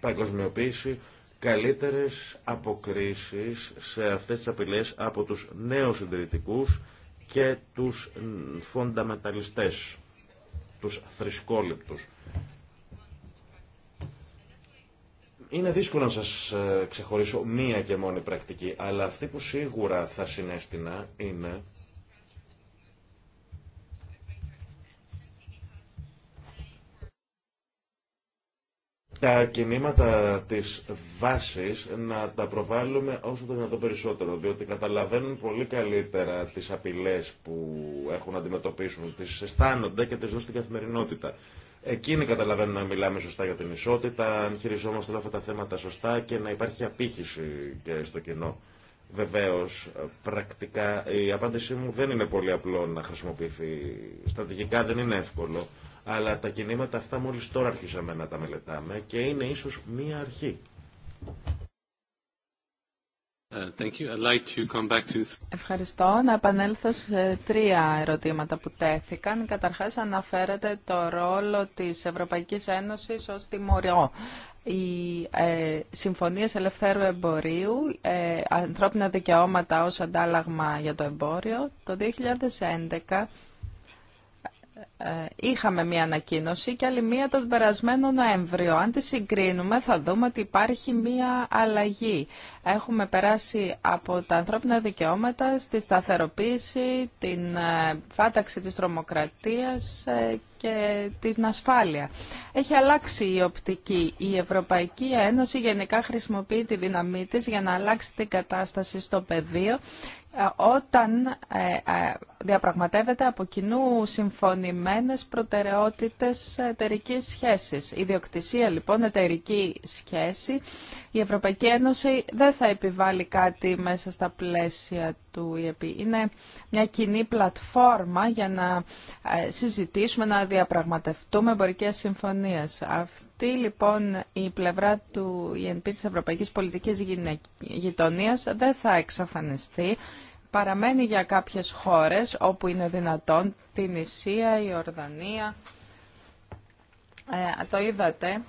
παγκοσμιοποίηση καλύτερες αποκρίσεις σε αυτές τις απειλές από τους νέους συντηρητικού και τους φονταμεταλιστές, τους θρησκόληπτους. Είναι δύσκολο να σας ε, ξεχωρίσω μία και μόνη πρακτική, αλλά αυτή που σίγουρα θα συνέστηνα είναι τα κινήματα της βάσης να τα προβάλλουμε όσο το δυνατό περισσότερο, διότι καταλαβαίνουν πολύ καλύτερα τις απειλές που έχουν να αντιμετωπίσουν, τις αισθάνονται και τις ζουν στην καθημερινότητα. Εκείνοι καταλαβαίνουν να μιλάμε σωστά για την ισότητα, αν χειριζόμαστε όλα αυτά τα θέματα σωστά και να υπάρχει απήχηση και στο κοινό. Βεβαίω, πρακτικά η απάντησή μου δεν είναι πολύ απλό να χρησιμοποιηθεί. Στρατηγικά δεν είναι εύκολο αλλά τα κινήματα αυτά μόλις τώρα αρχίσαμε να τα μελετάμε και είναι ίσως μία αρχή. Ε, Ευχαριστώ. Να επανέλθω σε τρία ερωτήματα που τέθηκαν. Καταρχάς αναφέρεται το ρόλο της Ευρωπαϊκής Ένωσης ως τιμωριό. Οι ε, συμφωνίες ελευθέρου εμπορίου, ε, ανθρώπινα δικαιώματα ως αντάλλαγμα για το εμπόριο, το 2011 ε, είχαμε μία ανακοίνωση και άλλη μία τον περασμένο Νοέμβριο. Αν τη συγκρίνουμε θα δούμε ότι υπάρχει μία αλλαγή. Έχουμε περάσει από τα ανθρώπινα δικαιώματα στη σταθεροποίηση, την ε, φάταξη της τρομοκρατίας ε, και την ασφάλεια. Έχει αλλάξει η οπτική. Η Ευρωπαϊκή Ένωση γενικά χρησιμοποιεί τη δύναμή της για να αλλάξει την κατάσταση στο πεδίο όταν διαπραγματεύεται από κοινού συμφωνημένες προτεραιότητες εταιρική σχέσης. Η διοκτησία λοιπόν εταιρική σχέση. Η Ευρωπαϊκή Ένωση δεν θα επιβάλλει κάτι μέσα στα πλαίσια του ΙΕΠ. Είναι μια κοινή πλατφόρμα για να ε, συζητήσουμε, να διαπραγματευτούμε εμπορικές συμφωνίες. Αυτή λοιπόν η πλευρά του ΙΕΠ της Ευρωπαϊκής Πολιτικής Γειτονίας δεν θα εξαφανιστεί παραμένει για κάποιες χώρες όπου είναι δυνατόν, την Ισία, η Ορδανία. Ε, το είδατε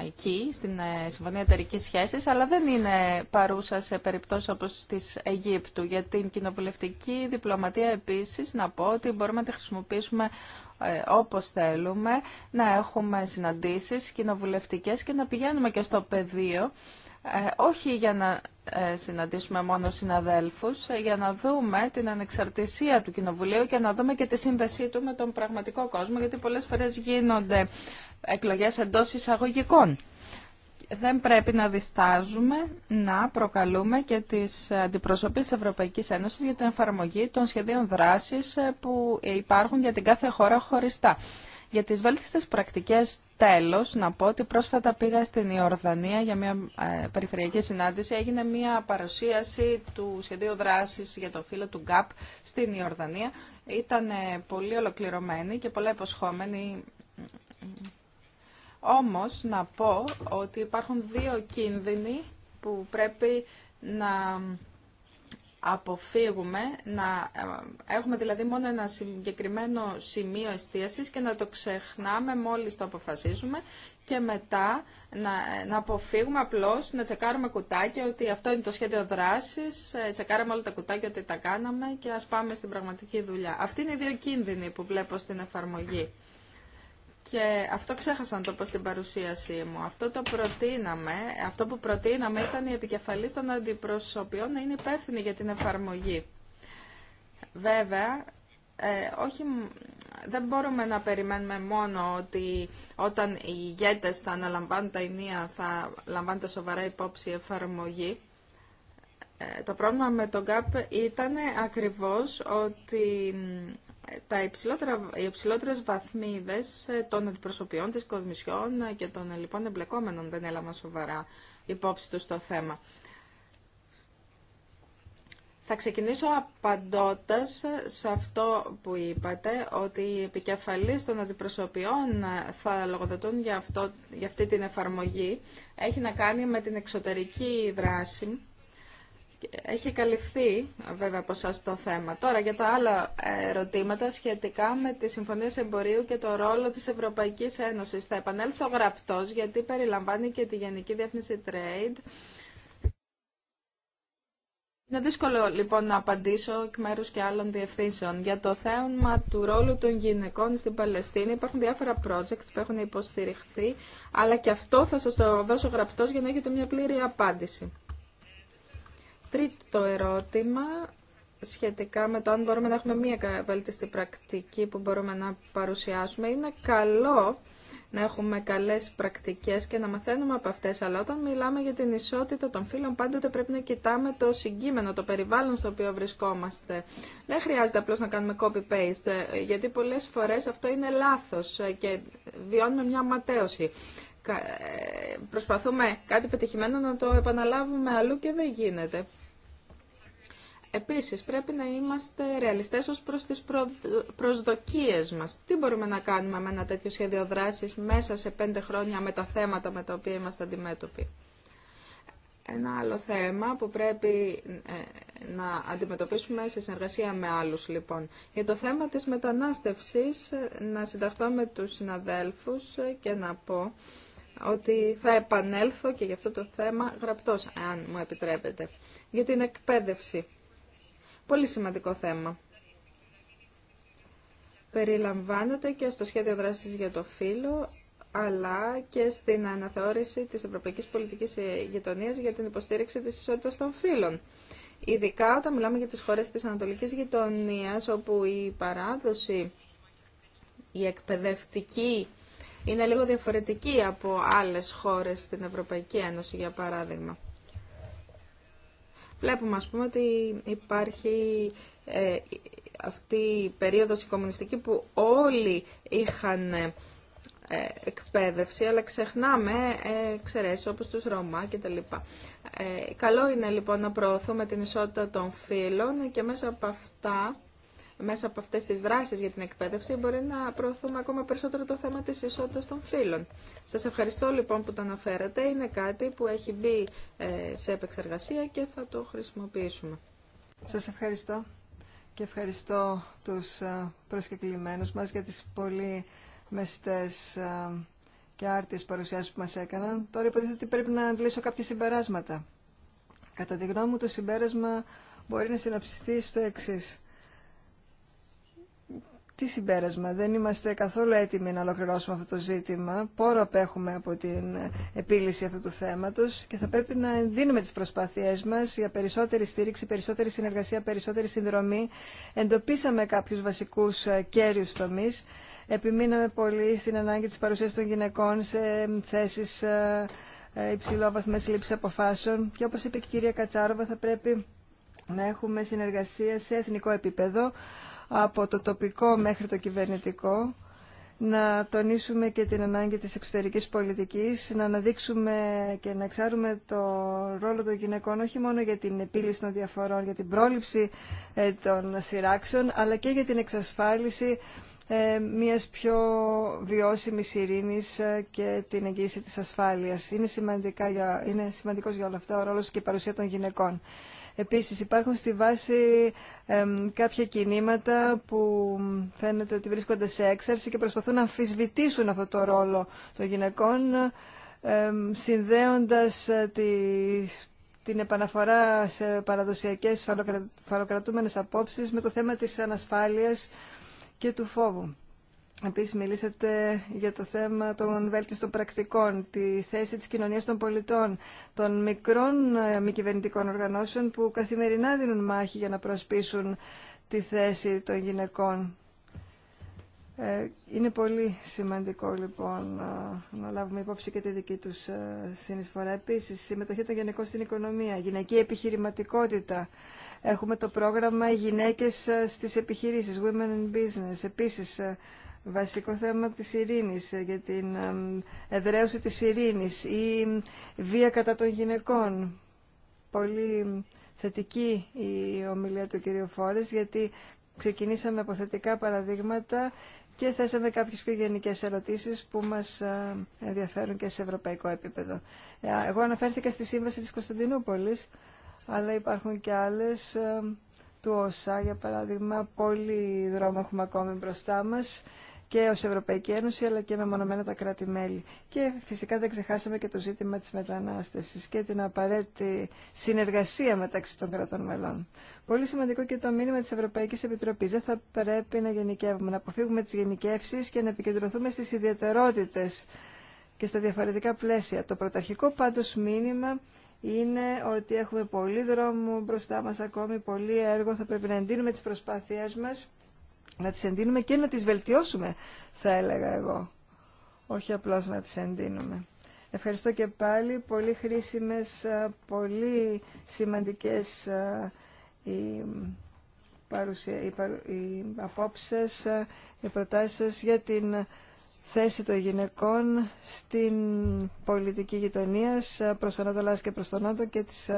εκεί, στην ε, Συμφωνία Εταιρικής Σχέσης, αλλά δεν είναι παρούσα σε περιπτώσεις όπως της Αιγύπτου. Για την κοινοβουλευτική διπλωματία επίσης, να πω ότι μπορούμε να τη χρησιμοποιήσουμε ε, όπως θέλουμε, να έχουμε συναντήσεις κοινοβουλευτικές και να πηγαίνουμε και στο πεδίο ε, όχι για να ε, συναντήσουμε μόνο συναδέλφους, ε, για να δούμε την ανεξαρτησία του Κοινοβουλίου και να δούμε και τη σύνδεσή του με τον πραγματικό κόσμο, γιατί πολλές φορές γίνονται εκλογές εντός εισαγωγικών. Δεν πρέπει να διστάζουμε να προκαλούμε και τις αντιπροσωπείς της Ευρωπαϊκής Ένωσης για την εφαρμογή των σχεδίων δράσης που υπάρχουν για την κάθε χώρα χωριστά. Για τις βέλτιστες πρακτικές Τέλος, να πω ότι πρόσφατα πήγα στην Ιορδανία για μια ε, περιφερειακή συνάντηση. Έγινε μια παρουσίαση του σχεδίου δράσης για το φύλλο του ΓΚΑΠ στην Ιορδανία. Ήταν πολύ ολοκληρωμένη και πολλά υποσχόμενη. Όμως, να πω ότι υπάρχουν δύο κίνδυνοι που πρέπει να αποφύγουμε να ε, έχουμε δηλαδή μόνο ένα συγκεκριμένο σημείο εστίασης και να το ξεχνάμε μόλις το αποφασίζουμε και μετά να, να αποφύγουμε απλώς να τσεκάρουμε κουτάκια ότι αυτό είναι το σχέδιο δράσης, ε, τσεκάραμε όλα τα κουτάκια ότι τα κάναμε και ας πάμε στην πραγματική δουλειά. Αυτή είναι η δύο κίνδυνοι που βλέπω στην εφαρμογή. Και αυτό ξέχασα να το πω στην παρουσίασή μου. Αυτό, το προτείναμε, αυτό που προτείναμε ήταν η επικεφαλής των αντιπροσωπιών να είναι υπεύθυνη για την εφαρμογή. Βέβαια, ε, όχι, δεν μπορούμε να περιμένουμε μόνο ότι όταν οι ηγέτες θα αναλαμβάνουν τα ενία θα λαμβάνουν τα σοβαρά υπόψη εφαρμογή το πρόβλημα με τον ΚΑΠ ήταν ακριβώς ότι τα υψηλότερα, οι υψηλότερες βαθμίδες ε, των αντιπροσωπιών της Κοσμισιόν ε, και των ε, λοιπόν εμπλεκόμενων δεν έλαβαν σοβαρά υπόψη τους το θέμα. Θα ξεκινήσω απαντώντας σε αυτό που είπατε, ότι οι επικεφαλής των αντιπροσωπιών θα λογοδοτούν για, αυτό, για αυτή την εφαρμογή. Έχει να κάνει με την εξωτερική δράση έχει καλυφθεί βέβαια από εσά το θέμα. Τώρα για τα άλλα ερωτήματα σχετικά με τις συμφωνίες εμπορίου και το ρόλο της Ευρωπαϊκής Ένωσης. Θα επανέλθω γραπτός γιατί περιλαμβάνει και τη Γενική Διεύθυνση Trade. Είναι δύσκολο λοιπόν να απαντήσω εκ μέρους και άλλων διευθύνσεων. Για το θέμα του ρόλου των γυναικών στην Παλαιστίνη υπάρχουν διάφορα project που έχουν υποστηριχθεί, αλλά και αυτό θα σας το δώσω γραπτός για να έχετε μια πλήρη απάντηση. Τρίτο ερώτημα σχετικά με το αν μπορούμε να έχουμε μία βέλτιστη πρακτική που μπορούμε να παρουσιάσουμε. Είναι καλό να έχουμε καλές πρακτικές και να μαθαίνουμε από αυτές, αλλά όταν μιλάμε για την ισότητα των φύλων πάντοτε πρέπει να κοιτάμε το συγκείμενο, το περιβάλλον στο οποίο βρισκόμαστε. Δεν χρειάζεται απλώς να κάνουμε copy-paste, γιατί πολλές φορές αυτό είναι λάθος και βιώνουμε μια ματέωση. Ε, προσπαθούμε κάτι πετυχημένο να το επαναλάβουμε αλλού και δεν γίνεται. Επίσης, πρέπει να είμαστε ρεαλιστές ως προς τις προσδοκίες μας. Τι μπορούμε να κάνουμε με ένα τέτοιο σχέδιο δράσης μέσα σε πέντε χρόνια με τα θέματα με τα οποία είμαστε αντιμέτωποι. Ένα άλλο θέμα που πρέπει ε, να αντιμετωπίσουμε σε συνεργασία με άλλους, λοιπόν. Για το θέμα της μετανάστευσης, ε, να συνταχθώ με τους συναδέλφους και να πω ότι θα επανέλθω και για αυτό το θέμα γραπτός, αν μου επιτρέπετε, για την εκπαίδευση. Πολύ σημαντικό θέμα. Περιλαμβάνεται και στο σχέδιο δράσης για το φύλλο, αλλά και στην αναθεώρηση της Ευρωπαϊκής Πολιτικής Γειτονίας για την υποστήριξη της ισότητας των φύλων. Ειδικά όταν μιλάμε για τις χώρες της Ανατολικής Γειτονίας, όπου η παράδοση, η εκπαιδευτική είναι λίγο διαφορετική από άλλες χώρες στην Ευρωπαϊκή Ένωση, για παράδειγμα. Βλέπουμε, ας πούμε, ότι υπάρχει ε, αυτή η περίοδος η κομμουνιστική που όλοι είχαν ε, εκπαίδευση, αλλά ξεχνάμε ε, εξαιρέσεις όπως τους Ρωμά κτλ. Ε, καλό είναι λοιπόν να προωθούμε την ισότητα των φύλων και μέσα από αυτά μέσα από αυτές τις δράσεις για την εκπαίδευση μπορεί να προωθούμε ακόμα περισσότερο το θέμα της ισότητας των φύλων. Σας ευχαριστώ λοιπόν που το αναφέρατε. Είναι κάτι που έχει μπει ε, σε επεξεργασία και θα το χρησιμοποιήσουμε. Σας ευχαριστώ και ευχαριστώ τους ε, προσκεκλημένους μας για τις πολύ μεστές ε, και άρτιες παρουσιάσεις που μας έκαναν. Τώρα υποτίθεται ότι πρέπει να αντλήσω κάποια συμπεράσματα. Κατά τη γνώμη μου το συμπέρασμα μπορεί να συνοψιστεί στο εξή. Τι συμπέρασμα, δεν είμαστε καθόλου έτοιμοι να ολοκληρώσουμε αυτό το ζήτημα. Πόρο απέχουμε από την επίλυση αυτού του θέματο και θα πρέπει να δίνουμε τι προσπάθειές μα για περισσότερη στήριξη, περισσότερη συνεργασία, περισσότερη συνδρομή. Εντοπίσαμε κάποιου βασικού ε, κέριου τομεί. Επιμείναμε πολύ στην ανάγκη τη παρουσίας των γυναικών σε θέσει ε, ε, υψηλόβαθμε λήψη αποφάσεων και όπω είπε και η κυρία Κατσάροβα θα πρέπει να έχουμε συνεργασία σε εθνικό επίπεδο από το τοπικό μέχρι το κυβερνητικό, να τονίσουμε και την ανάγκη της εξωτερικής πολιτικής, να αναδείξουμε και να εξάρουμε το ρόλο των γυναικών όχι μόνο για την επίλυση των διαφορών, για την πρόληψη ε, των σειράξεων, αλλά και για την εξασφάλιση ε, μιας πιο βιώσιμης ειρήνης ε, και την εγγύηση της ασφάλειας. Είναι, σημαντικά για, είναι σημαντικός για όλα αυτά ο ρόλος και η παρουσία των γυναικών. Επίσης υπάρχουν στη βάση κάποια κινήματα που φαίνεται ότι βρίσκονται σε έξαρση και προσπαθούν να αμφισβητήσουν αυτό το ρόλο των γυναικών ε, συνδέοντας την επαναφορά σε παραδοσιακές φαλοκρατούμενες απόψεις με το θέμα της ανασφάλειας και του φόβου. Επίσης μιλήσατε για το θέμα των βέλτιστων πρακτικών, τη θέση της κοινωνίας των πολιτών, των μικρών ε, μη κυβερνητικών οργανώσεων που καθημερινά δίνουν μάχη για να προσπίσουν τη θέση των γυναικών. Ε, είναι πολύ σημαντικό λοιπόν ε, να λάβουμε υπόψη και τη δική τους συνεισφορά. Επίσης, συμμετοχή των γυναικών στην οικονομία, γυναική επιχειρηματικότητα. Έχουμε το πρόγραμμα «Γυναίκες στις επιχειρήσεις», «Women in Business». Επίσης, βασικό θέμα της ειρήνης, ε, για την εδραίωση της ειρήνης ή βία κατά των γυναικών. Πολύ θετική η ομιλία του κυρίου Φόρες, γιατί ξεκινήσαμε από θετικά παραδείγματα και θέσαμε κάποιες πιο γενικέ ερωτήσεις που μας ε, ενδιαφέρουν και σε ευρωπαϊκό επίπεδο. Ε, εγώ αναφέρθηκα στη Σύμβαση της Κωνσταντινούπολης, αλλά υπάρχουν και άλλες του ΩΣΑ, για παράδειγμα. Πολύ δρόμο έχουμε ακόμη μπροστά μας και ως Ευρωπαϊκή Ένωση αλλά και με μονομένα τα κράτη-μέλη. Και φυσικά δεν ξεχάσαμε και το ζήτημα της μετανάστευσης και την απαραίτητη συνεργασία μεταξύ των κρατών μελών. Πολύ σημαντικό και το μήνυμα της Ευρωπαϊκής Επιτροπής. Δεν θα πρέπει να γενικεύουμε, να αποφύγουμε τις γενικεύσεις και να επικεντρωθούμε στις ιδιαιτερότητες και στα διαφορετικά πλαίσια. Το πρωταρχικό πάντως μήνυμα είναι ότι έχουμε πολύ δρόμο μπροστά μας ακόμη, πολύ έργο, θα πρέπει να εντείνουμε τις προσπάθειές μας να τις εντείνουμε και να τις βελτιώσουμε, θα έλεγα εγώ. Όχι απλώς να τις εντείνουμε. Ευχαριστώ και πάλι. Πολύ χρήσιμες, πολύ σημαντικές οι, οι, οι απόψεις, οι προτάσεις για την θέση των γυναικών στην πολιτική γειτονία προς Ανατολάς και προς τον Νότο και τις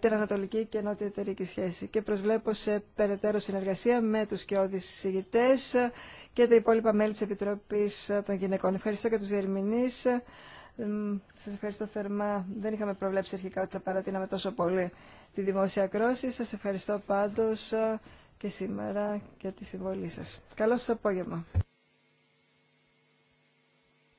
την Ανατολική και Νότια Εταιρική Σχέση. Και προσβλέπω σε περαιτέρω συνεργασία με τους και συζητητές και τα υπόλοιπα μέλη της Επιτροπής των Γυναικών. Ευχαριστώ και τους διερμηνείς. Σας ευχαριστώ θερμά. Δεν είχαμε προβλέψει αρχικά ότι θα παρατείναμε τόσο πολύ τη δημόσια κρόση. Σας ευχαριστώ πάντως και σήμερα για τη συμβολή σας. Καλό σας απόγευμα.